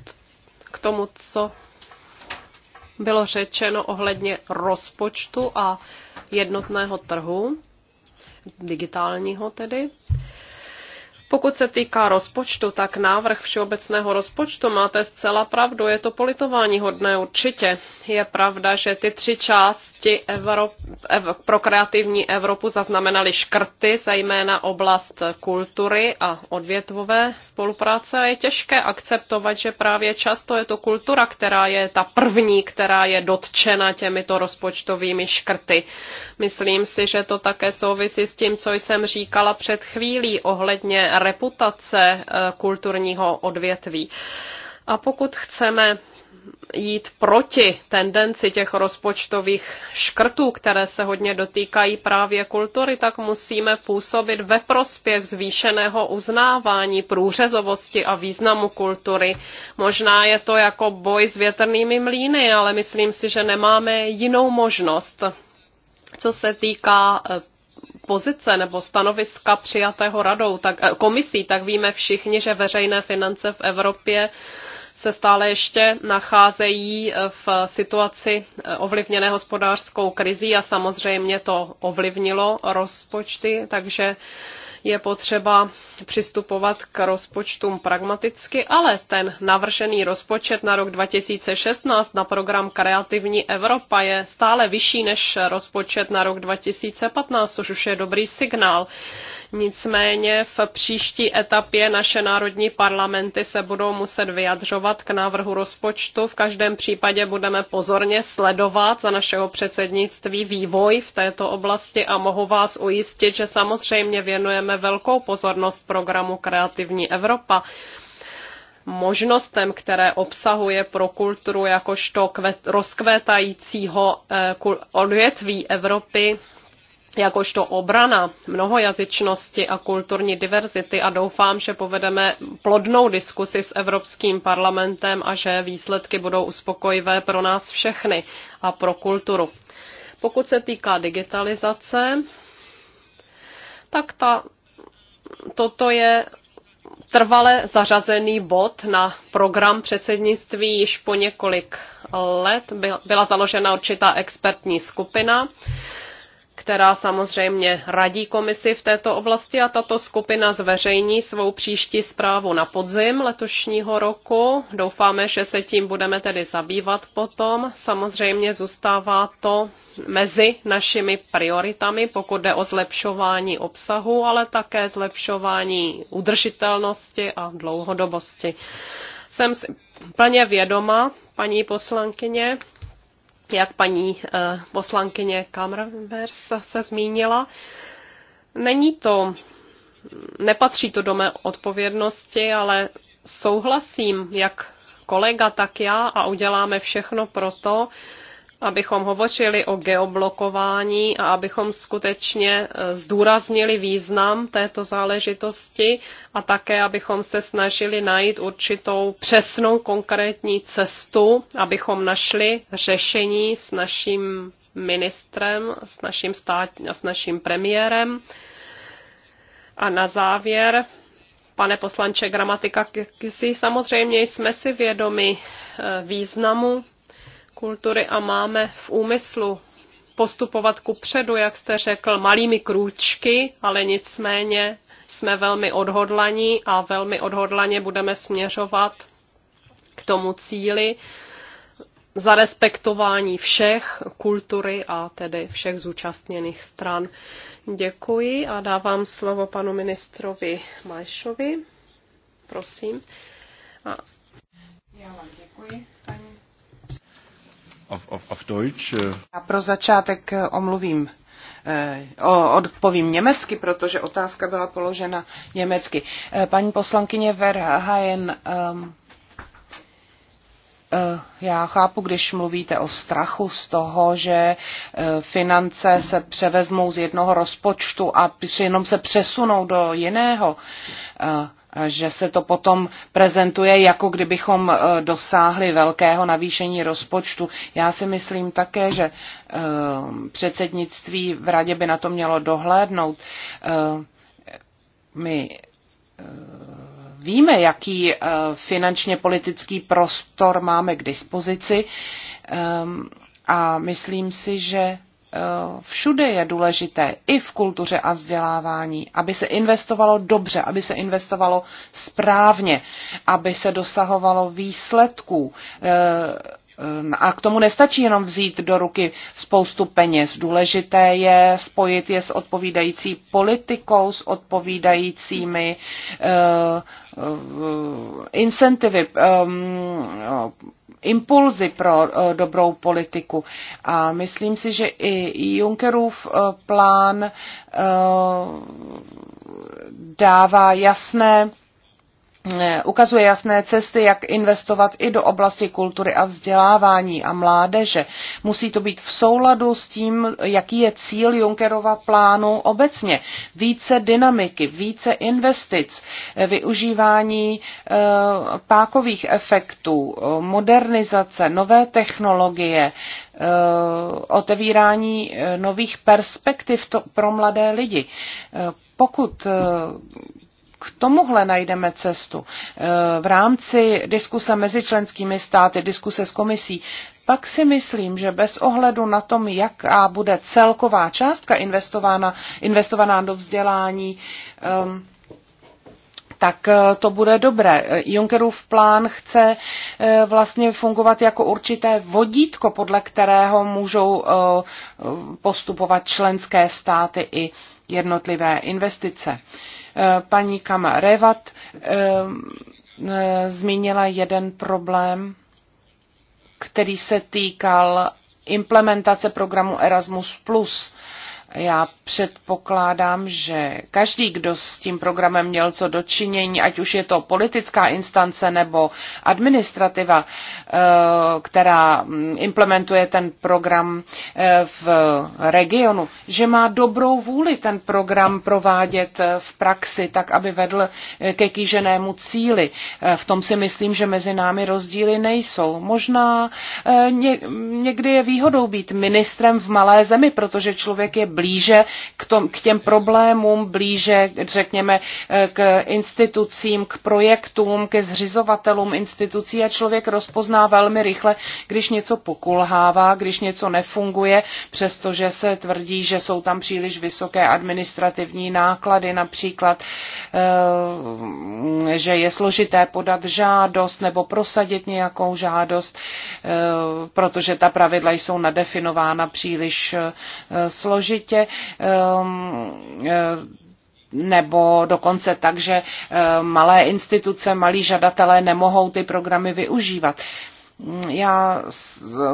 k tomu, co bylo řečeno ohledně rozpočtu a jednotného trhu, digitálního tedy. Pokud se týká rozpočtu, tak návrh všeobecného rozpočtu máte zcela pravdu, je to politování hodné určitě. Je pravda, že ty tři části oblasti Evrop, ev, pro kreativní Evropu zaznamenaly škrty, zejména oblast kultury a odvětvové spolupráce. A je těžké akceptovat, že právě často je to kultura, která je ta první, která je dotčena těmito rozpočtovými škrty. Myslím si, že to také souvisí s tím, co jsem říkala před chvílí ohledně reputace eh, kulturního odvětví. A pokud chceme jít proti tendenci těch rozpočtových škrtů, které se hodně dotýkají právě kultury, tak musíme působit ve prospěch zvýšeného uznávání průřezovosti a významu kultury. Možná je to jako boj s větrnými mlýny, ale myslím si, že nemáme jinou možnost. Co se týká eh, pozice nebo stanoviska přijatého radou, tak, eh, komisí, tak víme všichni, že veřejné finance v Evropě se stále ještě nacházejí eh, v situaci eh, ovlivněné hospodářskou krizí a samozřejmě to ovlivnilo rozpočty, takže je potřeba přistupovat k rozpočtům pragmaticky, ale ten navržený rozpočet na rok 2016 na program Kreativní Evropa je stále vyšší než rozpočet na rok 2015, což už je dobrý signál. Nicméně v příští etapě naše národní parlamenty se budou muset vyjadřovat k návrhu rozpočtu. V každém případě budeme pozorně sledovat za našeho předsednictví vývoj v této oblasti a mohu vás ujistit, že samozřejmě věnujeme velkou pozornost programu Kreativní Evropa, možnostem, které obsahuje pro kulturu jakožto rozkvétajícího eh, odvětví Evropy, jakožto obrana mnohojazyčnosti a kulturní diverzity a doufám, že povedeme plodnou diskusi s Evropským parlamentem a že výsledky budou uspokojivé pro nás všechny a pro kulturu. Pokud se týká digitalizace, tak ta toto je trvale zařazený bod na program předsednictví již po několik let. Byla založena určitá expertní skupina která samozřejmě radí komisi v této oblasti a tato skupina zveřejní svou příští zprávu na podzim letošního roku. Doufáme, že se tím budeme tedy zabývat potom. Samozřejmě zůstává to mezi našimi prioritami, pokud jde o zlepšování obsahu, ale také zlepšování udržitelnosti a dlouhodobosti. Jsem plně vědoma, paní poslankyně, jak paní eh, poslankyně Kamrvers se zmínila. Není to, nepatří to do mé odpovědnosti, ale souhlasím, jak kolega, tak já a uděláme všechno pro to, abychom hovořili o geoblokování a abychom skutečně eh, zdůraznili význam této záležitosti a také, abychom se snažili najít určitou přesnou konkrétní cestu, abychom našli řešení s naším ministrem, s naším, stát, s naším premiérem. A na závěr, pane poslanče Gramatika, si samozřejmě jsme si vědomi eh, významu kultury a máme v úmyslu postupovat ku předu, jak jste řekl, malými krůčky, ale nicméně jsme velmi odhodlaní a velmi odhodlaně budeme směřovat k tomu cíli zarespektování všech kultury a tedy všech zúčastněných stran. Děkuji a dávám slovo panu ministrovi Majšovi. Prosím. A... Já vám děkuji auf, auf, auf Deutsch. Já eh. pro začátek eh, omluvím eh, odpovím německy, protože otázka byla položena německy. Paní poslankyně Verhaen, ehm, já chápu, když mluvíte o strachu z toho, že finance se převezmou z jednoho rozpočtu a jenom se přesunou do jiného že se to potom prezentuje, jako kdybychom e, dosáhli velkého navýšení rozpočtu. Já si myslím také, že e, předsednictví v radě by na to mělo dohlédnout. E, my víme, jaký finančně politický prostor máme k dispozici a myslím si, že všude je důležité, i v kultuře a vzdělávání, aby se investovalo dobře, aby se investovalo správně, aby se dosahovalo výsledků eh, Ehm, a k tomu nestačí jenom vzít do ruky spoustu peněz. Důležité je spojit je s odpovídající politikou, s odpovídajícími uh, uh, incentivy, um, impulzy pro uh, dobrou politiku. A myslím si, že i Junckerův uh, plán uh, dává jasné ukazuje jasné cesty, jak investovat i do oblasti kultury a vzdělávání a mládeže. Musí to být v souladu s tím, jaký je cíl Junckerova plánu obecně. Více dynamiky, více investic, využívání e, pákových efektů, modernizace, nové technologie, e, otevírání e, nových perspektiv pro mladé lidi. Pokud k tomuhle najdeme cestu. E, v rámci diskuse mezi členskými státy, diskuse s komisí, pak si myslím, že bez ohledu na tom, jaká bude celková částka investována, investovaná do vzdělání, um, tak e, to bude dobré. E, Junckerův plán chce vlastně fungovat jako určité vodítko, podle kterého můžou postupovat členské státy i jednotlivé investice. E, paní Kama Revat e, e, zmínila jeden problém, který se týkal implementace programu Erasmus+. Já předpokládám, že každý, kdo s tím programem měl co dočinění, ať už je to politická instance nebo administrativa, eh, která mm, implementuje ten program eh, v regionu, že má dobrou vůli ten program provádět eh, v praxi, tak aby vedl ke kýženému cíli. V tom si myslím, že mezi námi rozdíly nejsou. Možná někdy je výhodou být ministrem v malé zemi, protože člověk je blíže k, tom, k těm problémům blíže, řekněme, eh, k institucím, k projektům, ke zřizovatelům institucí a člověk rozpozná velmi rychle, když něco pokulhává, když něco nefunguje, přestože se tvrdí, že jsou tam příliš vysoké administrativní náklady, například, eh, že je složité podat žádost nebo prosadit nějakou žádost, eh, protože ta pravidla jsou nadefinována příliš složitě. Ehm, ehm, nebo dokonce tak, že ehm, malé instituce, malí žadatelé nemohou ty programy využívat. Já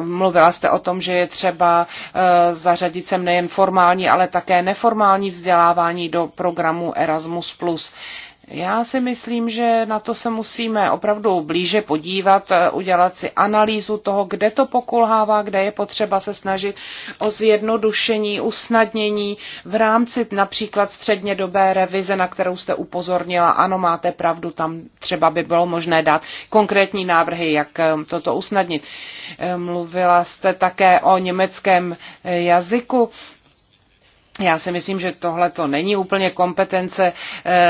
mluvila jste o tom, že je třeba e, zařadit sem nejen formální, ale také neformální vzdělávání do programu Erasmus+. Já si myslím, že na to se musíme opravdu blíže podívat, eh, udělat si analýzu toho, kde to pokulhává, kde je potřeba se snažit o zjednodušení, usnadnění v rámci například střednědobé revize, na kterou jste upozornila. Ano, máte pravdu, tam třeba by bylo možné dát konkrétní návrhy, jak eh, toto usnadnit. Eh, mluvila jste také o německém jazyku. Já si myslím, že tohle to není úplně kompetence eh,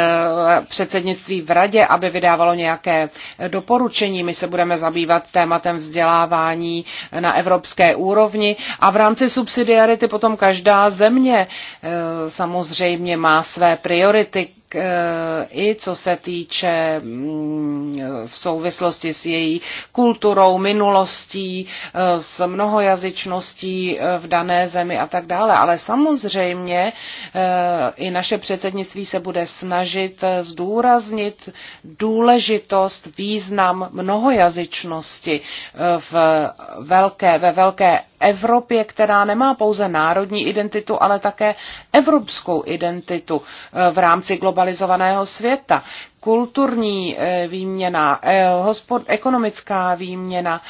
předsednictví v radě, aby vydávalo nějaké doporučení. My se budeme zabývat tématem vzdělávání na evropské úrovni a v rámci subsidiarity potom každá země eh, samozřejmě má své priority, i co se týče mm, v souvislosti s její kulturou, minulostí, eh, s mnohojazyčností eh, v dané zemi a tak dále. Ale samozřejmě eh, i naše předsednictví se bude snažit zdůraznit důležitost, význam mnohojazyčnosti v velké, ve velké Evropě, která nemá pouze národní identitu, ale také evropskou identitu eh, v rámci globalizovaného světa. Kulturní eh, výměna, eh, ekonomická výměna,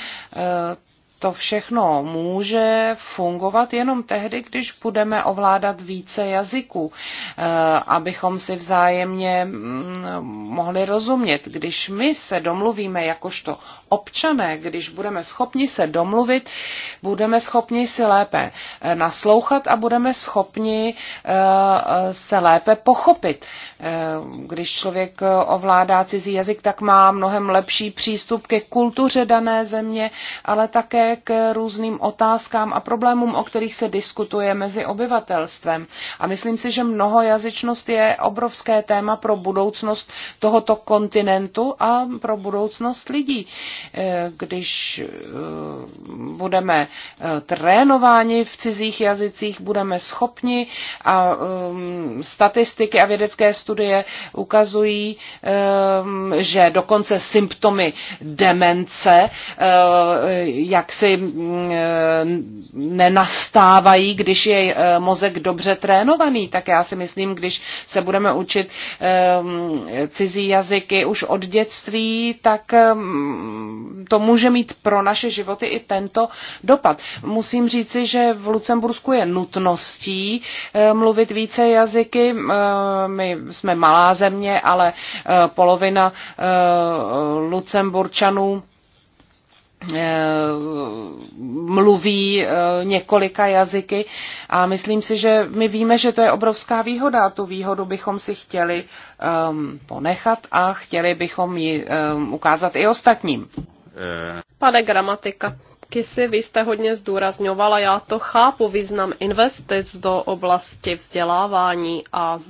to všechno může fungovat jenom tehdy, když budeme ovládat více jazyků, eh, abychom si vzájemně mm, mohli rozumět. Když my se domluvíme jakožto občané, když budeme schopni se domluvit, budeme schopni si lépe eh, naslouchat a budeme schopni eh, se lépe pochopit. Když člověk ovládá cizí jazyk, tak má mnohem lepší přístup ke kultuře dané země, ale také k různým otázkám a problémům, o kterých se diskutuje mezi obyvatelstvem. A myslím si, že mnohojazyčnost je obrovské téma pro budoucnost tohoto kontinentu a pro budoucnost lidí. Eh, když eh, budeme eh, trénováni v cizích jazycích, budeme schopni a statistiky a vědecké studie ukazují, že dokonce symptomy demence, jak jaksi mm, eh, nenastávají, když je eh, mozek dobře trénovaný. Tak já si myslím, když se budeme učit eh, cizí jazyky už od dětství, tak mm, to může mít pro naše životy i tento dopad. Musím říci, že v Lucembursku je nutností mluvit více jazyky. My jsme malá země, ale polovina Lucemburčanů Eh, mluví eh, několika jazyky a myslím si, že my víme, že to je obrovská výhoda. a Tu výhodu bychom si chtěli ehm, ponechat a chtěli bychom ji ehm, ukázat i ostatním. Eh. Pane gramatika, Kisy, vy jste hodně zdůrazňovala, já to chápu, význam investic do oblasti vzdělávání a mm,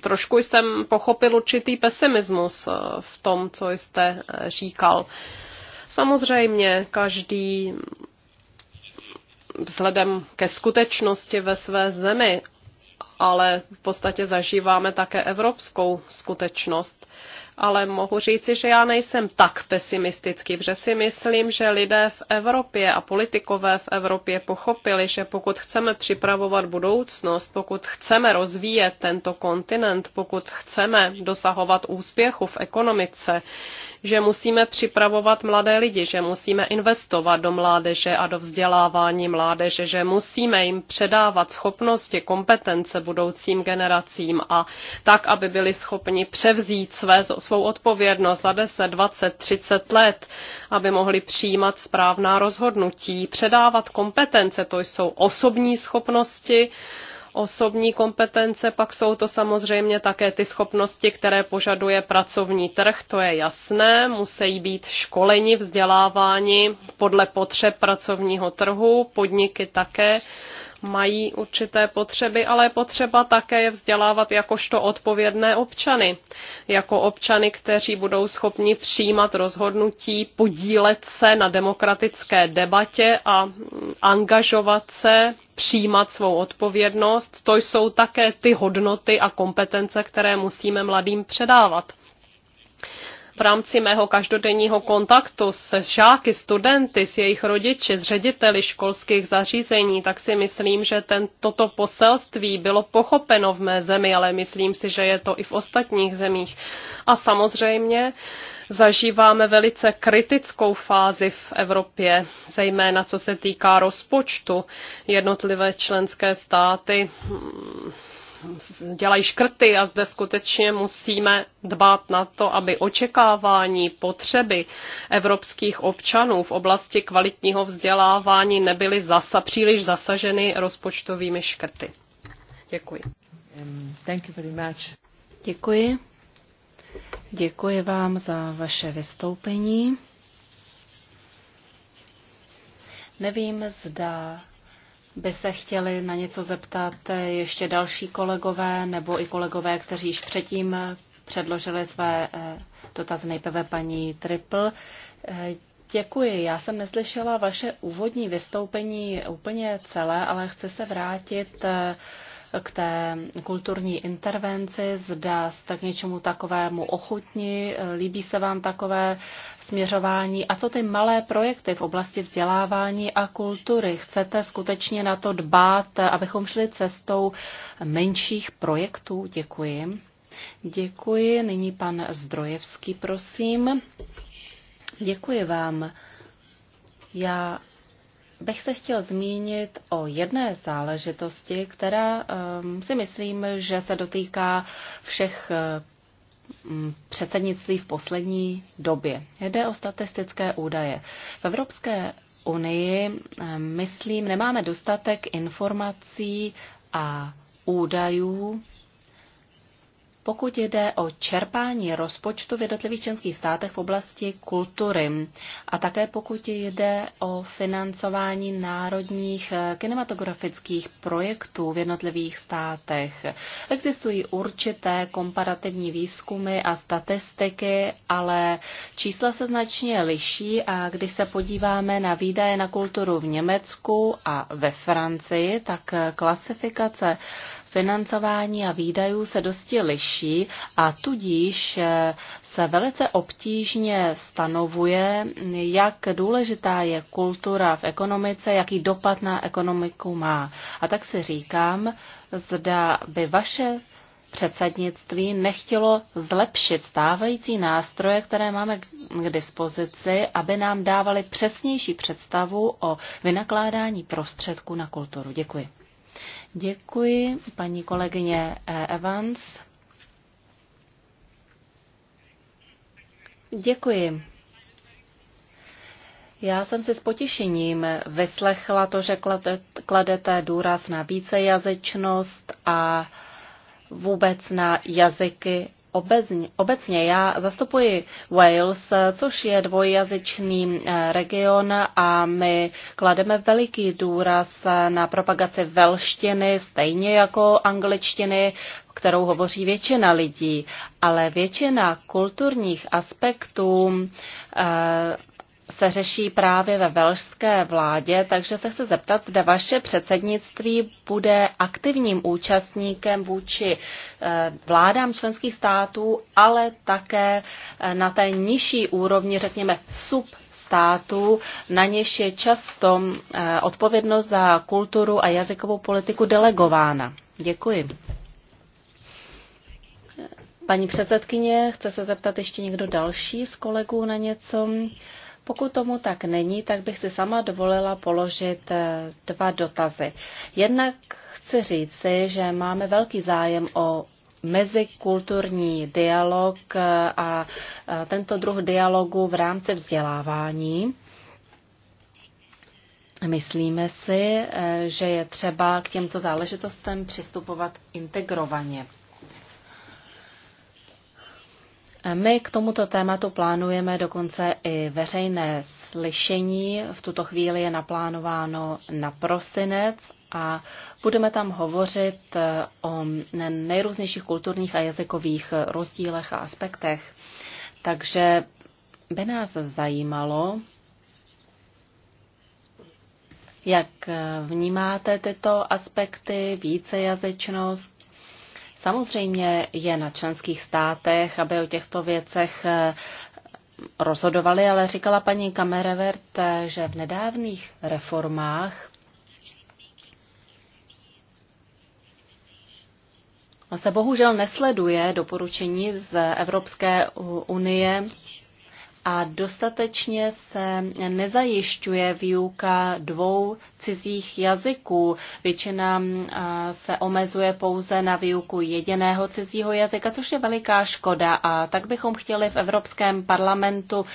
trošku jsem pochopil určitý pesimismus v tom, co jste říkal. Samozřejmě každý vzhledem ke skutečnosti ve své zemi, ale v podstatě zažíváme také evropskou skutečnost ale mohu říci, že já nejsem tak pesimistický, protože si myslím, že lidé v Evropě a politikové v Evropě pochopili, že pokud chceme připravovat budoucnost, pokud chceme rozvíjet tento kontinent, pokud chceme dosahovat úspěchu v ekonomice, že musíme připravovat mladé lidi, že musíme investovat do mládeže a do vzdělávání mládeže, že musíme jim předávat schopnosti, kompetence budoucím generacím a tak, aby byli schopni převzít své svou odpovědnost za 10, 20, 30 let, aby mohli přijímat správná rozhodnutí, předávat kompetence, to jsou osobní schopnosti, osobní kompetence, pak jsou to samozřejmě také ty schopnosti, které požaduje pracovní trh, to je jasné, musí být školeni, vzděláváni podle potřeb pracovního trhu, podniky také mají určité potřeby, ale je potřeba také je vzdělávat jakožto odpovědné občany, jako občany, kteří budou schopni přijímat rozhodnutí, podílet se na demokratické debatě a angažovat se, přijímat svou odpovědnost. To jsou také ty hodnoty a kompetence, které musíme mladým předávat v rámci mého každodenního kontaktu se žáky, studenty, s jejich rodiči, s řediteli školských zařízení, tak si myslím, že ten, toto poselství bylo pochopeno v mé zemi, ale myslím si, že je to i v ostatních zemích. A samozřejmě zažíváme velice kritickou fázi v Evropě, zejména co se týká rozpočtu. Jednotlivé členské státy hmm, dělají škrty a zde skutečně musíme dbát na to, aby očekávání potřeby evropských občanů v oblasti kvalitního vzdělávání nebyly zasa, příliš zasaženy rozpočtovými škrty. Děkuji. Um, thank you very much. Děkuji. Děkuji vám za vaše vystoupení. Nevím, zda by se chtěli na něco zeptat ještě další kolegové nebo i kolegové, kteří již předtím předložili své eh, dotazy nejprve paní Triple. Eh, děkuji. Já jsem neslyšela vaše úvodní vystoupení úplně celé, ale chci se vrátit eh, k té kulturní intervenci, zda jste k něčemu takovému ochutní, líbí se vám takové směřování a co ty malé projekty v oblasti vzdělávání a kultury. Chcete skutečně na to dbát, abychom šli cestou menších projektů? Děkuji. Děkuji. Nyní pan Zdrojevský, prosím. Děkuji vám. Já bych se chtěl zmínit o jedné záležitosti, která um, si myslím, že se dotýká všech um, předsednictví v poslední době. Jde o statistické údaje. V Evropské unii, um, myslím, nemáme dostatek informací a údajů pokud jde o čerpání rozpočtu v jednotlivých členských státech v oblasti kultury a také pokud jde o financování národních eh, kinematografických projektů v jednotlivých státech. Existují určité komparativní výzkumy a statistiky, ale čísla se značně liší a když se podíváme na výdaje na kulturu v Německu a ve Francii, tak eh, klasifikace financování a výdajů se dosti liší a tudíž eh, se velice obtížně stanovuje, jak důležitá je kultura v ekonomice, jaký dopad na ekonomiku má. A tak si říkám, zda by vaše předsednictví nechtělo zlepšit stávající nástroje, které máme k dispozici, aby nám dávali přesnější představu o vynakládání prostředků na kulturu. Děkuji. Děkuji, paní kolegyně eh, Evans. Děkuji. Já jsem si s potěšením vyslechla to, že kladete důraz na vícejazyčnost a vůbec na jazyky obecně, obecně. Já zastupuji Wales, což je dvojjazyčný eh, region a my klademe veliký důraz na propagaci velštiny, stejně jako angličtiny, kterou hovoří většina lidí, ale většina kulturních aspektů eh, se řeší právě ve velšské vládě, takže se chci zeptat, zda vaše předsednictví bude aktivním účastníkem vůči eh, vládám členských států, ale také eh, na té nižší úrovni, řekněme, sub Státu, na něž je často eh, odpovědnost za kulturu a jazykovou politiku delegována. Děkuji. Paní předsedkyně, chce se zeptat ještě někdo další z kolegů na něco? Pokud tomu tak není, tak bych si sama dovolila položit eh, dva dotazy. Jednak chci říci, že máme velký zájem o mezikulturní dialog eh, a eh, tento druh dialogu v rámci vzdělávání. Myslíme si, že je třeba k těmto záležitostem přistupovat integrovaně. My k tomuto tématu plánujeme dokonce i veřejné slyšení. V tuto chvíli je naplánováno na prosinec a budeme tam hovořit eh, o nejrůznějších kulturních a jazykových rozdílech a aspektech. Takže by nás zajímalo, jak eh, vnímáte tyto aspekty, vícejazyčnost, Samozřejmě je na členských státech, aby o těchto věcech eh, rozhodovali, ale říkala paní Kamerevert, eh, že v nedávných reformách se bohužel nesleduje doporučení z Evropské unie a dostatečně se nezajišťuje výuka dvou cizích jazyků. Většina se omezuje pouze na výuku jediného cizího jazyka, což je veliká škoda a tak bychom chtěli v Evropském parlamentu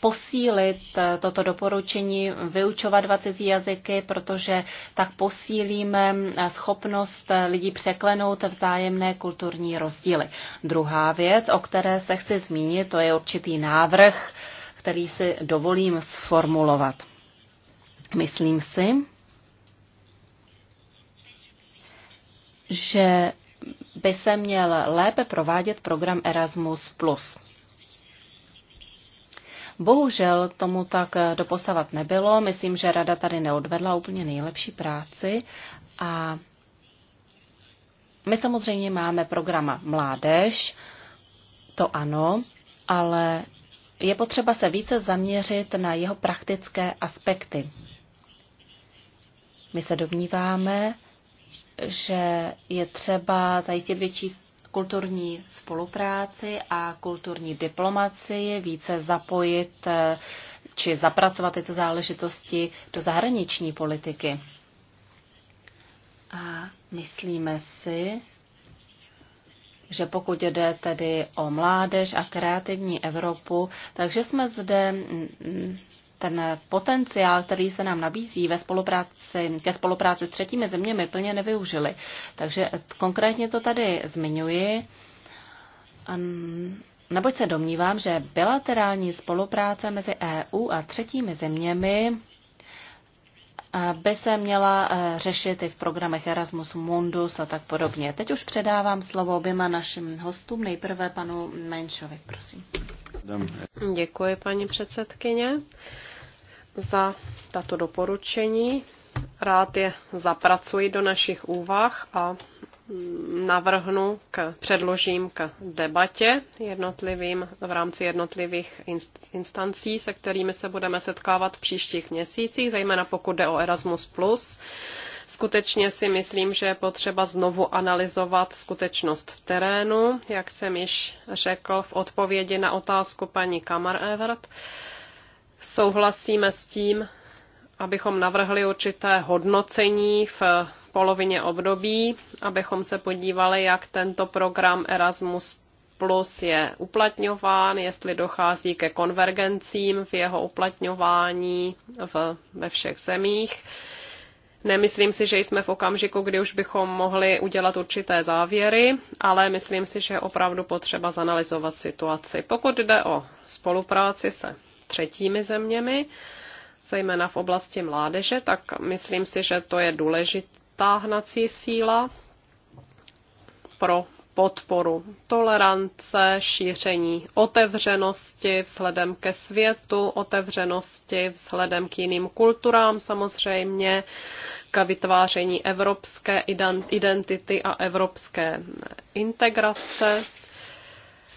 posílit toto doporučení vyučovat dva cizí jazyky, protože tak posílíme schopnost lidí překlenout vzájemné kulturní rozdíly. Druhá věc, o které se chci zmínit, to je určitý návrh, návrh, který si dovolím sformulovat. Myslím si, že by se měl lépe provádět program Erasmus+. Bohužel tomu tak doposavat nebylo. Myslím, že rada tady neodvedla úplně nejlepší práci a my samozřejmě máme program Mládež, to ano, ale je potřeba se více zaměřit na jeho praktické aspekty. My se domníváme, že je třeba zajistit větší kulturní spolupráci a kulturní diplomacii, více zapojit eh, či zapracovat tyto záležitosti do zahraniční politiky. A myslíme si, že pokud jde tedy o mládež a kreativní Evropu, takže jsme zde mm, ten potenciál, který se nám nabízí ve spolupráci, ke spolupráci s třetími zeměmi, plně nevyužili. Takže konkrétně to tady zmiňuji, neboť se domnívám, že bilaterální spolupráce mezi EU a třetími zeměmi by se měla eh, řešit i v programech Erasmus Mundus a tak podobně. Teď už předávám slovo oběma našim hostům. Nejprve panu Menšovi, prosím. Děkuji, paní předsedkyně, za tato doporučení. Rád je zapracuji do našich úvah a mm, navrhnu, k, předložím k debatě jednotlivým, v rámci jednotlivých instancí, se kterými se budeme setkávat v příštích měsících, zejména pokud jde o Erasmus+. Skutečně si myslím, že je potřeba znovu analyzovat skutečnost v terénu, jak jsem již řekl v odpovědi na otázku paní Kamar Evert. Souhlasíme s tím, abychom navrhli určité hodnocení v polovině období, abychom se podívali, jak tento program Erasmus Plus je uplatňován, jestli dochází ke konvergencím v jeho uplatňování v, ve všech zemích. Nemyslím si, že jsme v okamžiku, kdy už bychom mohli udělat určité závěry, ale myslím si, že je opravdu potřeba zanalizovat situaci. Pokud jde o spolupráci se třetími zeměmi, zejména v oblasti mládeže, tak myslím si, že to je důležité táhnací síla pro podporu tolerance, šíření otevřenosti vzhledem ke světu, otevřenosti vzhledem k jiným kulturám samozřejmě, k vytváření evropské identity a evropské integrace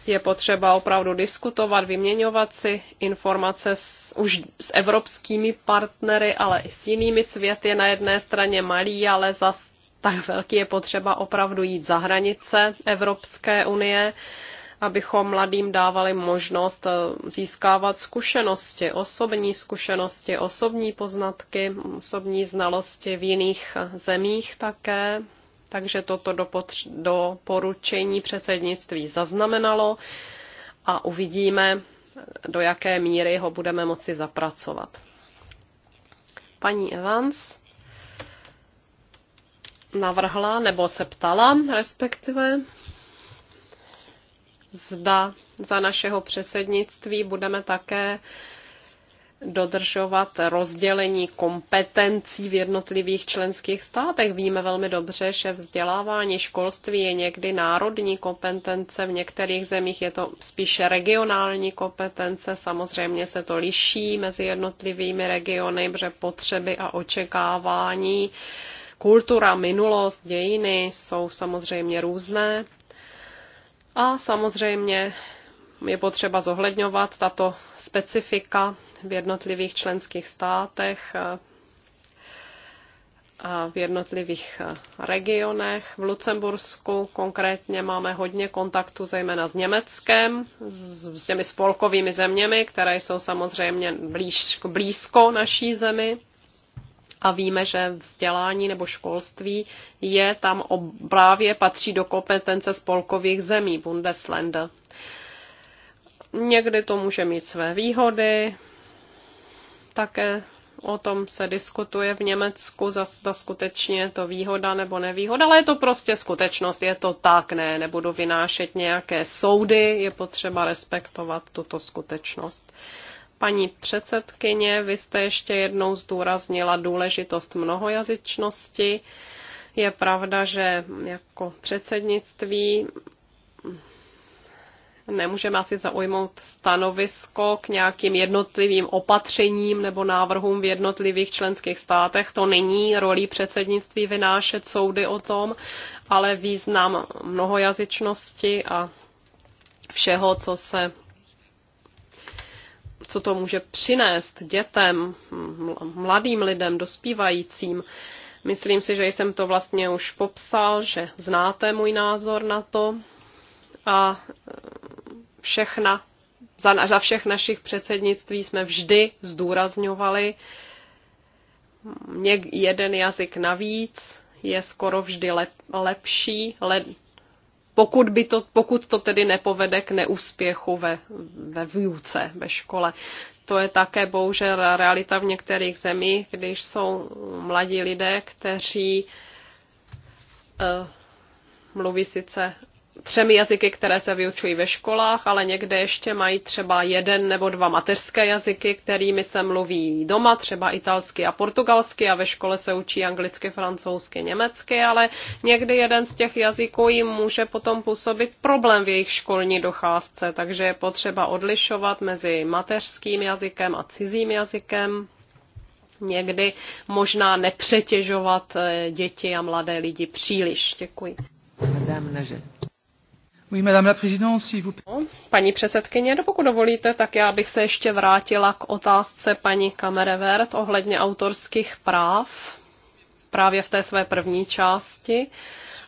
je potřeba opravdu diskutovat, vyměňovat si informace s, už s evropskými partnery, ale i s jinými. Svět je na jedné straně malý, ale zas tak velký je potřeba opravdu jít za hranice Evropské unie abychom mladým dávali možnost eh, získávat zkušenosti, osobní zkušenosti, osobní poznatky, osobní znalosti v jiných eh, zemích také, takže toto doporučení předsednictví zaznamenalo a uvidíme, do jaké míry ho budeme moci zapracovat. Paní Evans navrhla nebo se ptala, respektive zda za našeho předsednictví budeme také dodržovat rozdělení kompetencí v jednotlivých členských státech. Víme velmi dobře, že vzdělávání školství je někdy národní kompetence, v některých zemích je to spíše regionální kompetence, samozřejmě se to liší mezi jednotlivými regiony, protože potřeby a očekávání, kultura, minulost, dějiny jsou samozřejmě různé. A samozřejmě je potřeba zohledňovat tato specifika v jednotlivých členských státech a v jednotlivých regionech. V Lucembursku konkrétně máme hodně kontaktu zejména s Německem, s, s těmi spolkovými zeměmi, které jsou samozřejmě blíž, blízko naší zemi. A víme, že vzdělání nebo školství je tam právě patří do kompetence spolkových zemí Bundesländer. Někdy to může mít své výhody, také o tom se diskutuje v Německu, zda skutečně je to výhoda nebo nevýhoda, ale je to prostě skutečnost, je to tak, ne, nebudu vynášet nějaké soudy, je potřeba respektovat tuto skutečnost. Paní předsedkyně, vy jste ještě jednou zdůraznila důležitost mnohojazyčnosti. Je pravda, že jako předsednictví Nemůžeme asi zaujmout stanovisko k nějakým jednotlivým opatřením nebo návrhům v jednotlivých členských státech. To není rolí předsednictví vynášet soudy o tom, ale význam mnohojazyčnosti a všeho, co se co to může přinést dětem, mladým lidem, dospívajícím. Myslím si, že jsem to vlastně už popsal, že znáte můj názor na to a všechna, za, za všech našich předsednictví jsme vždy zdůrazňovali, něk, jeden jazyk navíc je skoro vždy lep, lepší, le, pokud, by to, pokud to tedy nepovede k neúspěchu ve, ve výuce, ve škole. To je také bohužel realita v některých zemích, když jsou mladí lidé, kteří uh, mluví sice třemi jazyky, které se vyučují ve školách, ale někde ještě mají třeba jeden nebo dva mateřské jazyky, kterými se mluví doma, třeba italsky a portugalsky a ve škole se učí anglicky, francouzsky, německy, ale někdy jeden z těch jazyků jim může potom působit problém v jejich školní docházce, takže je potřeba odlišovat mezi mateřským jazykem a cizím jazykem někdy možná nepřetěžovat eh, děti a mladé lidi příliš. Děkuji. Madame Nažet. Paní předsedkyně, pokud dovolíte, tak já bych se ještě vrátila k otázce paní Kamerevert ohledně autorských práv právě v té své první části.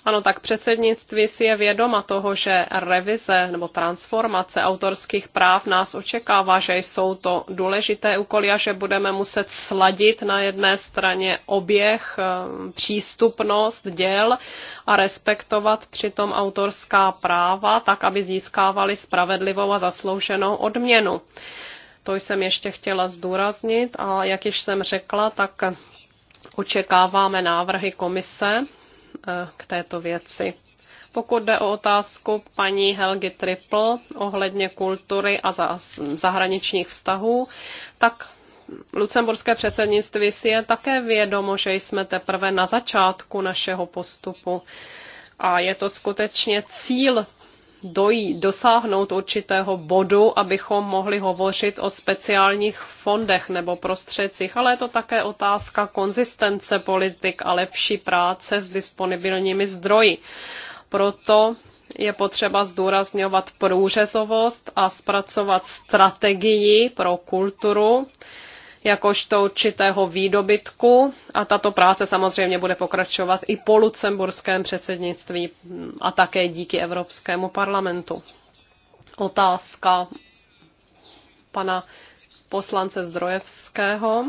Ano, tak předsednictví si je vědoma toho, že revize nebo transformace autorských práv nás očekává, že jsou to důležité úkoly a že budeme muset sladit na jedné straně oběh, eh, přístupnost děl a respektovat přitom autorská práva tak, aby získávali spravedlivou a zaslouženou odměnu. To jsem ještě chtěla zdůraznit a jak již jsem řekla, tak očekáváme návrhy komise Eh, k této věci. Pokud jde o otázku paní Helgi Tripl ohledně kultury a zahraničních vztahů, tak Lucemburské předsednictví si je také vědomo, že jsme teprve na začátku našeho postupu a je to skutečně cíl dojí, dosáhnout určitého bodu, abychom mohli hovořit o speciálních fondech nebo prostředcích, ale je to také otázka konzistence politik a lepší práce s disponibilními zdroji. Proto je potřeba zdůrazňovat průřezovost a zpracovat strategii pro kulturu, jakožto určitého výdobytku a tato práce samozřejmě bude pokračovat i po lucemburském předsednictví a také díky Evropskému parlamentu. Otázka pana poslance Zdrojevského.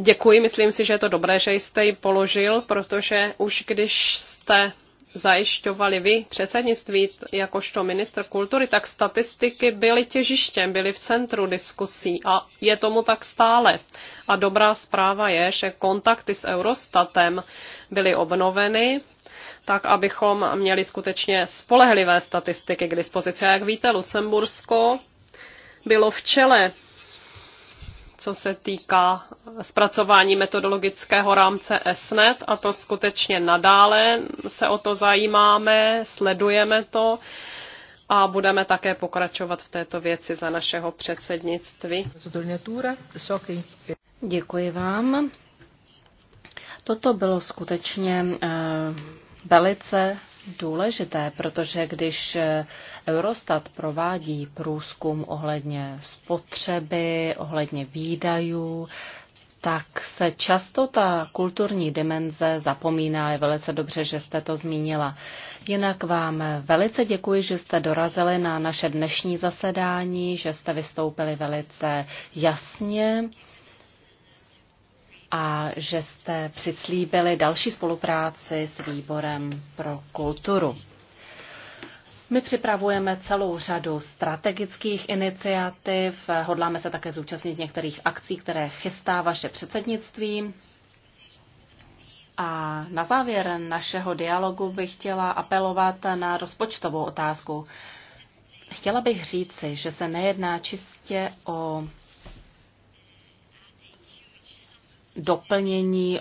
Děkuji, myslím si, že je to dobré, že jste ji položil, protože už když jste zajišťovali vy předsednictví jakožto ministr kultury, tak statistiky byly těžištěm, byly v centru diskusí a je tomu tak stále. A dobrá zpráva je, že kontakty s Eurostatem byly obnoveny, tak abychom měli skutečně spolehlivé statistiky k dispozici. A jak víte, Lucembursko bylo v čele co se týká zpracování metodologického rámce ESNET a to skutečně nadále se o to zajímáme, sledujeme to a budeme také pokračovat v této věci za našeho předsednictví. Děkuji vám. Toto bylo skutečně eh, velice důležité, protože když eh, Eurostat provádí průzkum ohledně spotřeby, ohledně výdajů, tak se často ta kulturní dimenze zapomíná. Je velice dobře, že jste to zmínila. Jinak vám velice děkuji, že jste dorazili na naše dnešní zasedání, že jste vystoupili velice jasně a že jste přislíbili další spolupráci s Výborem pro kulturu. My připravujeme celou řadu strategických iniciativ, hodláme se také zúčastnit některých akcí, které chystá vaše předsednictví. A na závěr našeho dialogu bych chtěla apelovat na rozpočtovou otázku. Chtěla bych říci, že se nejedná čistě o doplnění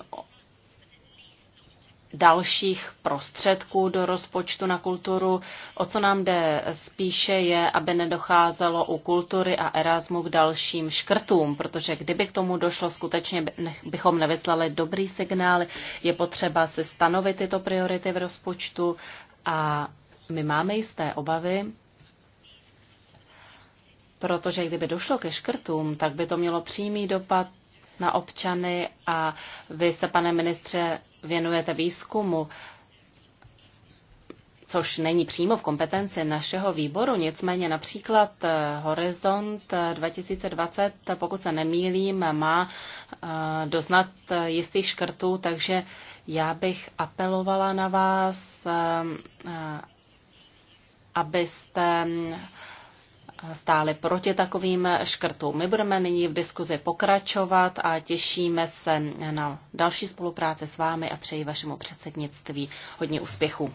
dalších prostředků do rozpočtu na kulturu. O co nám jde spíše je, aby nedocházelo u kultury a Erasmu k dalším škrtům, protože kdyby k tomu došlo, skutečně bychom nevyslali dobrý signál. Je potřeba si stanovit tyto priority v rozpočtu a my máme jisté obavy, protože kdyby došlo ke škrtům, tak by to mělo přímý dopad na občany a vy se, pane ministře, věnujete výzkumu, což není přímo v kompetenci našeho výboru, nicméně například eh, Horizont 2020, eh, pokud se nemýlím, má eh, doznat jistý škrtů, takže já bych apelovala na vás, abyste stáli proti takovým škrtům. My budeme nyní v diskuzi pokračovat a těšíme se na další spolupráci s vámi a přeji vašemu předsednictví hodně úspěchů.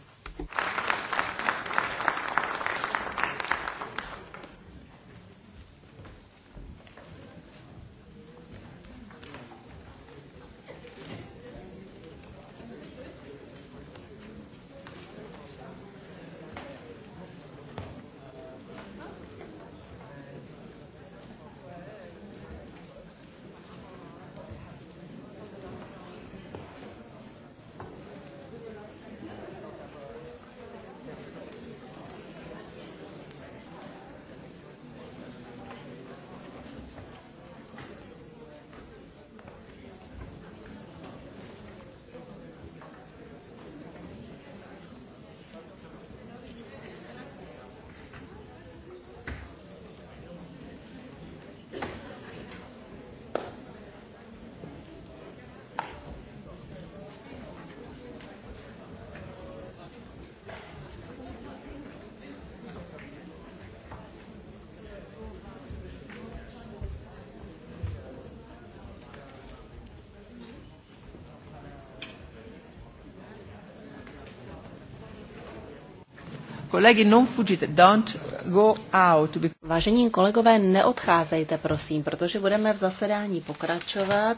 don't go out. Vážení kolegové, neodcházejte, prosím, protože budeme v zasedání pokračovat.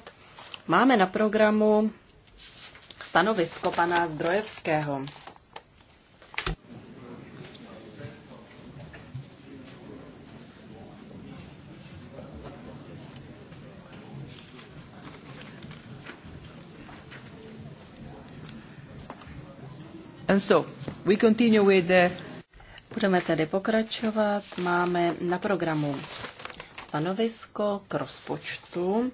Máme na programu stanovisko pana Zdrojevského. And so we continue with the Budeme tedy pokračovat. Máme na programu stanovisko k rozpočtu.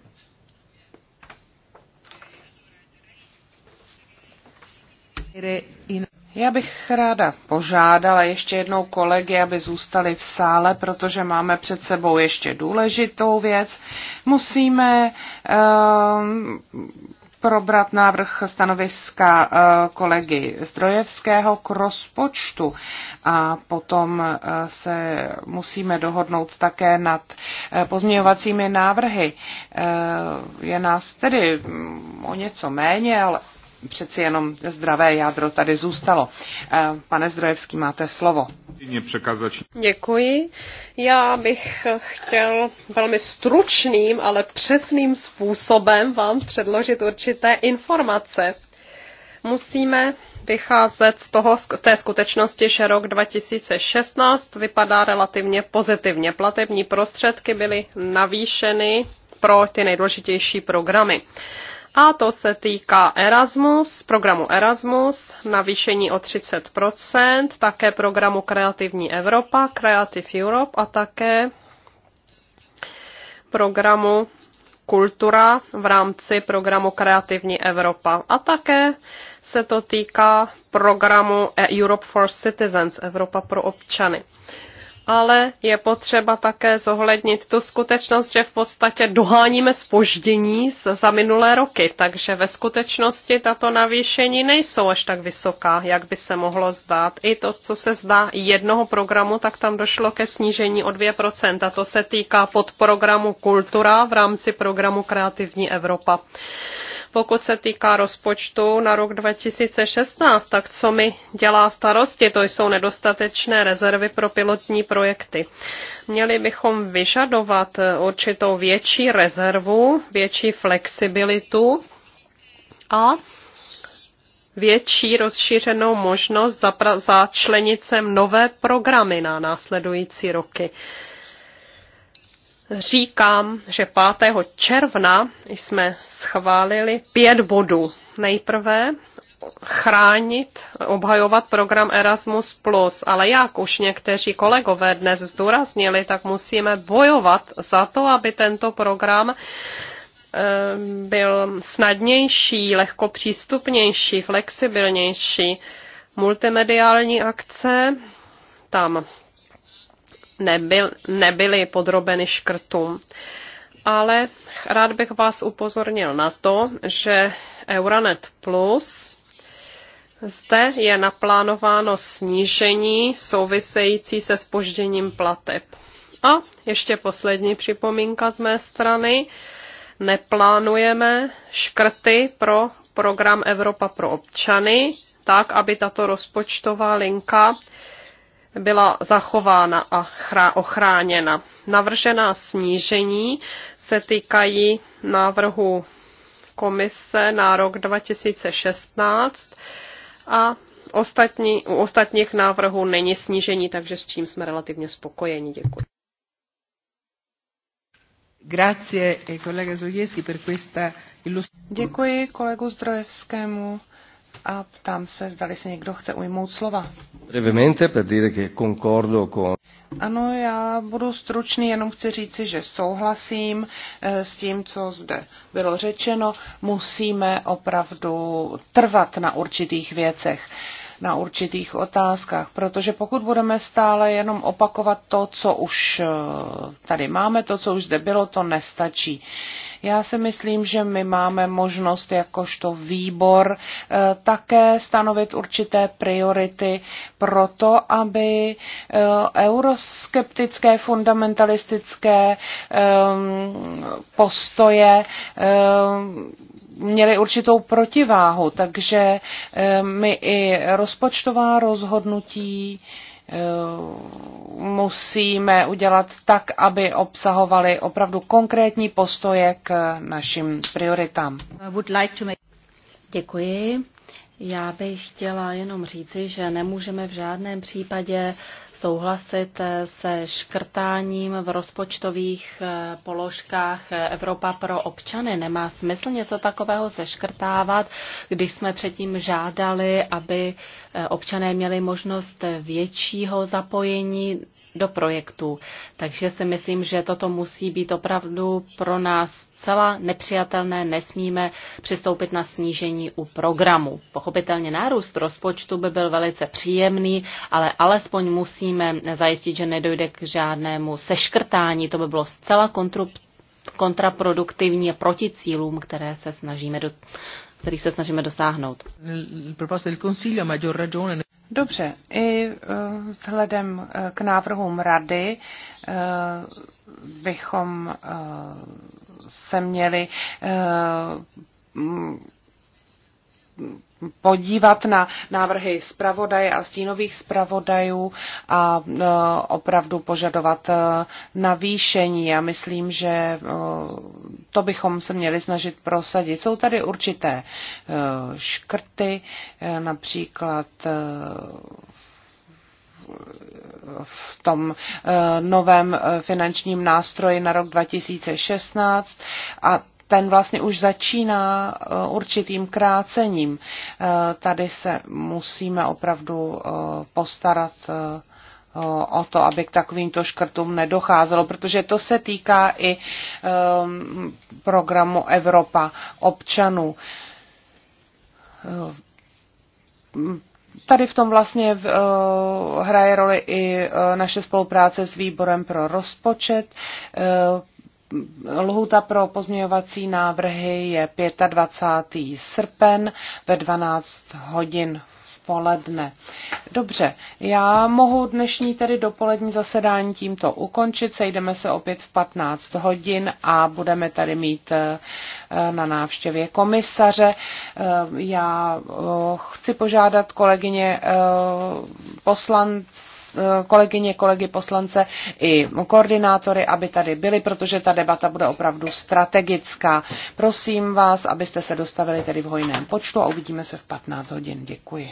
Já bych ráda požádala ještě jednou kolegy, aby zůstali v sále, protože máme před sebou ještě důležitou věc. Musíme Uh, probrat návrh stanoviska eh, kolegy Zdrojevského k rozpočtu a potom eh, se musíme dohodnout také nad eh, pozměňovacími návrhy. Je nás tedy mm, o něco méně, ale přeci jenom zdravé jádro tady zůstalo. Eh, pane Zdrojevský, máte slovo. Děkuji. Já bych chtěl velmi stručným, ale přesným způsobem vám předložit určité informace. Musíme vycházet z, toho, z té skutečnosti, že rok 2016 vypadá relativně pozitivně. Platební prostředky byly navýšeny pro ty nejdůležitější programy. A to se týká Erasmus, programu Erasmus, navýšení o 30%, také programu Kreativní Evropa, Creative Europe a také programu Kultura v rámci programu Kreativní Evropa. A také se to týká programu e- Europe for Citizens, Evropa pro občany ale je potřeba také zohlednit tu skutečnost, že v podstatě doháníme spoždění za minulé roky, takže ve skutečnosti tato navýšení nejsou až tak vysoká, jak by se mohlo zdát. I to, co se zdá jednoho programu, tak tam došlo ke snížení o 2%. A to se týká podprogramu Kultura v rámci programu Kreativní Evropa. Pokud se týká rozpočtu na rok 2016, tak co mi dělá starosti, to jsou nedostatečné rezervy pro pilotní projekty. Měli bychom vyžadovat určitou větší rezervu, větší flexibilitu a větší rozšířenou možnost začlenit sem nové programy na následující roky. Říkám, že 5. června jsme schválili pět bodů. Nejprve chránit, obhajovat program Erasmus+, ale jak už někteří kolegové dnes zdůraznili, tak musíme bojovat za to, aby tento program ehm, byl snadnější, lehko přístupnější, flexibilnější. Multimediální akce, tam nebyl, nebyly podrobeny škrtům. Ale rád bych vás upozornil na to, že Euronet Plus zde je naplánováno snížení související se spožděním plateb. A ještě poslední připomínka z mé strany. Neplánujeme škrty pro program Evropa pro občany, tak, aby tato rozpočtová linka byla zachována a ochráněna. Navržená snížení se týkají návrhu komise na rok 2016 a ostatní, u ostatních návrhů není snížení, takže s čím jsme relativně spokojeni. Děkuji. Grazie, kolega eh, Zdrojevský, per questa Děkuji kolegu Zdrojevskému a ptám se, zdali se někdo chce ujmout slova. Ano, já budu stručný, jenom chci říci, že souhlasím eh, s tím, co zde bylo řečeno. Musíme opravdu trvat na určitých věcech na určitých otázkách, protože pokud budeme stále jenom opakovat to, co už eh, tady máme, to, co už zde bylo, to nestačí. Já si myslím, že my máme možnost jakožto výbor eh, také stanovit určité priority pro to, aby eh, euroskeptické, fundamentalistické eh, postoje měly určitou protiváhu. Takže my i rozpočtová rozhodnutí, Eh, musíme udělat tak, aby obsahovaly opravdu konkrétní postoje k našim prioritám. Děkuji. Já bych chtěla jenom říci, že nemůžeme v žádném případě souhlasit eh, se škrtáním v rozpočtových eh, položkách eh, Evropa pro občany. Nemá smysl něco takového seškrtávat, když jsme předtím žádali, aby občané měli možnost většího zapojení do projektu. Takže si myslím, že toto musí být opravdu pro nás celá nepřijatelné. Nesmíme přistoupit na snížení u programu. Pochopitelně nárůst rozpočtu by byl velice příjemný, ale alespoň musí musíme zajistit, že nedojde k žádnému seškrtání. To by bylo zcela kontraproduktivní proti cílům, které se snažíme do, který se snažíme dosáhnout. Dobře, i eh, vzhledem eh, k návrhům rady eh, bychom se měli podívat na návrhy zpravodaje a stínových zpravodajů a e, opravdu požadovat e, navýšení. Já myslím, že e, to bychom se měli snažit prosadit. Jsou tady určité škrty, například v tom novém finančním nástroji na rok 2016 a ten vlastně už začíná eh, určitým krácením. Eh, tady se musíme opravdu eh, postarat o to, aby k takovýmto škrtům nedocházelo, protože to se týká i ehm, programu Evropa občanů. Tady v tom vlastně hraje roli i naše spolupráce s výborem pro rozpočet. Lhůta pro pozměňovací návrhy je 25. srpen ve 12 hodin v poledne. Dobře, já mohu dnešní tedy dopolední zasedání tímto ukončit. Sejdeme se opět v 15 hodin a budeme tady mít eh, na návštěvě komisaře. Eh, já eh, chci požádat kolegyně poslance, kolegyně, kolegy poslance i koordinátory, aby tady byli, protože ta debata bude opravdu strategická. Prosím vás, abyste se dostavili tedy v hojném počtu a uvidíme se v 15 hodin. Děkuji.